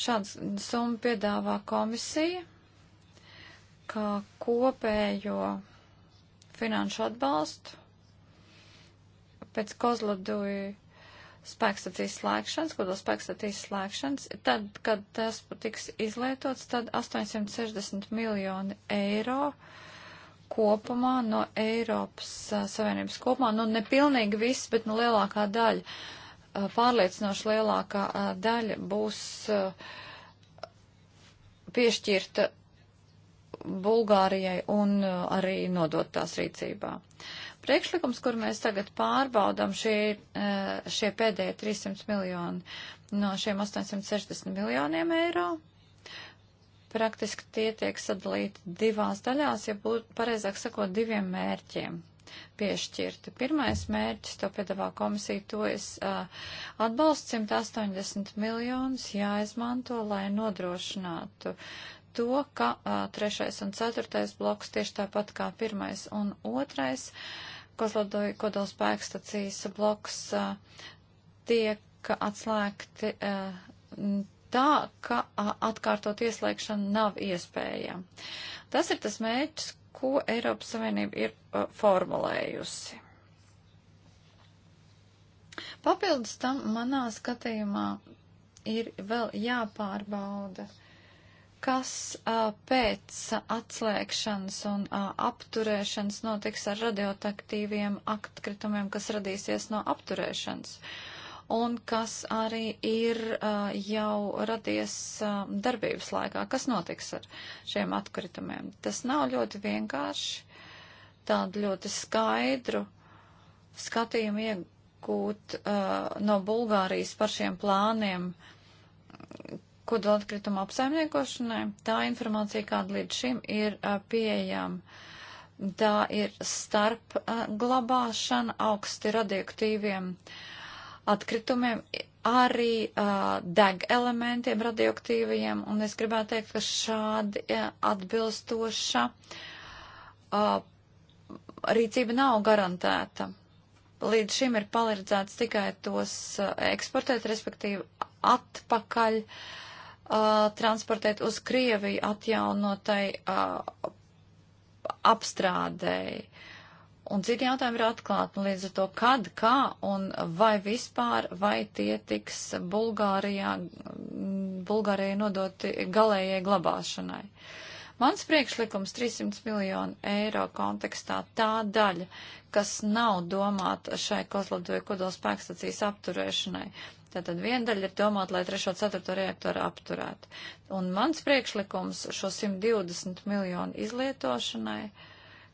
Šādu summu piedāvā komisija kā kopējo finanšu atbalstu pēc Kozloduja spēkstacijas slēgšanas, kodola spēkstacijas slēgšanas, tad, kad tas tiks izlietots, tad 860 miljoni eiro kopumā no Eiropas a, Savienības kopumā, nu nepilnīgi viss, bet nu lielākā daļa, a, pārliecinoši lielākā a, daļa būs piešķirta Bulgārijai un arī nodot tās rīcībā. Uh, Priekšlikums, kur mēs tagad pārbaudām šī, eh, šie pēdējie 300 miljoni no šiem 860 miljoniem eiro, praktiski tie tiek sadalīti divās daļās, ja būtu pareizāk sakot, diviem mērķiem piešķirti. Pirmais mērķis, to piedāvā komisija, to es uh, atbalstu 180 miljonus jāizmanto, lai nodrošinātu to, ka uh, trešais un ceturtais bloks tieši tāpat kā pirmais un otrais uh, Kozlodoja kodolspēkstacijas bloks tiek atslēgti tā, ka atkārtot ieslēgšana nav iespējama. Tas ir tas mērķis, ko Eiropas Savienība ir formulējusi. Papildus tam manā skatījumā ir vēl jāpārbauda kas a, pēc atslēgšanas un a, apturēšanas notiks ar radioaktīviem atkritumiem, kas radīsies no apturēšanas, un kas arī ir a, jau radies a, darbības laikā, kas notiks ar šiem atkritumiem. Tas nav ļoti vienkārši tādu ļoti skaidru skatījumu iegūt a, no Bulgārijas par šiem plāniem kodola atkrituma apsaimniekošanai. Tā informācija, kāda līdz šim ir pieejama, tā ir starp glabāšana augsti radioaktīviem atkritumiem, arī uh, deg elementiem radioaktīvajiem, un es gribētu teikt, ka šādi uh, atbilstoša uh, rīcība nav garantēta. Līdz šim ir palīdzēts tikai tos uh, eksportēt, respektīvi atpakaļ uh, uh, transportēt uz Krieviju atjaunotai uh, apstrādēji. Un citi jautājumi ir atklāti, un nu, līdz ar to, kad, kā un vai vispār, vai tie tiks Bulgārijā, Bulgārijai nodoti galējai glabāšanai. Mans priekšlikums 300 miljonu eiro kontekstā tā daļa, kas nav domāta šai Kozlodoja kodolspēkstacijas apturēšanai, Tātad viena daļa ir domāt, lai 3. un 4. reaktoru apturētu. Un mans priekšlikums šo 120 miljonu izlietošanai,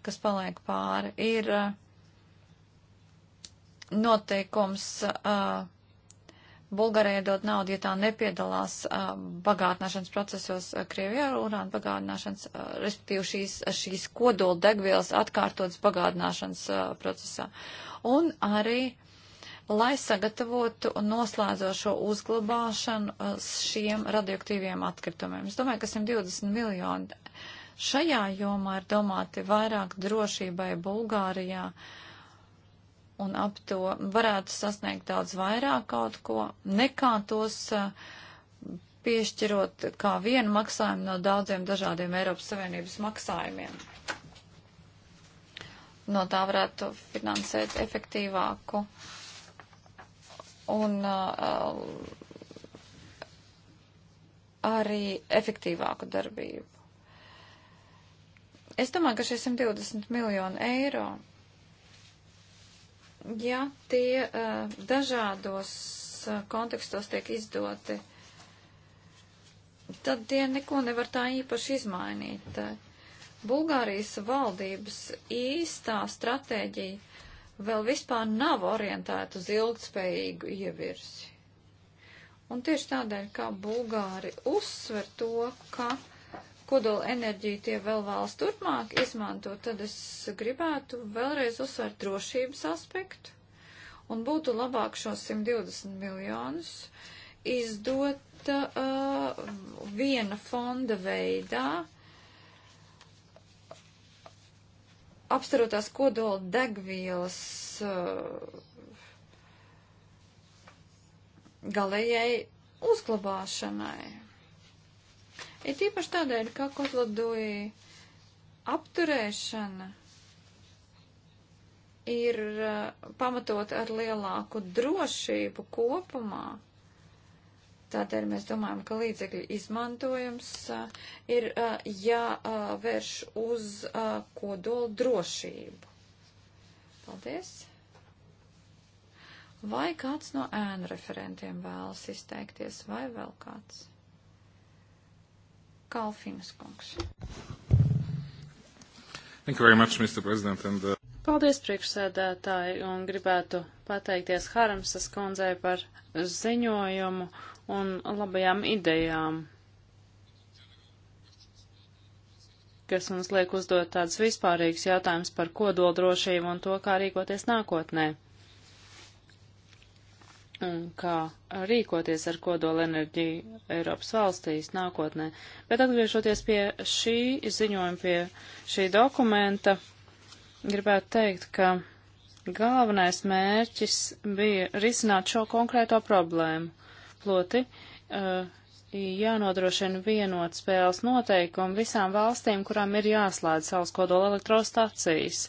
kas paliek pāri, ir uh, noteikums uh, Bulgārijai dot naudu, ja tā nepiedalās uh, bagātināšanas procesos uh, Krievijā ar urāna bagātināšanas, uh, respektīvi šīs, šīs kodola degvielas atkārtotas bagātināšanas uh, procesā. Un arī lai sagatavotu noslēdzošo uzglabāšanu uh, šiem radioaktīviem atkritumiem. Es domāju, ka 120 miljoni šajā jomā ir domāti vairāk drošībai Bulgārijā un ap to varētu sasniegt daudz vairāk kaut ko, nekā tos uh, piešķirot kā vienu maksājumu no daudziem dažādiem Eiropas Savienības maksājumiem. No tā varētu finansēt efektīvāku uh, un uh, arī efektīvāku darbību. Es domāju, ka šie 120 miljoni eiro, ja tie uh, dažādos uh, kontekstos tiek izdoti, tad tie neko nevar tā īpaši izmainīt. Bulgārijas valdības īstā stratēģija vēl vispār nav orientēta uz ilgspējīgu ievirsi. Un tieši tādēļ, kā Bulgāri uzsver to, ka kodola enerģiju tie vēl vēlas turpmāk izmantot, tad es gribētu vēlreiz uzsvērt drošības aspektu un būtu labāk šos 120 miljonus izdot uh, viena fonda veidā, apstarotās kodola degvielas uh, galējai uzglabāšanai. Ir tīpaši tādēļ, kā kotlodoja apturēšana ir uh, pamatot ar lielāku drošību kopumā Tādēļ mēs domājam, ka līdzekļu izmantojums uh, ir uh, jāvērš uz uh, kodolu drošību. Paldies! Vai kāds no ēnu referentiem vēlas izteikties, vai vēl kāds? Kalfinas kungs. Thank you very much, Mr. President. And, uh... Paldies, priekšsēdētāji, un gribētu pateikties Haramsas kundzei par ziņojumu un labajām idejām, kas mums liek uzdot tāds vispārīgs jautājums par kodoldrošību un to, kā rīkoties nākotnē un kā rīkoties ar kodolenerģiju Eiropas valstīs nākotnē. Bet atgriežoties pie šī ziņojuma, pie šī dokumenta, gribētu teikt, ka galvenais mērķis bija risināt šo konkrēto problēmu. Proti, uh, jānodrošina vienot spēles noteikumi visām valstīm, kurām ir jāslēdz savas kodola elektrostacijas.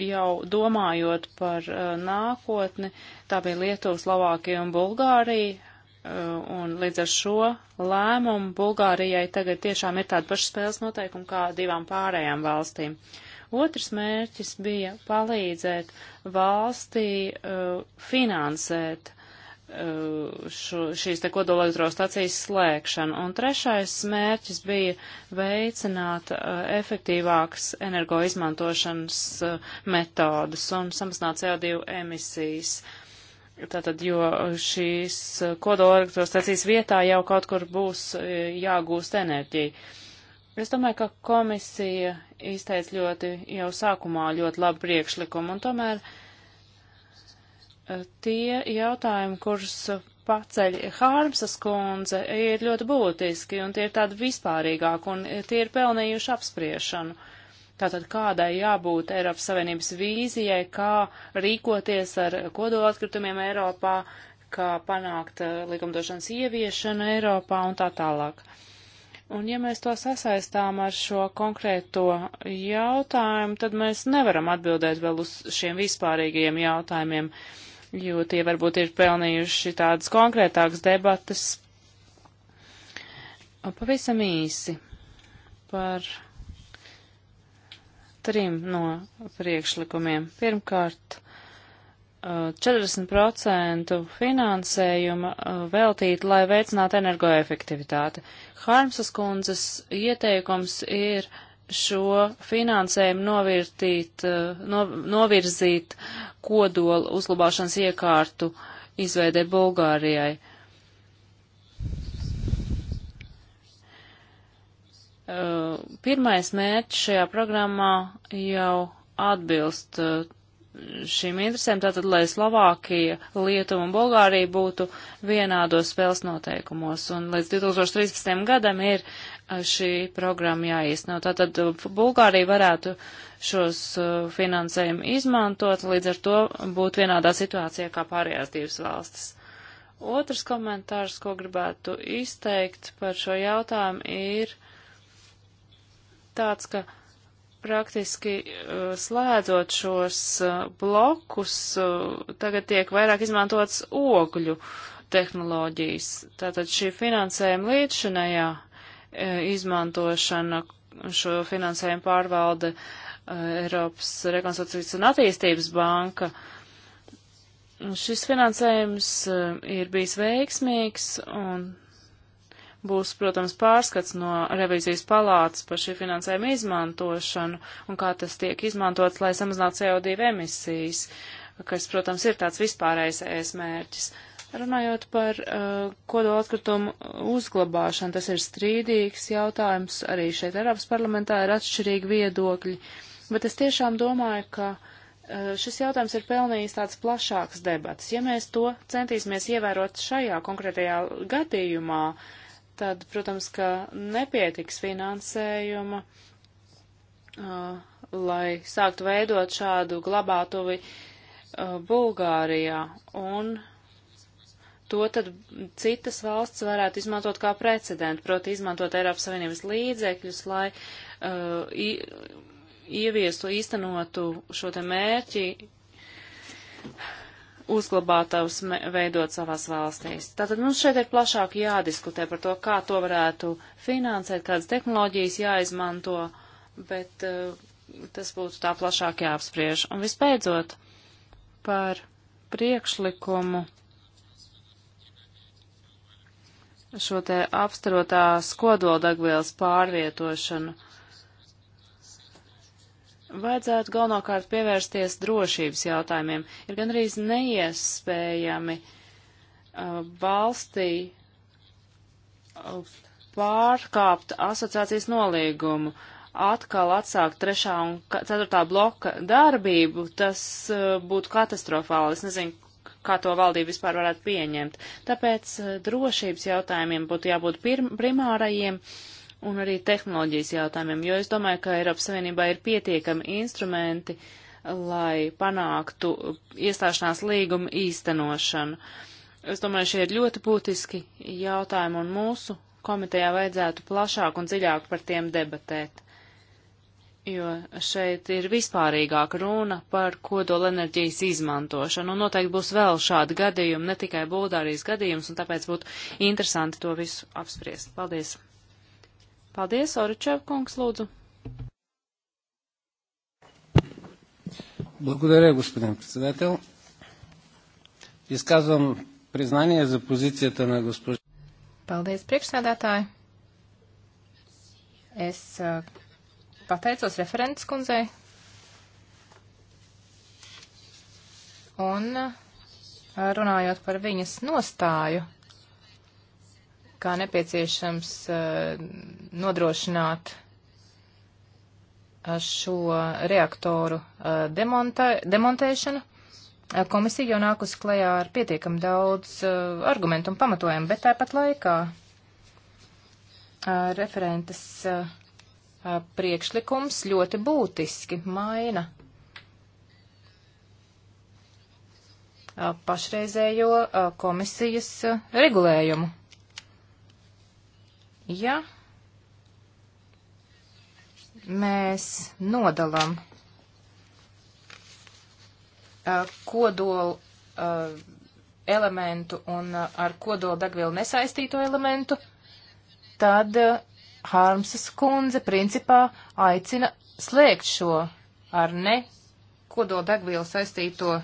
Jau domājot par uh, nākotni, tā bija Lietuva, Slovākija un Bulgārija, uh, un līdz ar šo lēmumu Bulgārijai tagad tiešām ir tāda paša spēles noteikuma kā divām pārējām valstīm. Otrs mērķis bija palīdzēt valstī uh, finansēt Uh, šo, šīs te kodolelektrostacijas slēgšanu. Un trešais mērķis bija veicināt uh, efektīvākas energoizmantošanas uh, metodas un samazināt CO2 emisijas. Tātad, jo šīs uh, kodolelektrostacijas vietā jau kaut kur būs uh, jāgūst enerģija. Es domāju, ka komisija izteica ļoti jau sākumā ļoti labu priekšlikumu, un tomēr uh, tie jautājumi, kurus paceļ Hārmsas kundze, ir ļoti būtiski, un tie ir tādi vispārīgāki, un tie ir pelnījuši apspriešanu. Tātad kādai jābūt Eiropas Savienības vīzijai, kā rīkoties ar kodolatkritumiem Eiropā, kā panākt uh, likumdošanas ieviešanu Eiropā un tā tālāk. Un ja mēs to sasaistām ar šo konkrēto jautājumu, tad mēs nevaram atbildēt vēl uz šiem vispārīgajiem jautājumiem. Uh, jo tie varbūt ir pelnījuši tādas konkrētākas debatas. Pavisam īsi par trim no priekšlikumiem. Pirmkārt, 40% finansējuma veltīt, lai veicinātu energoefektivitāti. Harmsas kundzes ieteikums ir šo finansējumu novirtīt, no, novirzīt kodola uzlabāšanas iekārtu izveidē Bulgārijai. Uh, pirmais mērķis šajā programmā jau atbilst uh, šīm interesēm, tātad, lai Slovākija, Lietuva un Bulgārija būtu vienādos spēles noteikumos. Un līdz 2013. gadam ir šī programma jāīsteno. Tātad uh, Bulgārija varētu šos uh, finansējumu izmantot, līdz ar to būt vienādā situācijā kā pārējās divas valstis. Otrs komentārs, ko gribētu izteikt par šo jautājumu, ir tāds, ka praktiski uh, slēdzot šos blokus, tagad tiek vairāk izmantots ogļu tehnoloģijas. Tātad šī finansējuma līdzšanējā E, izmantošana, šo finansējumu pārvalde e, Eiropas rekonstrukcijas un attīstības banka. Šis finansējums e, ir bijis veiksmīgs un būs, protams, pārskats no revīzijas palātas par šī finansējuma izmantošanu un kā tas tiek izmantots, lai samazinātu CO2 emisijas, kas, protams, ir tāds vispārējais ēsmērķis. mērķis. Runājot par uh, kodola atkritumu uzglabāšanu, tas ir strīdīgs jautājums. Arī šeit Eiropas parlamentā ir atšķirīgi viedokļi. Bet es tiešām domāju, ka uh, šis jautājums ir pelnījis tāds plašāks debats. Ja mēs to centīsimies ievērot šajā konkrētajā gadījumā, tad, protams, ka nepietiks finansējuma, uh, lai sāktu veidot šādu glabātuvi uh, Bulgārijā. Un to tad citas valsts varētu izmantot kā precedentu, proti izmantot Eiropas Savienības līdzekļus, lai uh, i, ieviestu, īstenotu šo te mērķi uzglabātavus veidot savās valstīs. Tātad mums šeit ir plašāk jādiskutē par to, kā to varētu finansēt, kādas tehnoloģijas jāizmanto, bet uh, tas būtu tā plašāk jāapspriež. Un visbeidzot, par priekšlikumu šo te apstarotās kodoldegvielas pārvietošanu. Vajadzētu galvenokārt pievērsties drošības jautājumiem. Ir gandrīz neiespējami uh, valstī uh, pārkāpt asociācijas nolīgumu, atkal atsākt trešā un ceturtā bloka darbību, tas uh, būtu katastrofāli. Es nezinu, kā to valdība vispār varētu pieņemt. Tāpēc eh, drošības jautājumiem būtu jābūt pirm, primārajiem un arī tehnoloģijas jautājumiem, jo es domāju, ka Eiropas Savienībā ir pietiekami instrumenti, lai panāktu iestāšanās līguma īstenošanu. Es domāju, šie ir ļoti būtiski jautājumi un mūsu komitejā vajadzētu plašāk un dziļāk par tiem debatēt jo šeit ir vispārīgāka runa par kodolenerģijas izmantošanu, un noteikti būs vēl šādi gadījumi, ne tikai Bulgārijas gadījums, un tāpēc būtu interesanti to visu apspriest. Paldies! Paldies, Oručev kungs, lūdzu! Благодаря, господин председател. Изказвам признание за позицията на госпожа. Paldies, priekšsēdētāji. Es uh, pateicos referents kundzei. Un runājot par viņas nostāju, kā nepieciešams nodrošināt šo reaktoru demontē, demontēšanu, komisija jau nākus klajā ar pietiekami daudz argumentu un pamatojumu, bet tāpat laikā referentes uh, priekšlikums ļoti būtiski maina pašreizējo komisijas regulējumu. Ja mēs nodalam kodolu elementu un ar kodolu degvielu nesaistīto elementu, tad Hārmsas kundze principā aicina slēgt šo ar ne kodoldegvielu saistīto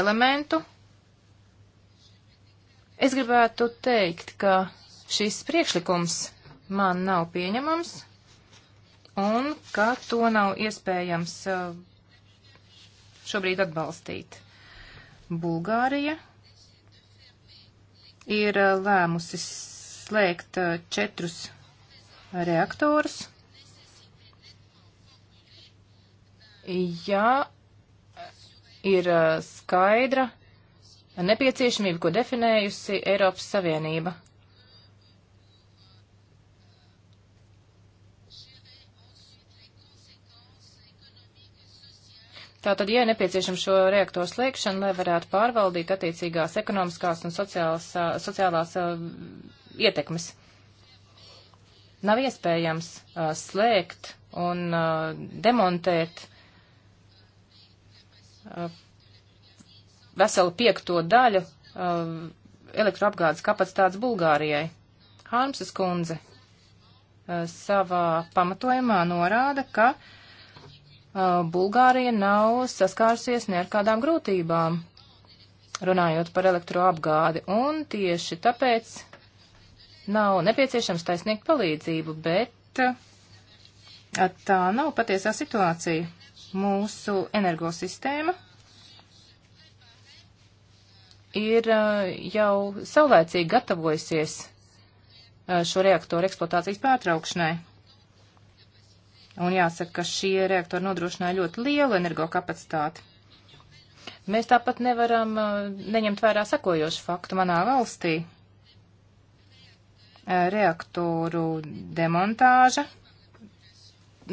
elementu. Es gribētu teikt, ka šis priekšlikums man nav pieņemams un ka to nav iespējams uh, šobrīd atbalstīt. Bulgārija ir uh, lēmusi slēgt uh, četrus reaktorus. Ja ir uh, skaidra nepieciešamība, ko definējusi Eiropas Savienība. Tātad, ja nepieciešams šo reaktoru slēgšanu, lai varētu pārvaldīt attiecīgās ekonomiskās un sociālās, uh, sociālās ietekmes. Nav iespējams uh, slēgt un uh, demontēt uh, veselu piekto daļu uh, elektroapgādes kapacitātes Bulgārijai. Harmsas kundze uh, savā pamatojumā norāda, ka uh, Bulgārija nav saskārusies ne ar kādām grūtībām, runājot par elektroapgādi, un tieši tāpēc nav nepieciešams taisniegt palīdzību, bet eh, at, tā nav patiesā situācija. Mūsu energosistēma ir eh, jau saulēcīgi gatavojusies eh, šo reaktoru eksploatācijas pārtraukšanai. Un jāsaka, ka šie reaktori nodrošināja ļoti lielu energokapacitāti. Mēs tāpat nevaram neņemt vērā sakojošu faktu manā valstī reaktoru demontāža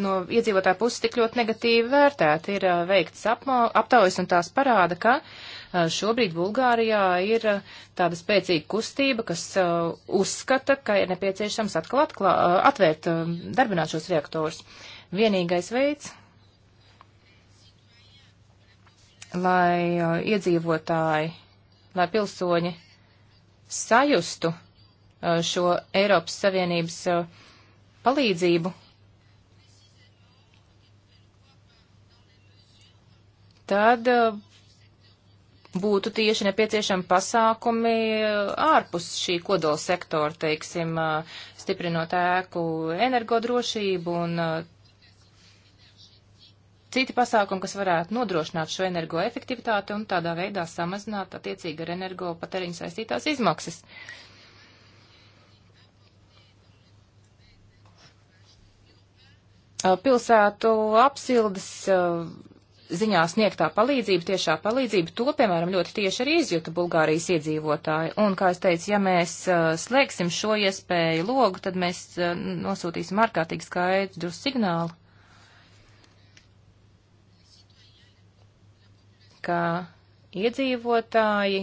no iedzīvotāju puses tik ļoti negatīvi vērtēta. Ir veikts aptaujas un tās parāda, ka šobrīd Bulgārijā ir tāda spēcīga kustība, kas uzskata, ka ir nepieciešams atkal atklā, atvērt, darbināt šos reaktorus. Vienīgais veids, lai iedzīvotāji, lai pilsoņi sajustu, Uh, šo Eiropas Savienības uh, palīdzību. Tad uh, būtu tieši nepieciešami pasākumi ārpus šī kodola sektora, teiksim, stiprinot ēku energodrošību un citi pasākumi, kas varētu nodrošināt šo energoefektivitāti un tādā veidā samazināt attiecīgi ar energo patēriņu saistītās izmaksas. Uh, Uh, pilsētu apsildes uh, ziņā sniegtā palīdzība, tiešā palīdzība, to, piemēram, ļoti tieši arī izjuta Bulgārijas iedzīvotāji. Un, kā es teicu, ja mēs uh, slēgsim šo iespēju logu, tad mēs nosūtīsim ārkārtīgi skaidru signālu, ka iedzīvotāji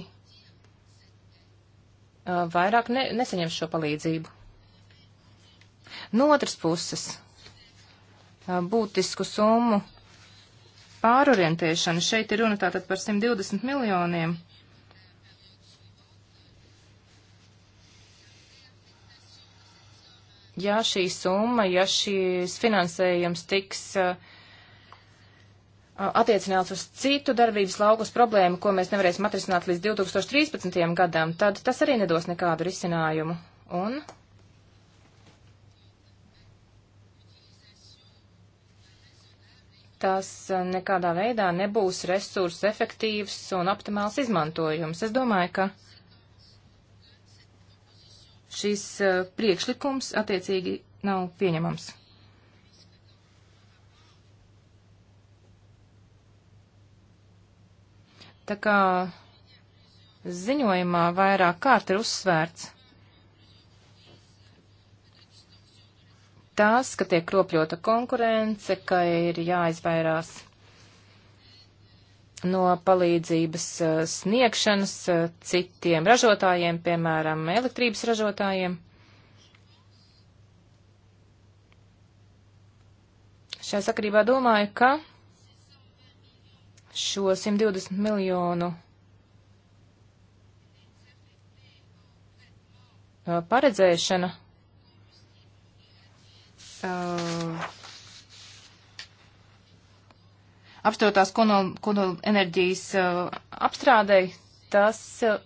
vairāk ne, nesaņems šo palīdzību. No otras puses, būtisku summu pārorientēšanu. Šeit ir runa tātad par 120 miljoniem. Ja šī summa, ja šīs finansējums tiks uh, attiecināts uz citu darbības laukus problēmu, ko mēs nevarēsim atrisināt līdz 2013. gadam, tad tas arī nedos nekādu risinājumu. Un tas eh, nekādā veidā nebūs resursu efektīvs un optimāls izmantojums. Es domāju, ka šis eh, priekšlikums attiecīgi nav pieņemams. Tā kā ziņojumā vairāk kārt ir uzsvērts, tas, ka tiek kropļota konkurence, ka ir jāizvairās no palīdzības eh, sniegšanas eh, citiem ražotājiem, piemēram, elektrības ražotājiem. Šajā sakarībā domāju, ka šo 120 miljonu eh, paredzēšana uh, apstātās kodola kodol enerģijas uh, apstrādei, tas uh,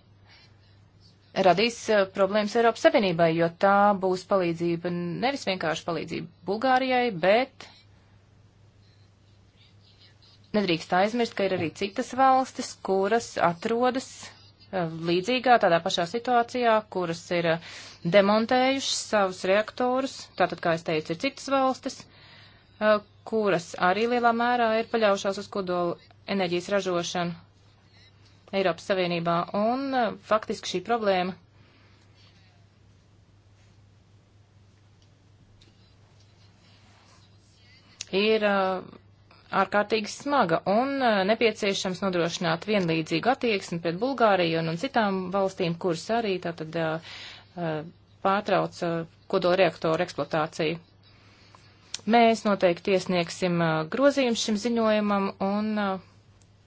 radīs uh, problēmas Eiropas Savienībai, jo tā būs palīdzība, nevis vienkārši palīdzība Bulgārijai, bet nedrīkst aizmirst, ka ir arī citas valstis, kuras atrodas Eh, līdzīgā, tādā pašā situācijā, kuras ir eh, demontējušas savus reaktorus, tātad, kā es teicu, ir citas valstis, eh, kuras arī lielā mērā ir paļaujušās uz kodolu enerģijas ražošanu Eiropas Savienībā, un faktiski šī problēma ir ārkārtīgi smaga un e, nepieciešams nodrošināt vienlīdzīgu attieksmi pret Bulgāriju un, un citām valstīm, kuras arī tātad e, e, pārtrauc kodolreaktoru eksploatāciju. Mēs noteikti iesniegsim grozījumus šim ziņojumam un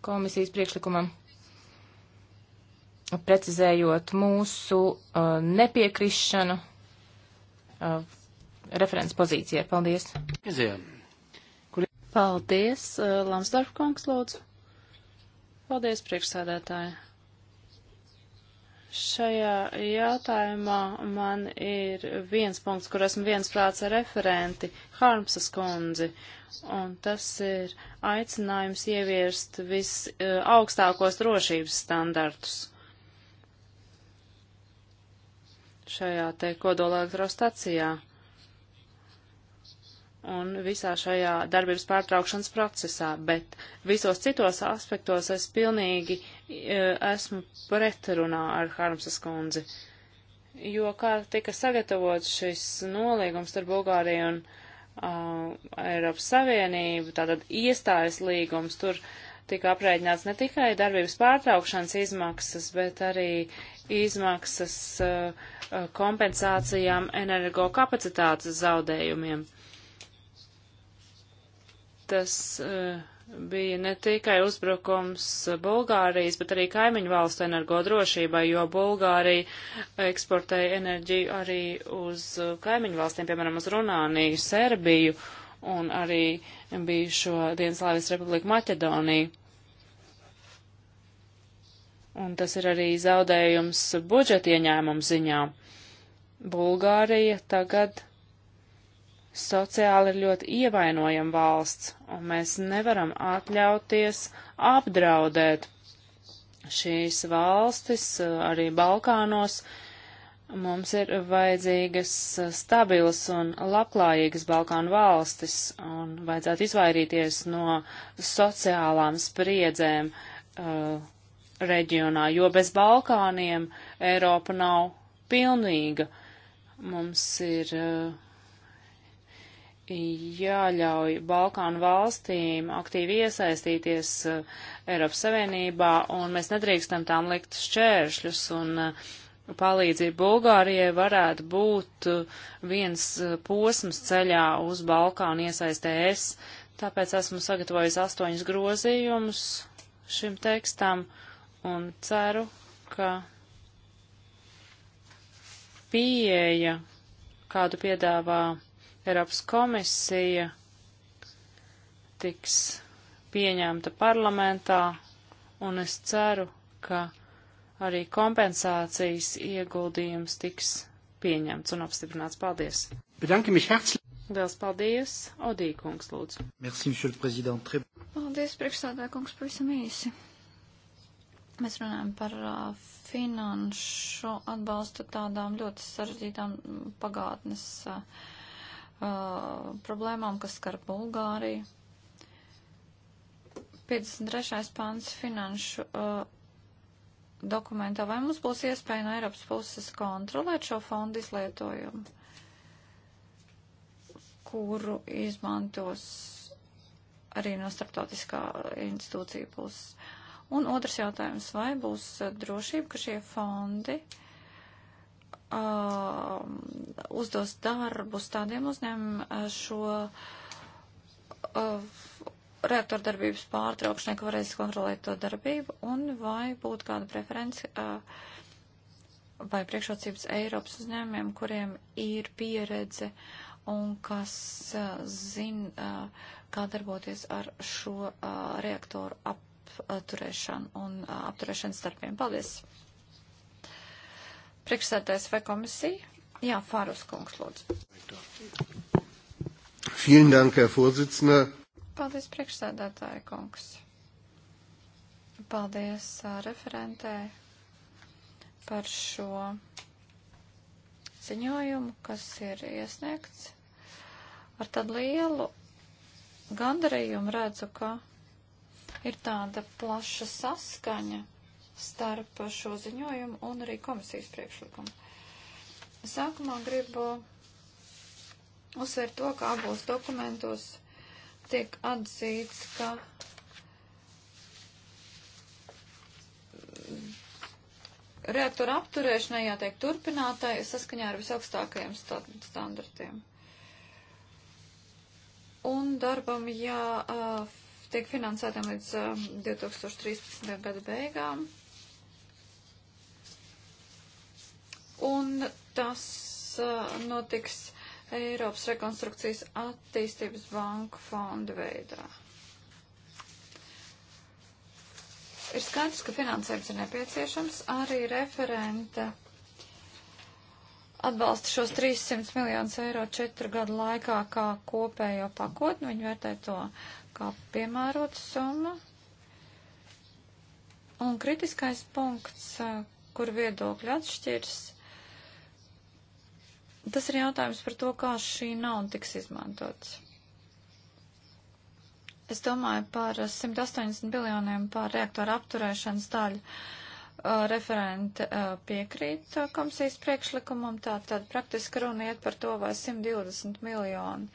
komisijas priekšlikumam, precizējot mūsu nepiekrišanu referents pozīcijai. Paldies! Iziem. Paldies, uh, Lamsdorf kungs, lūdzu. Paldies, priekšsādātāji. Šajā jautājumā man ir viens punkts, kur esmu viens prāts ar referenti, Harmsas kundzi, un tas ir aicinājums ieviest visaugstākos uh, drošības standartus šajā te kodolelektrostacijā un visā šajā darbības pārtraukšanas procesā, bet visos citos aspektos es pilnīgi e, esmu pretrunā ar Harmsas kundzi. Jo kā tika sagatavots šis nolīgums ar Bulgāriju un uh, Eiropas Savienību, tātad iestājas līgums, tur tika aprēķināts ne tikai darbības pārtraukšanas izmaksas, bet arī izmaksas uh, kompensācijām energo kapacitātes zaudējumiem. Uh, tas eh, bija ne tikai uzbrukums Bulgārijas, bet arī kaimiņu valstu energodrošībai, jo Bulgārija eksportēja enerģiju arī uz eh, kaimiņu valstiem, piemēram, uz Runāniju, Serbiju un arī bija šo Dienaslāvijas republiku Maķedoniju. Un tas ir arī zaudējums budžeta ieņēmumu ziņā. Bulgārija tagad sociāli ir ļoti ievainojama valsts, un mēs nevaram atļauties apdraudēt šīs valstis, eh, arī Balkānos. Mums ir vajadzīgas eh, stabilas un labklājīgas Balkānu valstis, un vajadzētu izvairīties no sociālām spriedzēm uh, reģionā, jo bez Balkāniem Eiropa nav pilnīga. Mums ir uh, jāļauj Balkānu valstīm aktīvi iesaistīties uh, Eiropas Savienībā, un mēs nedrīkstam tām likt šķēršļus, un uh, palīdzība Bulgārijai varētu būt uh, viens posms ceļā uz Balkānu iesaistēs. Tāpēc esmu sagatavojis astoņus grozījumus šim tekstam, un ceru, ka pieeja, kādu piedāvā Eiropas komisija tiks pieņemta parlamentā, un es ceru, ka arī kompensācijas ieguldījums tiks pieņemts un apstiprināts. Paldies! Liels paldies! Odī kungs, lūdzu! Merci, paldies, priekšstādā kungs, pavisam īsi. Mēs runājam par uh, finanšu atbalstu tādām ļoti sarežģītām pagātnes. Uh, uh, problēmām, kas skar Bulgāriju. 53. pāns finanšu uh, dokumentā. Vai mums būs iespēja no Eiropas puses kontrolēt šo fondu izlietojumu, kuru izmantos arī no starptautiskā institūcija puses? Un otrs jautājums, vai būs drošība, ka šie fondi uh, uh, uzdos darbus tādiem uzņēmumiem uh, šo uh, reaktoru darbības pārtraukšanai, ka varēs kontrolēt to darbību, un vai būtu kāda preference uh, vai priekšrocības Eiropas uzņēmumiem, kuriem ir pieredze un kas uh, zina, uh, kā darboties ar šo uh, reaktoru apturēšanu un uh, apturēšanas darbiem. Paldies! Priekšsētājs vai komisija? Jā, Fārus kungs, lūdzu. Vielen Dank, Herr Vorsitzender. Paldies, priekšsēdētāja kungs. Paldies referentē par šo ziņojumu, kas ir iesniegts. Ar tādu lielu gandarījumu redzu, ka ir tāda plaša saskaņa starp šo ziņojumu un arī komisijas priekšlikumu. Sākumā gribu uzsvērt to, ka abos dokumentos tiek atzīts, ka reaktoru apturēšanai jātiek turpinātai saskaņā ar visaugstākajiem standartiem. Un darbam jā, tiek finansētam līdz 2013. gada beigām. un tas uh, notiks Eiropas rekonstrukcijas attīstības banku fonda veidā. Ir skaidrs, ka finansējums ir nepieciešams. Arī referenta atbalsta šos 300 miljonus eiro četru gadu laikā kā kopējo pakotni. Viņi vērtē to kā piemērotu summu. Un kritiskais punkts, uh, kur viedokļi atšķirs Tas ir jautājums par to, kā šī nauda tiks izmantots. Es domāju par 180 biljoniem par reaktoru apturēšanas daļu. Uh, referente uh, piekrīt uh, komisijas priekšlikumam, tā tad praktiski runa iet par to, vai 120 miljoni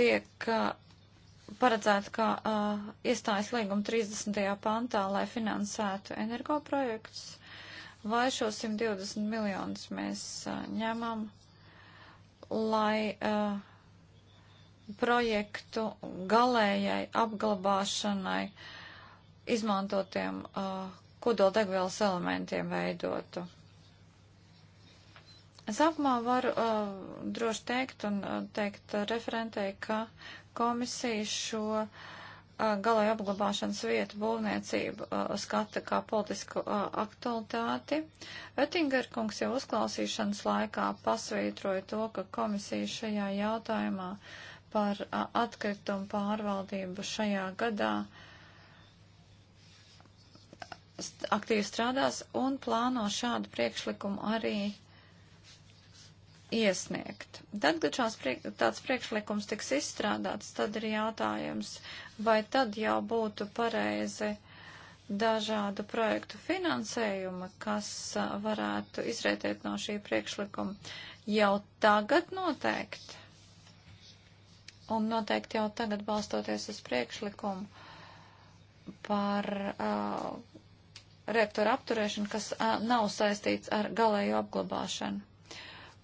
tiek paredzēta kā iestājas līguma 30. pantā, lai finansētu energoprojektus. Vai šo 120 miljonus mēs uh, ņemam, lai uh, projektu galējai apglabāšanai izmantotiem uh, kodoldegvielas elementiem veidotu. Sākumā varu uh, droši teikt un teikt referentei, ka komisija šo uh, galēju apglabāšanas vietu būvniecību skata kā politisku aktualitāti. Oettinger kungs jau uzklausīšanas laikā pasvītroja to, ka komisija šajā jautājumā par atkritumu pārvaldību šajā gadā aktīvi strādās un plāno šādu priekšlikumu arī iesniegt. Tad, kad šās priek, tāds priekšlikums tiks izstrādāts, tad ir jātājums, vai tad jau būtu pareizi dažādu projektu finansējuma, kas varētu izrētēt no šī priekšlikuma, jau tagad noteikti. Un noteikti jau tagad balstoties uz priekšlikumu par uh, reaktoru apturēšanu, kas uh, nav saistīts ar galēju apglabāšanu.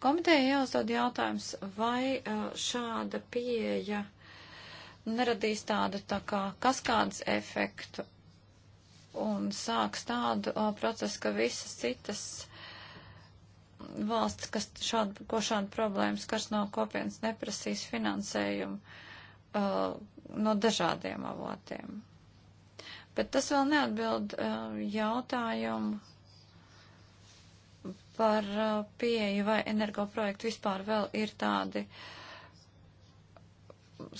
Komiteja jāuzdod jautājums, vai uh, šāda pieeja neradīs tādu tā kā kaskādas efektu un sāks tādu o, uh, procesu, ka visas citas valsts, kas šādu, ko šādu problēmu skars no kopienas, neprasīs finansējumu uh, no dažādiem avotiem. Bet tas vēl neatbild uh, jautājumu, par uh, pieeju vai energoprojektu vispār vēl ir tādi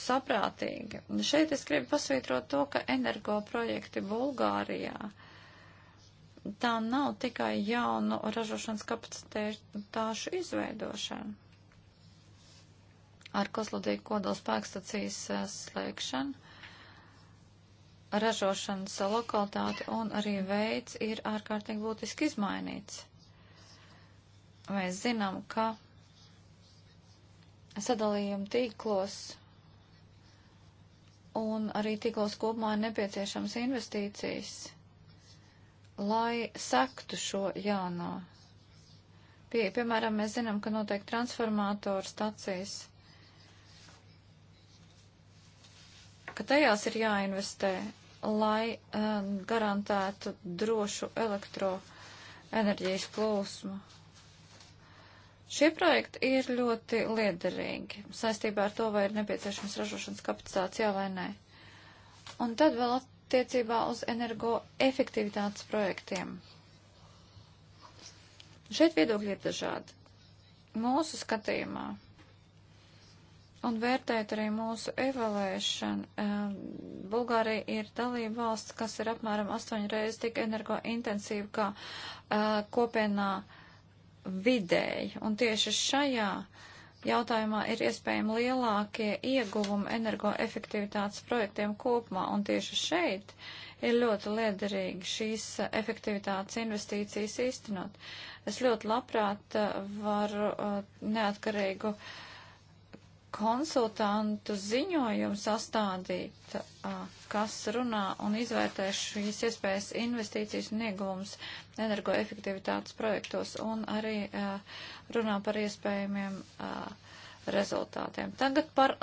saprātīgi. Šeit es gribu pasvītrot to, ka energoprojekti Bulgārijā tā nav tikai jaunu ražošanas kapacitāšu izveidošana. Ar Koslodīku kodols spēkstacijas uh, slēgšanu ražošanas lokalitāte un arī veids ir ārkārtīgi būtiski izmainīts. Mēs zinām, ka sadalījuma tīklos un arī tīklos kopumā ir nepieciešams investīcijas, lai sektu šo jauno. Pie, piemēram, mēs zinām, ka noteikti transformātoru stacijas, ka tajās ir jāinvestē, lai um, garantētu drošu elektroenerģijas plūsmu. Šie projekti ir ļoti liederīgi saistībā ar to, vai ir nepieciešams ražošanas kapacitāts, jā vai nē. Un tad vēl attiecībā uz energoefektivitātes projektiem. Šeit viedokļi ir dažādi. Mūsu skatījumā un vērtēt arī mūsu evaluēšanu, eh, Bulgārija ir dalība valsts, kas ir apmēram astoņu reizi tik energointensīva kā eh, kopienā uh, vidēji. Un tieši šajā jautājumā ir iespējami lielākie ieguvumi energoefektivitātes projektiem kopumā. Un tieši šeit ir ļoti liederīgi šīs efektivitātes investīcijas īstenot. Es ļoti labprāt eh, varu eh, neatkarīgu uh, konsultantu ziņojumu sastādīt, kas runā un izvērtē šīs iespējas investīcijas un ieguvums energoefektivitātes projektos un arī runā par iespējamiem rezultātiem. Tagad par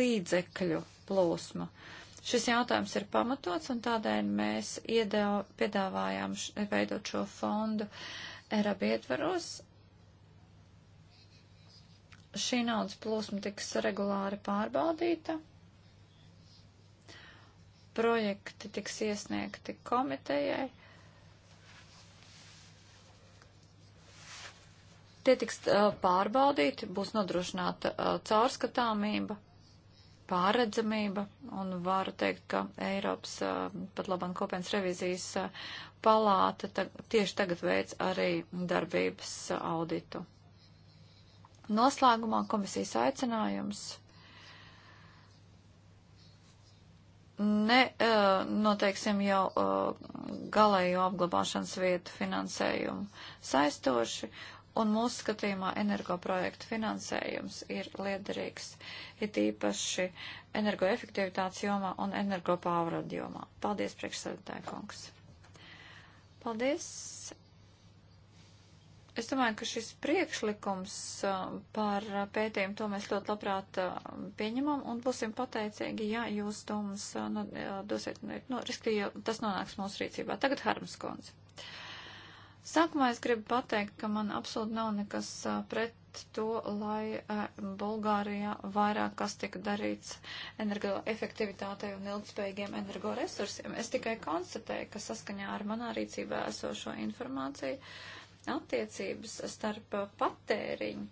līdzekļu plūsmu. Šis jautājums ir pamatots un tādēļ mēs iedēv, piedāvājām veidot šo fondu erabietvaros šī naudas plūsma tiks regulāri pārbaudīta. Projekti tiks iesniegti komitejai. Tie tiks uh, pārbaudīti, būs nodrošināta uh, caurskatāmība, pārredzamība, un varu teikt, ka Eiropas uh, pat labam kopienas revizijas palāta ta, tieši tagad veic arī darbības auditu. Noslēgumā komisijas aicinājums ne, eh, noteiksim jau eh, galējo apglabāšanas vietu finansējumu saistoši, un mūsu skatījumā energoprojektu finansējums ir liederīgs, it īpaši energoefektivitātes jomā un energopāvradu jomā. Paldies, priekšsēdētāji kungs! Paldies! Es domāju, ka šis priekšlikums par pētījumu to mēs ļoti labprāt pieņemam un būsim pateicīgi, ja jūs to mums nu, dosiet, nu, nu riski, ja tas nonāks mūsu rīcībā. Tagad Harms Kons. Sākumā es gribu pateikt, ka man absolūti nav nekas pret to, lai Bulgārijā vairāk kas tika darīts energoefektivitātei un ilgspējīgiem energoresursiem. Es tikai konstatēju, ka saskaņā ar manā rīcībā esošo informāciju attiecības starp uh, patēriņu,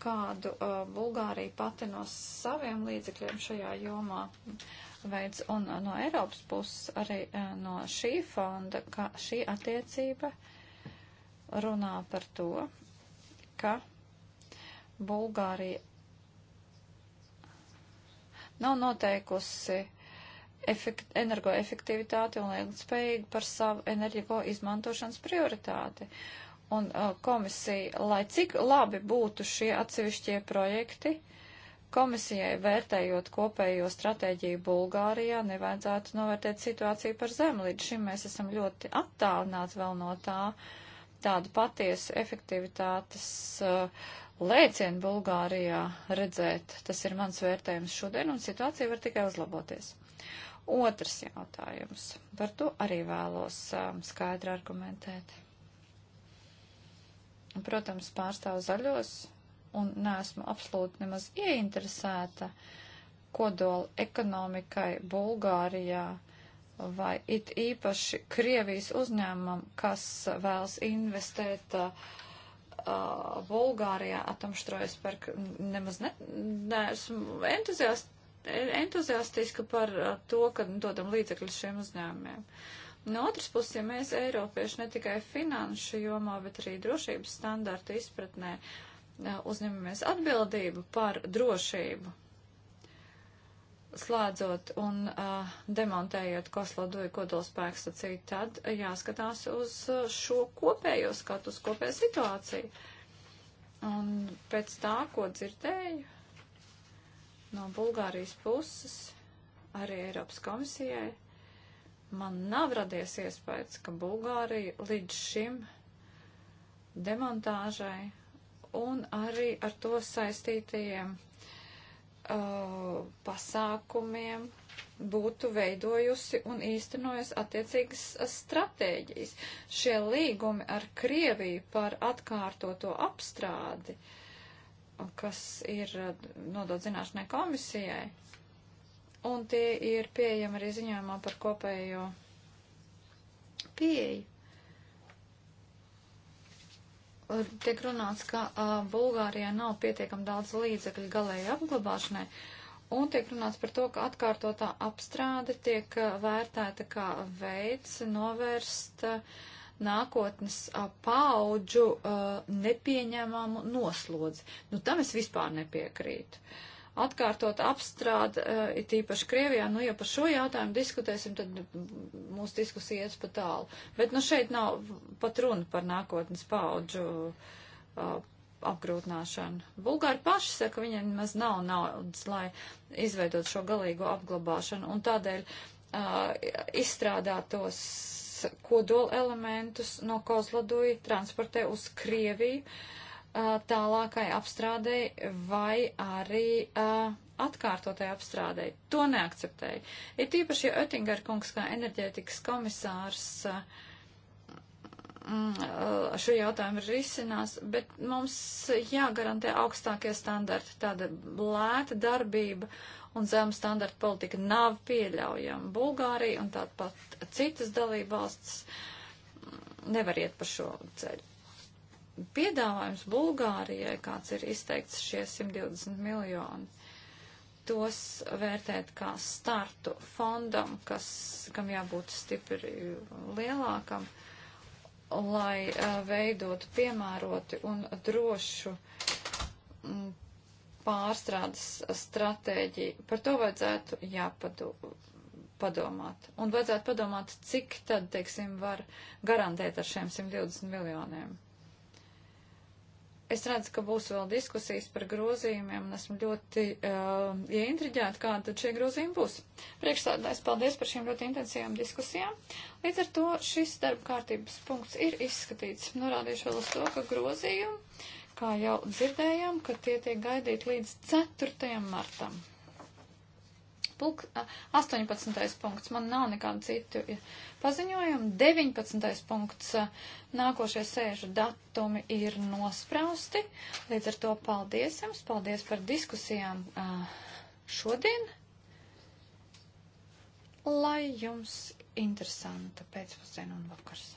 kādu uh, Bulgārija pati no saviem līdzekļiem šajā jomā veids, un uh, no Eiropas puses arī uh, no šī fonda, ka šī attiecība runā par to, ka Bulgārija nav noteikusi efekt, energoefektivitāti un ilgtspējīgi par savu enerģiko izmantošanas prioritāti. Uh, un uh, komisija, lai cik labi būtu šie atsevišķie projekti, komisijai vērtējot kopējo stratēģiju Bulgārijā, nevajadzētu novērtēt situāciju par zemu. Līdz šim mēs esam ļoti attālināti vēl no tā tādu patiesu efektivitātes uh, lēcienu Bulgārijā redzēt. Tas ir mans vērtējums šodien, un situācija var tikai uzlaboties. Otrs jautājums. Par to arī vēlos um, skaidri argumentēt protams, pārstāvu zaļos un neesmu absolūti nemaz ieinteresēta kodola ekonomikai Bulgārijā vai it īpaši Krievijas uzņēmumam, kas vēlas investēt uh, uh Bulgārijā atomštrojas par, nemaz ne, neesmu entuziast, entuziastiska par uh, to, ka dodam līdzekļus šiem uzņēmumiem. Uh, No otras puses, ja mēs Eiropieši ne tikai finanšu jomā, bet arī drošības standartu izpratnē eh, uzņemamies atbildību par drošību, slēdzot un uh, demontējot Kosloduju kodolspēku staciju, tad jāskatās uz eh, šo kopējo skatu, uz kopēju situāciju. Un pēc tā, ko dzirdēju no Bulgārijas puses, arī Eiropas komisijai Man nav radies iespējas, ka Bulgārija līdz šim demontāžai un arī ar to saistītajiem uh, pasākumiem būtu veidojusi un īstenojusi attiecīgas uh, stratēģijas. Šie līgumi ar Krieviju par atkārtoto apstrādi, kas ir uh, nodot zināšanai komisijai, un tie ir pieejami arī ziņojumā par kopējo pieeju. Tiek runāts, ka uh, Bulgārijā nav pietiekami daudz līdzekļu galēji apglabāšanai, un tiek runāts par to, ka atkārtotā apstrāde tiek uh, vērtēta kā veids novērst uh, nākotnes uh, paudžu uh, nepieņemamu noslodzi. Nu, tam es vispār nepiekrītu. Uh, atkārtot apstrādi, eh, it īpaši Krievijā, nu, ja par šo jautājumu diskutēsim, tad mūsu diskusija ies pa tālu. Bet, nu, šeit nav pat runa par nākotnes paudžu uh, eh, apgrūtināšanu. Bulgāri paši saka, viņiem maz nav naudas, lai izveidot šo galīgo apglabāšanu, un tādēļ uh, izstrādātos kodola elementus no Kozloduja transportē uz Krieviju. Uh, tālākai apstrādei vai arī uh, atkārtotai apstrādei. To neakceptēju. Ir tīpaši, ja Oettinger kungs kā enerģētikas komisārs uh, šo jautājumu risinās, bet mums jāgarantē augstākie standarti. Tāda lēta darbība un zema standarta politika nav pieļaujama. Bulgārija un tāpat citas dalībvalstis nevar iet pa šo ceļu piedāvājums Bulgārijai, kāds ir izteikts šie 120 miljoni, tos vērtēt kā startu fondam, kas, kam jābūt stipri lielākam, lai uh, veidot piemēroti un drošu m, mm, pārstrādes stratēģiju. Par to vajadzētu jāpadomāt. Un vajadzētu padomāt, cik tad, teiksim, var garantēt ar šiem 120 miljoniem. Es redzu, ka būs vēl diskusijas par grozījumiem, un esmu ļoti uh, ieintriģēta, kāda tad šie grozījumi būs. Priekšstādājs, paldies par šīm ļoti intensīvām diskusijām. Līdz ar to šis darba kārtības punkts ir izskatīts. Norādīšu vēl uz to, ka grozījumi, kā jau dzirdējām, ka tie tiek gaidīti līdz 4. martam. Pulk, 18. punkts. Man nav nekādu citu paziņojumu. 19. punkts. Nākošie sēžu datumi ir nosprausti. Līdz ar to paldies jums. Paldies par diskusijām šodien. Lai jums interesanta pēcpusdiena un vakars.